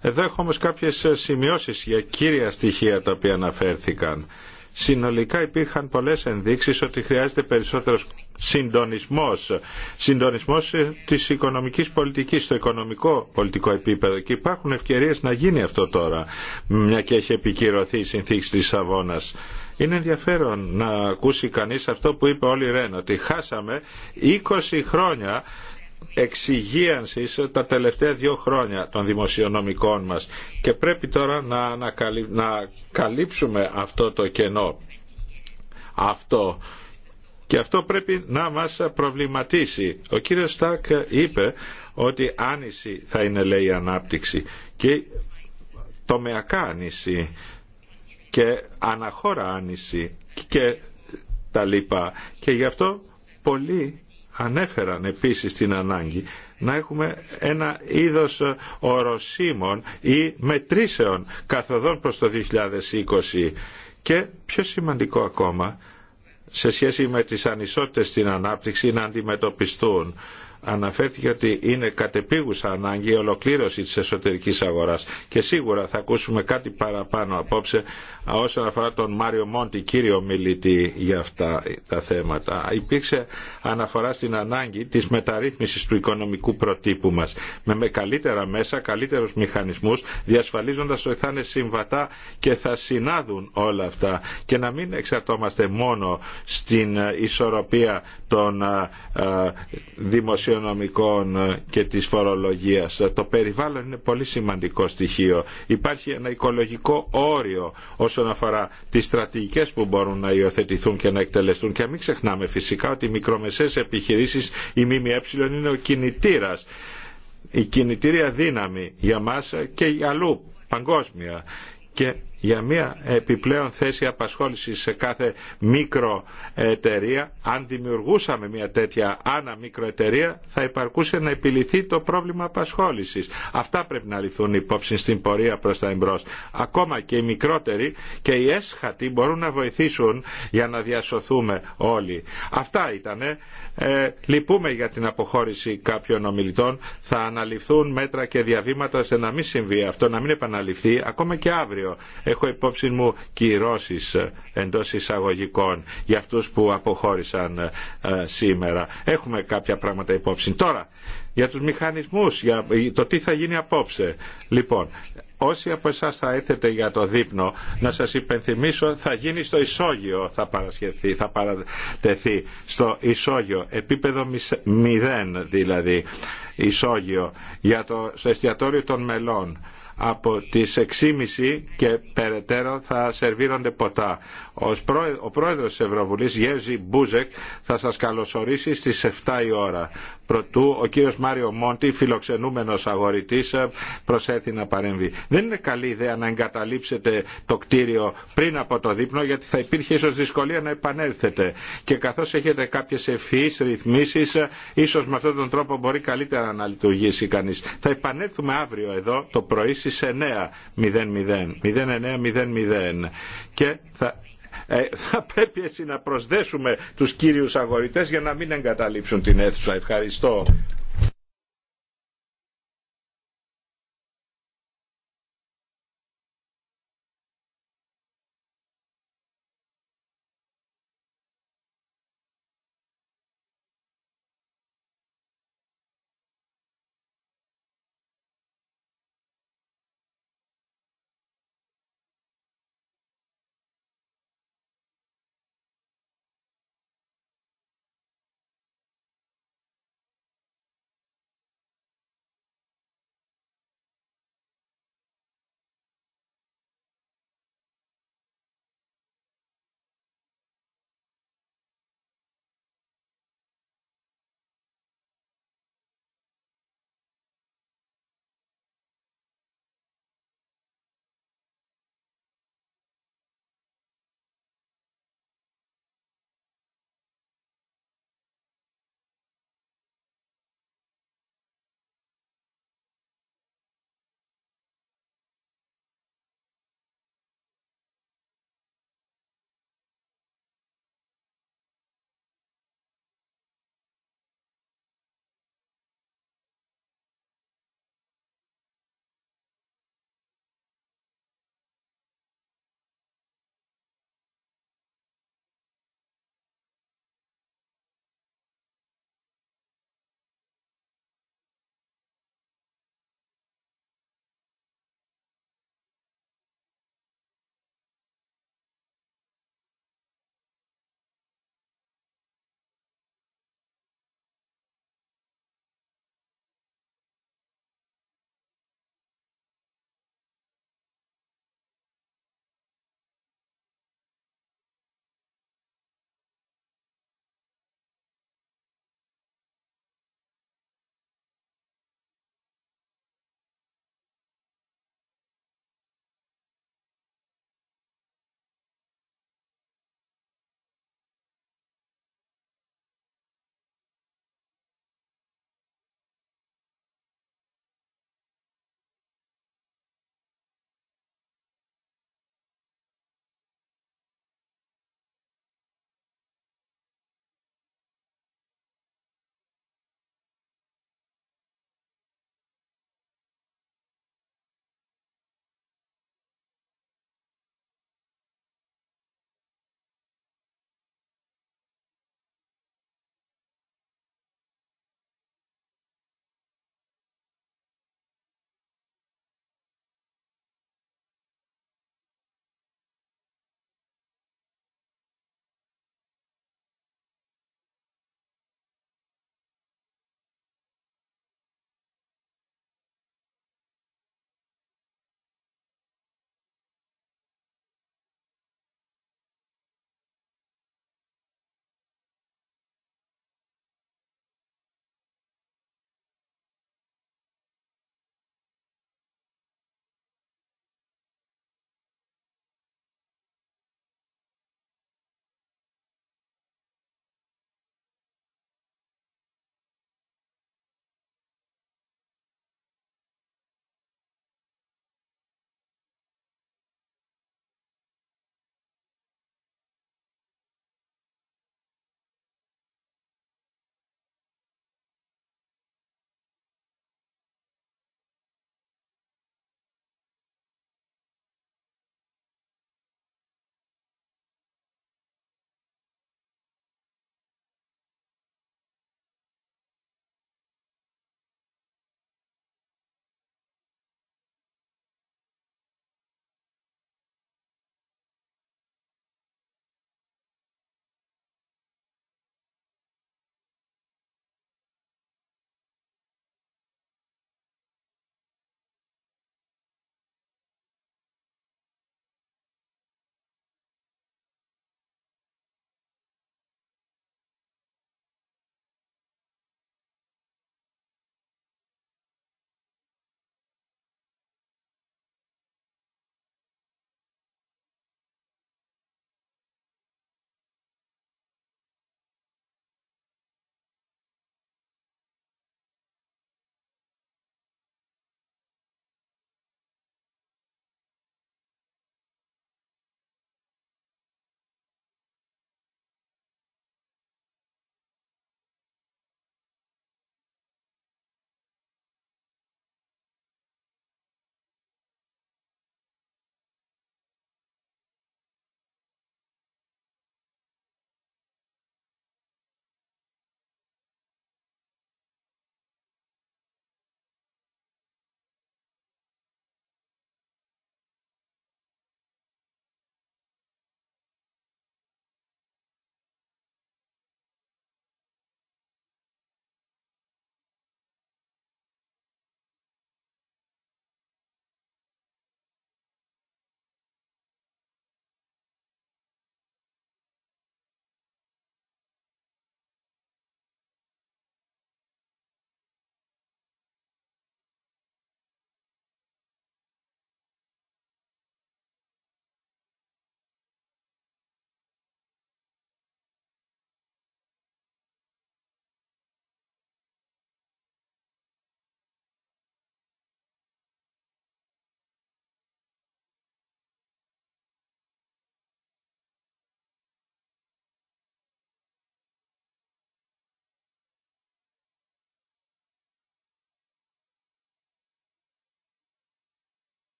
D: Εδώ έχω όμως κάποιες ε, σημειώσεις για κύρια στοιχεία τα οποία αναφέρθηκαν. Συνολικά υπήρχαν πολλές ενδείξεις ότι χρειάζεται περισσότερος συντονισμός, συντονισμός ε, της οικονομικής πολιτικής στο οικονομικό πολιτικό επίπεδο και υπάρχουν ευκαιρίες να γίνει αυτό τώρα, μια και έχει επικυρωθεί η συνθήκη της Σαβώνας. Είναι ενδιαφέρον να ακούσει κανείς αυτό που είπε όλοι Ρέν, ότι χάσαμε 20 χρόνια εξυγίανσης τα τελευταία δύο χρόνια των δημοσιονομικών μας και πρέπει τώρα να, να, καλύψουμε αυτό το κενό. Αυτό. Και αυτό πρέπει να μας προβληματίσει. Ο κύριος Στάκ είπε ότι άνηση θα είναι λέει ανάπτυξη και τομεακά άνηση και αναχώρα άνηση και τα λοιπά. Και γι' αυτό πολύ ανέφεραν επίσης την ανάγκη να έχουμε ένα είδος οροσίμων ή μετρήσεων καθοδόν προς το 2020 και πιο σημαντικό ακόμα σε σχέση με τις ανισότητες στην ανάπτυξη να αντιμετωπιστούν. Αναφέρθηκε ότι είναι κατεπίγουσα ανάγκη η ολοκλήρωση της εσωτερικής αγοράς και σίγουρα θα ακούσουμε κάτι παραπάνω απόψε όσον αφορά τον Μάριο Μόντι, κύριο μιλητή για αυτά τα θέματα. Υπήρξε αναφορά στην ανάγκη της μεταρρύθμισης του οικονομικού προτύπου μας με, καλύτερα μέσα, καλύτερους μηχανισμούς διασφαλίζοντας ότι θα είναι συμβατά και θα συνάδουν όλα αυτά και να μην εξαρτώμαστε μόνο στην ε, ισορροπία των ε, ε, δημοσιονομικών και της φορολογίας. Το περιβάλλον είναι πολύ σημαντικό στοιχείο. Υπάρχει ένα οικολογικό όριο όσον αφορά τις στρατηγικές που μπορούν να υιοθετηθούν και να εκτελεστούν και μην ξεχνάμε φυσικά ότι οι σε επιχειρήσεις, η ΜΜΕ είναι ο κινητήρας, η κινητήρια δύναμη για μας και για αλλού παγκόσμια. Και για μια επιπλέον θέση απασχόλησης σε κάθε μικροεταιρεία, αν δημιουργούσαμε μια τέτοια άνα θα υπαρκούσε να επιληθεί το πρόβλημα απασχόλησης. Αυτά πρέπει να λυθούν υπόψη στην πορεία προς τα εμπρός. Ακόμα και οι μικρότεροι και οι έσχατοι μπορούν να βοηθήσουν για να διασωθούμε όλοι. Αυτά ήτανε ε, λυπούμε για την αποχώρηση κάποιων ομιλητών. Θα αναλυφθούν μέτρα και διαβήματα ώστε να μην συμβεί αυτό, να μην επαναληφθεί ακόμα και αύριο. Έχω υπόψη μου κυρώσει ε, εντό εισαγωγικών για αυτού που αποχώρησαν ε, ε, σήμερα. Έχουμε κάποια πράγματα υπόψη. Τώρα, για τους μηχανισμούς, για το τι θα γίνει απόψε. Λοιπόν, όσοι από εσά θα έρθετε για το δείπνο, να σας υπενθυμίσω, θα γίνει στο ισόγειο, θα παρασχεθεί, θα παρατεθεί, στο ισόγειο, επίπεδο 0 δηλαδή, ισόγειο, για το, στο εστιατόριο των μελών. Από τις 6.30 και περαιτέρω θα σερβίρονται ποτά. Ο πρόεδρος της Ευρωβουλής, Γέρζι Μπούζεκ, θα σας καλωσορίσει στις 7 η ώρα. Προτού ο κύριος Μάριο Μόντι, φιλοξενούμενος αγορητής, προσέχει να παρέμβει. Δεν είναι καλή ιδέα να εγκαταλείψετε το κτίριο πριν από το δείπνο, γιατί θα υπήρχε ίσως δυσκολία να επανέλθετε. Και καθώς έχετε κάποιες ευφυείς ρυθμίσεις, ίσως με αυτόν τον τρόπο μπορεί καλύτερα να λειτουργήσει κανείς. Θα επανέλθουμε αύριο εδώ το πρωί στις 9.00. 09.00 και θα ε, θα πρέπει έτσι να προσδέσουμε τους κύριους αγορητές για να μην εγκαταλείψουν την αίθουσα. Ευχαριστώ.